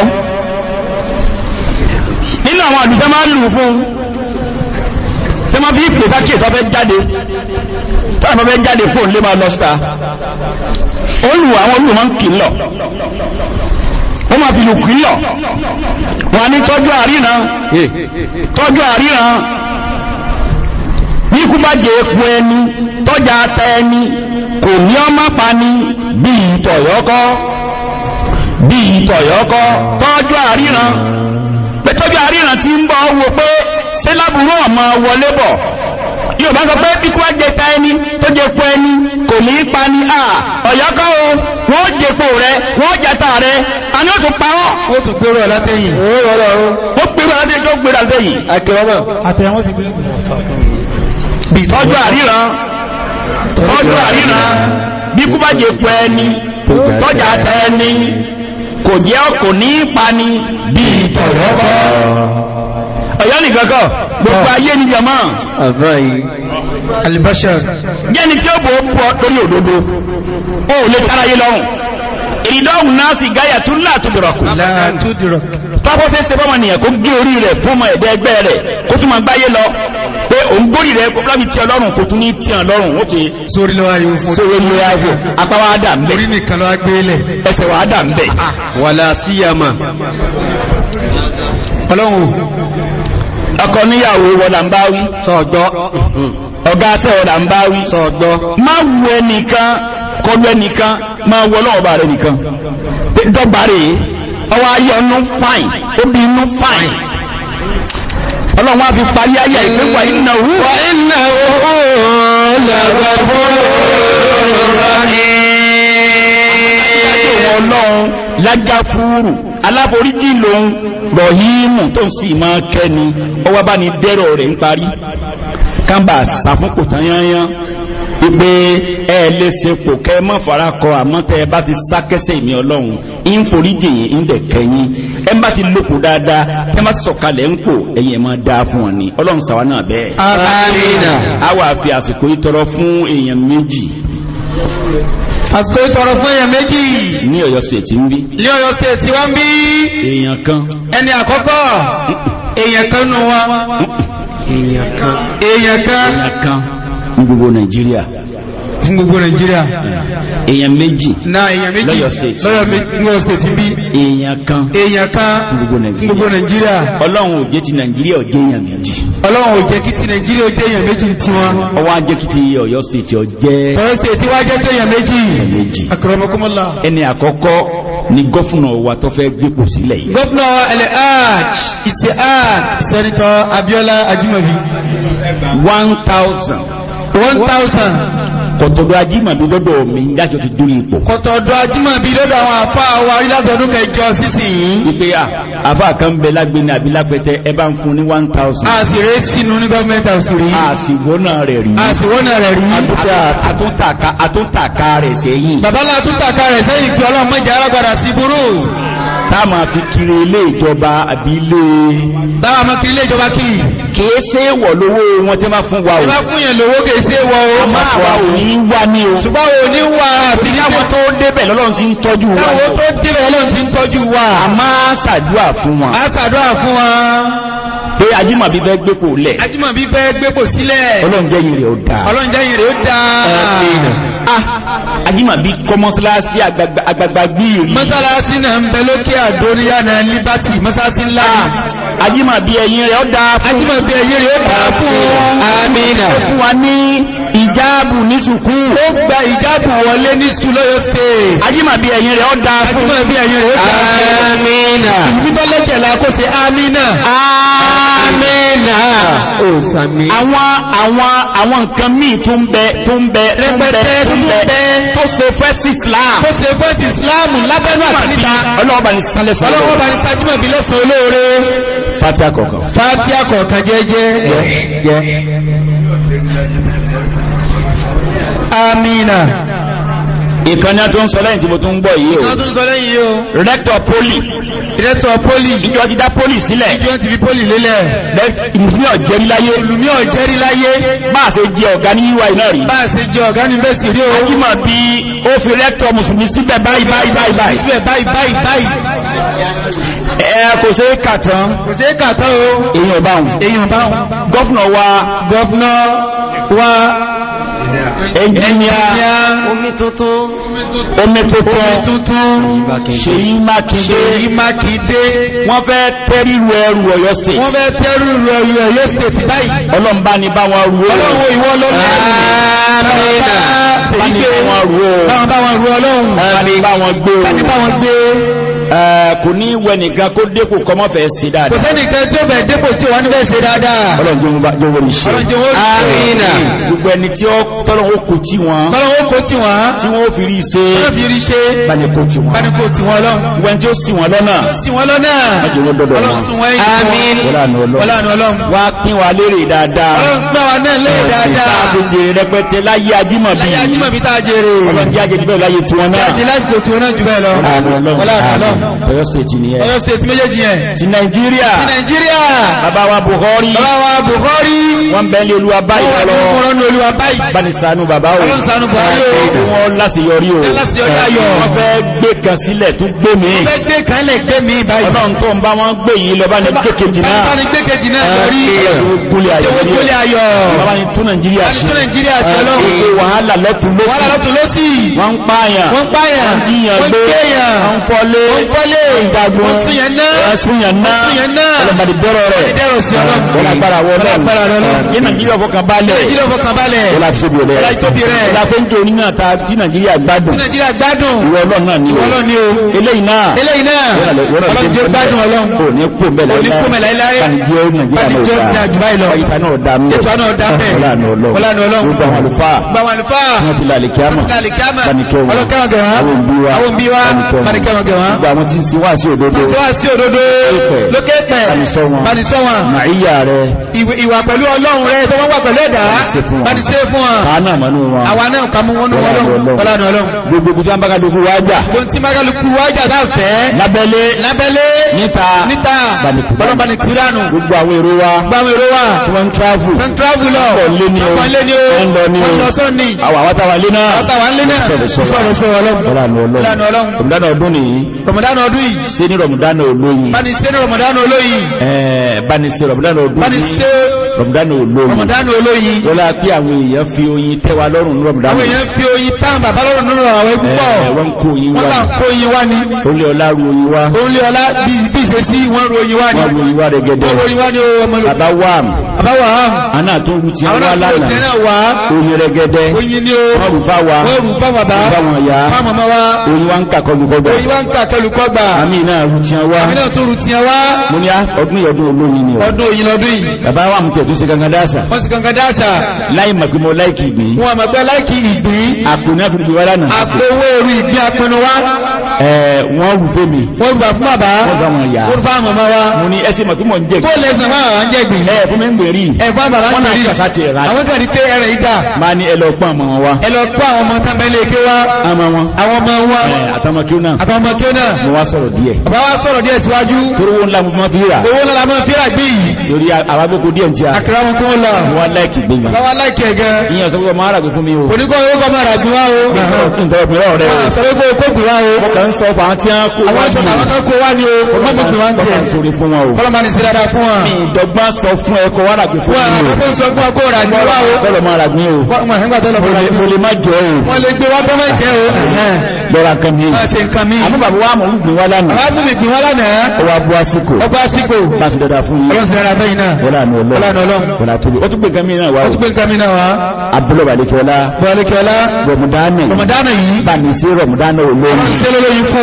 nínú àwọn àdúgbò máa ń lù fún tí wọ́n fi pè sákìyè tó fẹ́ jáde tó fẹ́ jáde pò ń lé máa lọ síta olù àwọn olù máa ń kì lọ wọ́n máa fi lù lọ wọ́n ní tọ́jú àríra tọ́jú àríra ní bá jẹ epo ẹni tọ́jà ata ẹni kò ní ọmọ pa ni bí ìtọ̀yọ́kọ́ bí ìkọ̀yọ́kọ́ tọ́jú àríran pé tọ́jú àríran ti ń bọ́ wo pé ṣé láburú ọmọ wọlé bọ̀ yóò bá sọ pé bíkú wá ẹni tó jẹpo ẹni kò ní pa ni à ọ̀yọ́kọ́ o wọ́n jẹpo rẹ wọ́n jẹta rẹ a ní ó tún pa ọ́. ó tún gbèrò látẹ̀yìn. ó rọrọ o. ó gbèrò látẹ̀yìn tó gbèrò látẹ̀yìn. àtẹ̀wọ́mọ̀. àtẹ̀wọ́mọ̀ ti gbé. bí tọ́jú àríran tọ́jú àríran bíkú bá jẹpo ẹni tọ́jà tẹ ẹni kò jẹ́ ọkọ̀ ní ìpani bí ìtọ̀rọ̀ bọ́ ọ̀yọ́ nìkan kọ́ gbogbo ayé ni jọmọ́ alibashar jẹ́ni tí ó bò ó pọ̀ lórí òdodo ó lè tara yé lọ́rùn ìrìdọ́hùn náà sì gáyà tún láàtúndìrọ̀kù láàtúndìrọ̀kù pápọ́sẹ̀ ṣe bọ́mọ nìyàn kó gé orí rẹ̀ fún ọmọ ẹ̀dẹ́ ẹgbẹ́ rẹ̀ kó tún máa gbáyé lọ pé òun gbórí rẹ̀ kó lábi tí ọlọ́run kò tún ní tí ọlọ́run ó ti sórí lọ́wọ́ ayé fún sórí ayé apá wa dà nìkan wa dà ọlọ́run ọkọ níyàwó wọ̀dà ń bá wí sọ̀gbọ́ ọ̀gá sẹ́ wọ̀dà ń bá wí sọ̀gbọ́ má wù ẹnìkan kọlu ẹnìkan má wọlọ́ọ̀bà rẹ̀ nìkan rèé ọwọ́ ayé ọnú fáìn obì inú fáìn ọlọ́run wá fi parí ayé ìpínpà iná wú wà iná owó lẹ́rọ fúrúrú rẹ̀ ọlọ́run lájá fúrúrú aláforíjì lòun rọ̀híìmù tó ń sì máa kẹni ọwọ́ bá ní dẹ́rọ̀ rẹ̀ ń parí kánbà sàfúnkù tán yányán wípé ẹ lè ṣe pò kẹ mọ́ farakọ àmọ́ tẹ ẹ bá ti sá kẹsẹ̀ mi ọlọ́run ń foríjì yìí ń dẹ̀ kẹyìn ẹ bá ti lòpò dáadáa tẹ bá ti sọ̀kalẹ̀ ń pò ẹ̀yìn ẹ̀ máa dáa fún wọn ni ọlọ́run sàwọn náà bẹ́ẹ̀. àwa fi àsìkò yìí tọrọ fún èèyàn méjì àsìkò ìtọrọ fún èèyàn méjì ní Ọ̀yọ́ state ń bí ní Ọ̀yọ́ state wá ń bí èèyàn kan ẹni àkọ́kọ́ èèyàn kan nù wá èèyàn kan èèyàn kan ní gbogbo Nàìjíríà fún gbogbo Nigeria èèyàn méjì lọ́yọ̀ state lọ́yọ̀ state bí èèyàn kan èèyàn kan fún gbogbo Nigeria ọlọ́run ò ti Nigeria ò jẹ́ èèyàn méjì ọlọ́run ò kí ti Nigeria ò jẹ́ èèyàn méjì tí wọn ọwọ́ ajẹ́ kí ti Ọ̀yọ́ state ò jẹ́ Ọ̀yọ́ state wá jẹ́ tó èèyàn méjì akọrọmọkọmọlá ẹni àkọ́kọ́ ni gọ́fúnà wa tó fẹ́ gbépò sílẹ̀ yìí gọ́fúnà alhaj isiaq sẹ́nitọ́ One thousand. 1000 1000 kọ̀tọ̀dọ̀ ajímọ̀bí lọ́dọ̀ mi dájọ́ ti dórí ipò kọ̀tọ̀dọ̀ ajímọ̀bí lọ́dọ̀ àwọn àfá wa rí látọ̀dún kẹjọ sísì yìí wípé àfá kan bẹ lágbé ní àbí lápẹtẹ ẹ bá ń fún ní 1000 àṣìrẹ́ sínú ní gọ́ọ̀mẹ́ntà òṣìrí àṣìwọ́nà rẹ̀ rí àṣìwọ́nà rẹ̀ rí àtúntàká rẹ̀ sẹ́yìn babalá àtúntàká rẹ̀ táàmà fi kiri ilé ìjọba àbí ilé táàmà kiri ilé ìjọba kí kìí ṣe wọ̀ lówó wọn tí wọ́n fún wa o wọ́n fún yẹn lówó kìí ṣe wọ o àmàwà ò ní wá ní o ṣùgbọ́n ò ní wá sí ní àwọn tó débẹ̀ lọ́lọ́run ti ń tọ́jú wa táwọn tó débẹ̀ lọ́lọ́run ti ń tọ́jú wa a máa ṣàdúà fún wa a ṣàdúà fún wa pé ajímọ̀bí fẹ́ gbépò lẹ̀ ajímọ̀bí fẹ́ gbépò sílẹ̀ ọlọ́njẹ́yìn rẹ̀ ó dáa ọlọ́njẹ́yìn rẹ̀ ó dáa ah, ajímọ̀bí kọ́ mọ́sálásí àgbàgbà gbìyìrì mọ́sálásí náà ń bẹ lókè àdóríyá náà líbátì mọ́sálásí ńlá ah, ajímọ̀bí ẹ̀yìn rẹ̀ ó dáa fún ajímọ̀bí ẹ̀yìn rẹ̀ ó dáa fún amina fún wa ní ìjáàbù ní sùkú ó gba ìjáàbù wọlé ní sùlọ́yọ̀ state ajímọ̀bí ẹ̀yìn rẹ̀ ó dáa fún ajímọ̀bí ẹ̀yìn rẹ̀ ó dáa fún amina ìjítọ́lẹ́jẹ̀ la kó ṣe amina. amina. Ah náà àwọn àwọn àwọn nǹkan míì tó ń bẹ tó ń bẹ tó ṣe fẹ́ islam tó ṣe fẹ́ islam lábẹ́nú àti níta ọlọ́wọ́ bá ní sálẹ̀ sálẹ̀ ọlọ́wọ́ ní sájúmọ̀ bí lẹ́sàn olóore fatia kọ̀ọ̀kan fatia kọ̀ọ̀kan jẹ́jẹ́ amina ìkànnì tó ń sọ lẹ́yìn tí mo tún ń gbọ́ yìí o. tó ń sọ lẹ́yìn yìí o. rẹ́tọ̀ poli. rẹ́tọ̀ poli. ìjọ ti dá poli sílẹ̀. ìjọ ti fi poli lélẹ̀. mùsùlùmí ọ̀jẹ́rí láyé. mùsùlùmí ọ̀jẹ́rí láyé. bá a ṣe jẹ ọ̀gá ní UI náà rí. bá a ṣe jẹ ọ̀gá ní bẹ́sì rí o. ó túmọ̀ bí ó fi rẹ́tọ̀ mùsùlùmí síbẹ̀ báyìí báyìí báyìí. síbẹ̀ báyìí báyìí báyìí. ẹ kò ṣe é kà tán. kò ṣe é kà tán o. èèyàn báwọn. èèyàn báwọn. gọ́fúnà wa. gọ́fúnà wa ẹnjìníà omi tuntun omi tuntun Ṣèyí Mákindé Ṣèyí Mákindé wọ́n fẹ́ tẹ́rìrù ẹrù Ọ̀yọ́ state wọ́n fẹ́ tẹ́rìrù ẹrù Ọ̀yọ́ state báyìí ọlọ́mbà ni bá wọn rú ọlọ́wọ́ ìwọ ọlọ́run bá wọn rú ọlọ́run bá wọn gbé Eh, kò ní wẹ nìkan kó dépò kọ́mọ́ fẹ́ ṣe dáadáa. kò sẹ́ni kan tó bẹ̀ dépò tí wọ́n fẹ́ ṣe dáadáa. ọlọ́njọ́ wo ni ṣe. ọlọ́njọ́ wo ni ṣe. amina. gbogbo ẹni tí tọ́lọ́wọ́ kò tí wọ́n. tọ́lọ́wọ́ kò tí wọ́n. tí wọ́n fi rí ṣe. wọ́n fi rí ṣe. banikó tí wọ́n. banikó tí wọ́n lọ. gbogbo ẹni tí ó sì wọ́n lọ́nà. sì wọ́n lọ́nà. ọjọ́ wọn dọ̀dọ̀ wọn. ọlọ́run sún wọ́n yìí. wọ́n tọ́yọ́ state ni ẹ tọ́yọ́ state méjèèjì yẹn ti nàìjíríà ti nàìjíríà bàbá wa buhari bàbá wa buhari wọ́n bẹ́ẹ̀ ní olúwa báyìí lọ́wọ́ wọ́n wà ní olúwa Baba bá ní sànú bàbá o wọ́n sànú buhari o wọ́n láṣeyọrí o wọ́n fẹ́ gbé kan sílẹ̀ tó gbé mi wọ́n fẹ́ gbé kan lẹ̀ gbé mi báyìí ọlọ́run tó ń bá wọn gbé yìí lọ bá ní gbé kejì náà bá ní gbé kejì náà lórí ìwòkúlẹ̀ ayọ̀ bàbá ní tún nàìjíríà ṣe wàhálà lọ́tún lọ́sì wọ́n ń pààyàn wọ́n ń gbéyàn wọ́n ń fọ́lé fọ́lé ìgbàgbọ́n ọ̀sùnyànná ọlọ́mọdé dọ́rọ̀ rẹ̀ ọlọ́gbàrà wọ́n náà ní nàìjíríà fọkàn balẹ̀ ọlọ́tíṣòbí rẹ̀ ọlọ́fẹ́ntò ní náà ta tí nàìjíríà gbádùn ìwọ ọlọ́run náà ni o eléyìí náà ọlọ́tíjọ́ gbádùn ọlọ́run ní kó mẹ́lẹ̀ láyé nàìjíríà náà dáa ìfà náà dáa mẹ́ ọlọ́run ọlọ́run gbogbo àwọn àlùfáà wọ́n ti lálẹ́ kíámà àwọn tí ń sin wá sí òdodo lókè pẹ̀ banisọ́ wọn màíyà rẹ ìwà pẹ̀lú ọlọ́run rẹ tó wọ́n wà pẹ̀lú ẹ̀dá banisẹ́ fún wọn kàánà mọ́nú wọn àwa náà kà mú wọn ọlọ́run ọlọ́run gbogbo ibi tí wọ́n bá kálukú wájà gbogbo tí bá kálukú wájà tá fẹ́ travel ń travel lọ ọ̀pọ̀ lé ní o ń lọ ní o àwọn àwọn táwa lé náà Ramadan ọdún yìí ṣe ní rọmọdánù olóyin bá ní ṣe ní rọmọdánù olóyin ẹ̀ẹ́ bá ní ṣe rọmọdánù ọdún bá ní ṣe rọmọdánù olóyin Ramadan olóyin wọ́n láà pé àwọn èèyàn fi oyin tẹ́ wa lọ́rùn ní rọmọdánù àwọn èèyàn fi oyin táwọn bàbá lọ́rùn ní rọrùn àwọn ẹgbùpọ̀ wọ́n kó oyin wá wọ́n kó oyin wá ni olè ọlá ru oyin wá olè ọlá bí ìṣe sí wọ́n ru oyin wá ni wọ́n ru oyin wá rẹ̀ gẹ́gẹ́ wọ́n ru oyin wá ni bàbá wà m bàbá wà m àná tó ń tiẹ̀ wá lánàá oyin rẹ̀ gẹ́gẹ́ oyin ni ó wọ́n rù fáwa wọ́n rù fáwa bá kọgbà àmì náà rú ti wá àmì náà tó rú ti wá mo ní ah, ọdún ọdún olóyin ni ọdún oyin lọdún yìí bàbá wa mú tẹ̀tún sí gangan dáàsà wọ́n sí gangan dáàsà láì mọ̀ láìkì ìgbín wọn mọ̀ láìkì ìgbín àpò náà fi gbé wá lánàá àpò owó ẹrú ìgbín apinnu wá wọ́n wù fẹ́ mi wọ́n gbà fún bàbá wọ́n gbà wọn yà wọ́n fà mo ní ẹsẹ̀ mọ̀ kí mọ̀ ń jẹ̀gbìn tó lẹ́sẹ̀ máa wà ń jẹ̀gbìn ẹ fún mi ń gbèrí ẹ fún bàbá wọn náà kàsá ti rà àwọn kan ní pé máa ní ẹlọpọ̀ a àkàrà wọn kó lọ wọn láìkì gbé yìí wọn láìkì ẹgẹ ìyẹn sọ pé ọmọ àràgbé fún mi o oníkọ́ owó kọ́ máa rà gbé wá o ìtọ́jú ìpínlẹ̀ ọ̀rẹ́ o sọ pé kó ń sọ fà tí a kó wá ní ìdọ̀gbọ́n sọ fún ẹkọ̀ wà ràgbé fún ìlú o lè má jẹ́ o wọ́n lè gbé wá tó mẹ́ jẹ́ o lọ́ra kan ní àmú bàbá wa mọ̀ ń gbìn wá lánàá ọwọ́ abú àsìkò láti dọ̀dà fún yìí wọ́lá ní ọlọ́run wọ́lá tóbi ó tún gbé gami náà wá o abúlọ̀ balẹ̀kẹ́ọ́lá rọ̀mùdánà yìí bá ní sí rọ̀mùdánà olóyìn olóyìn kó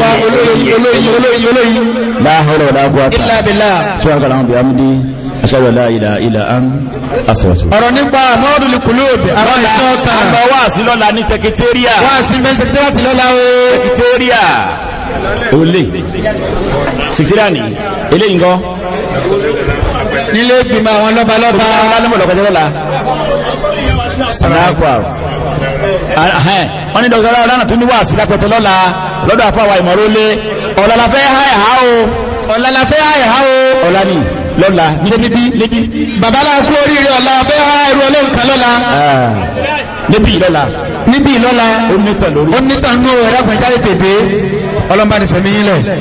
wá olóyìn olóyìn láhọ́rọ̀ ọ̀dágbọ́ àtà ìlàbìlà tó àkàrà àwọn bìyàmú dé ọ̀rọ̀ nípa mọ́ọ̀dùlù kùlóòbì àwọn ìṣọ́ta àgbà wà sí lọ́la ní sẹkẹtẹ́ríà wà sí sẹkẹtẹ́ríà lọ́la o sẹkẹtẹ́ríà olè sẹkẹtẹ́ríà ní eléyìí gan nílé ìgbìmọ̀ àwọn lọ́balọ́ba wọ́n ní dr ọlọ́nà tún níwà sí lápẹ̀tẹ̀ lọ́la lọ́dọ̀ àfáwà ìmọ̀rólé ọ̀làlàfẹ́ àìhá o ọ̀làlàfẹ́ àìhá o ọ̀là ní lọ́la níbi níbi babalá kú oríire ọ̀làlàfẹ́ àìrú ọlọ́nkan lọ́la níbi lọ́la níbi lọ́la ó nítàn lórí ó nítàn lórí ẹ̀rọ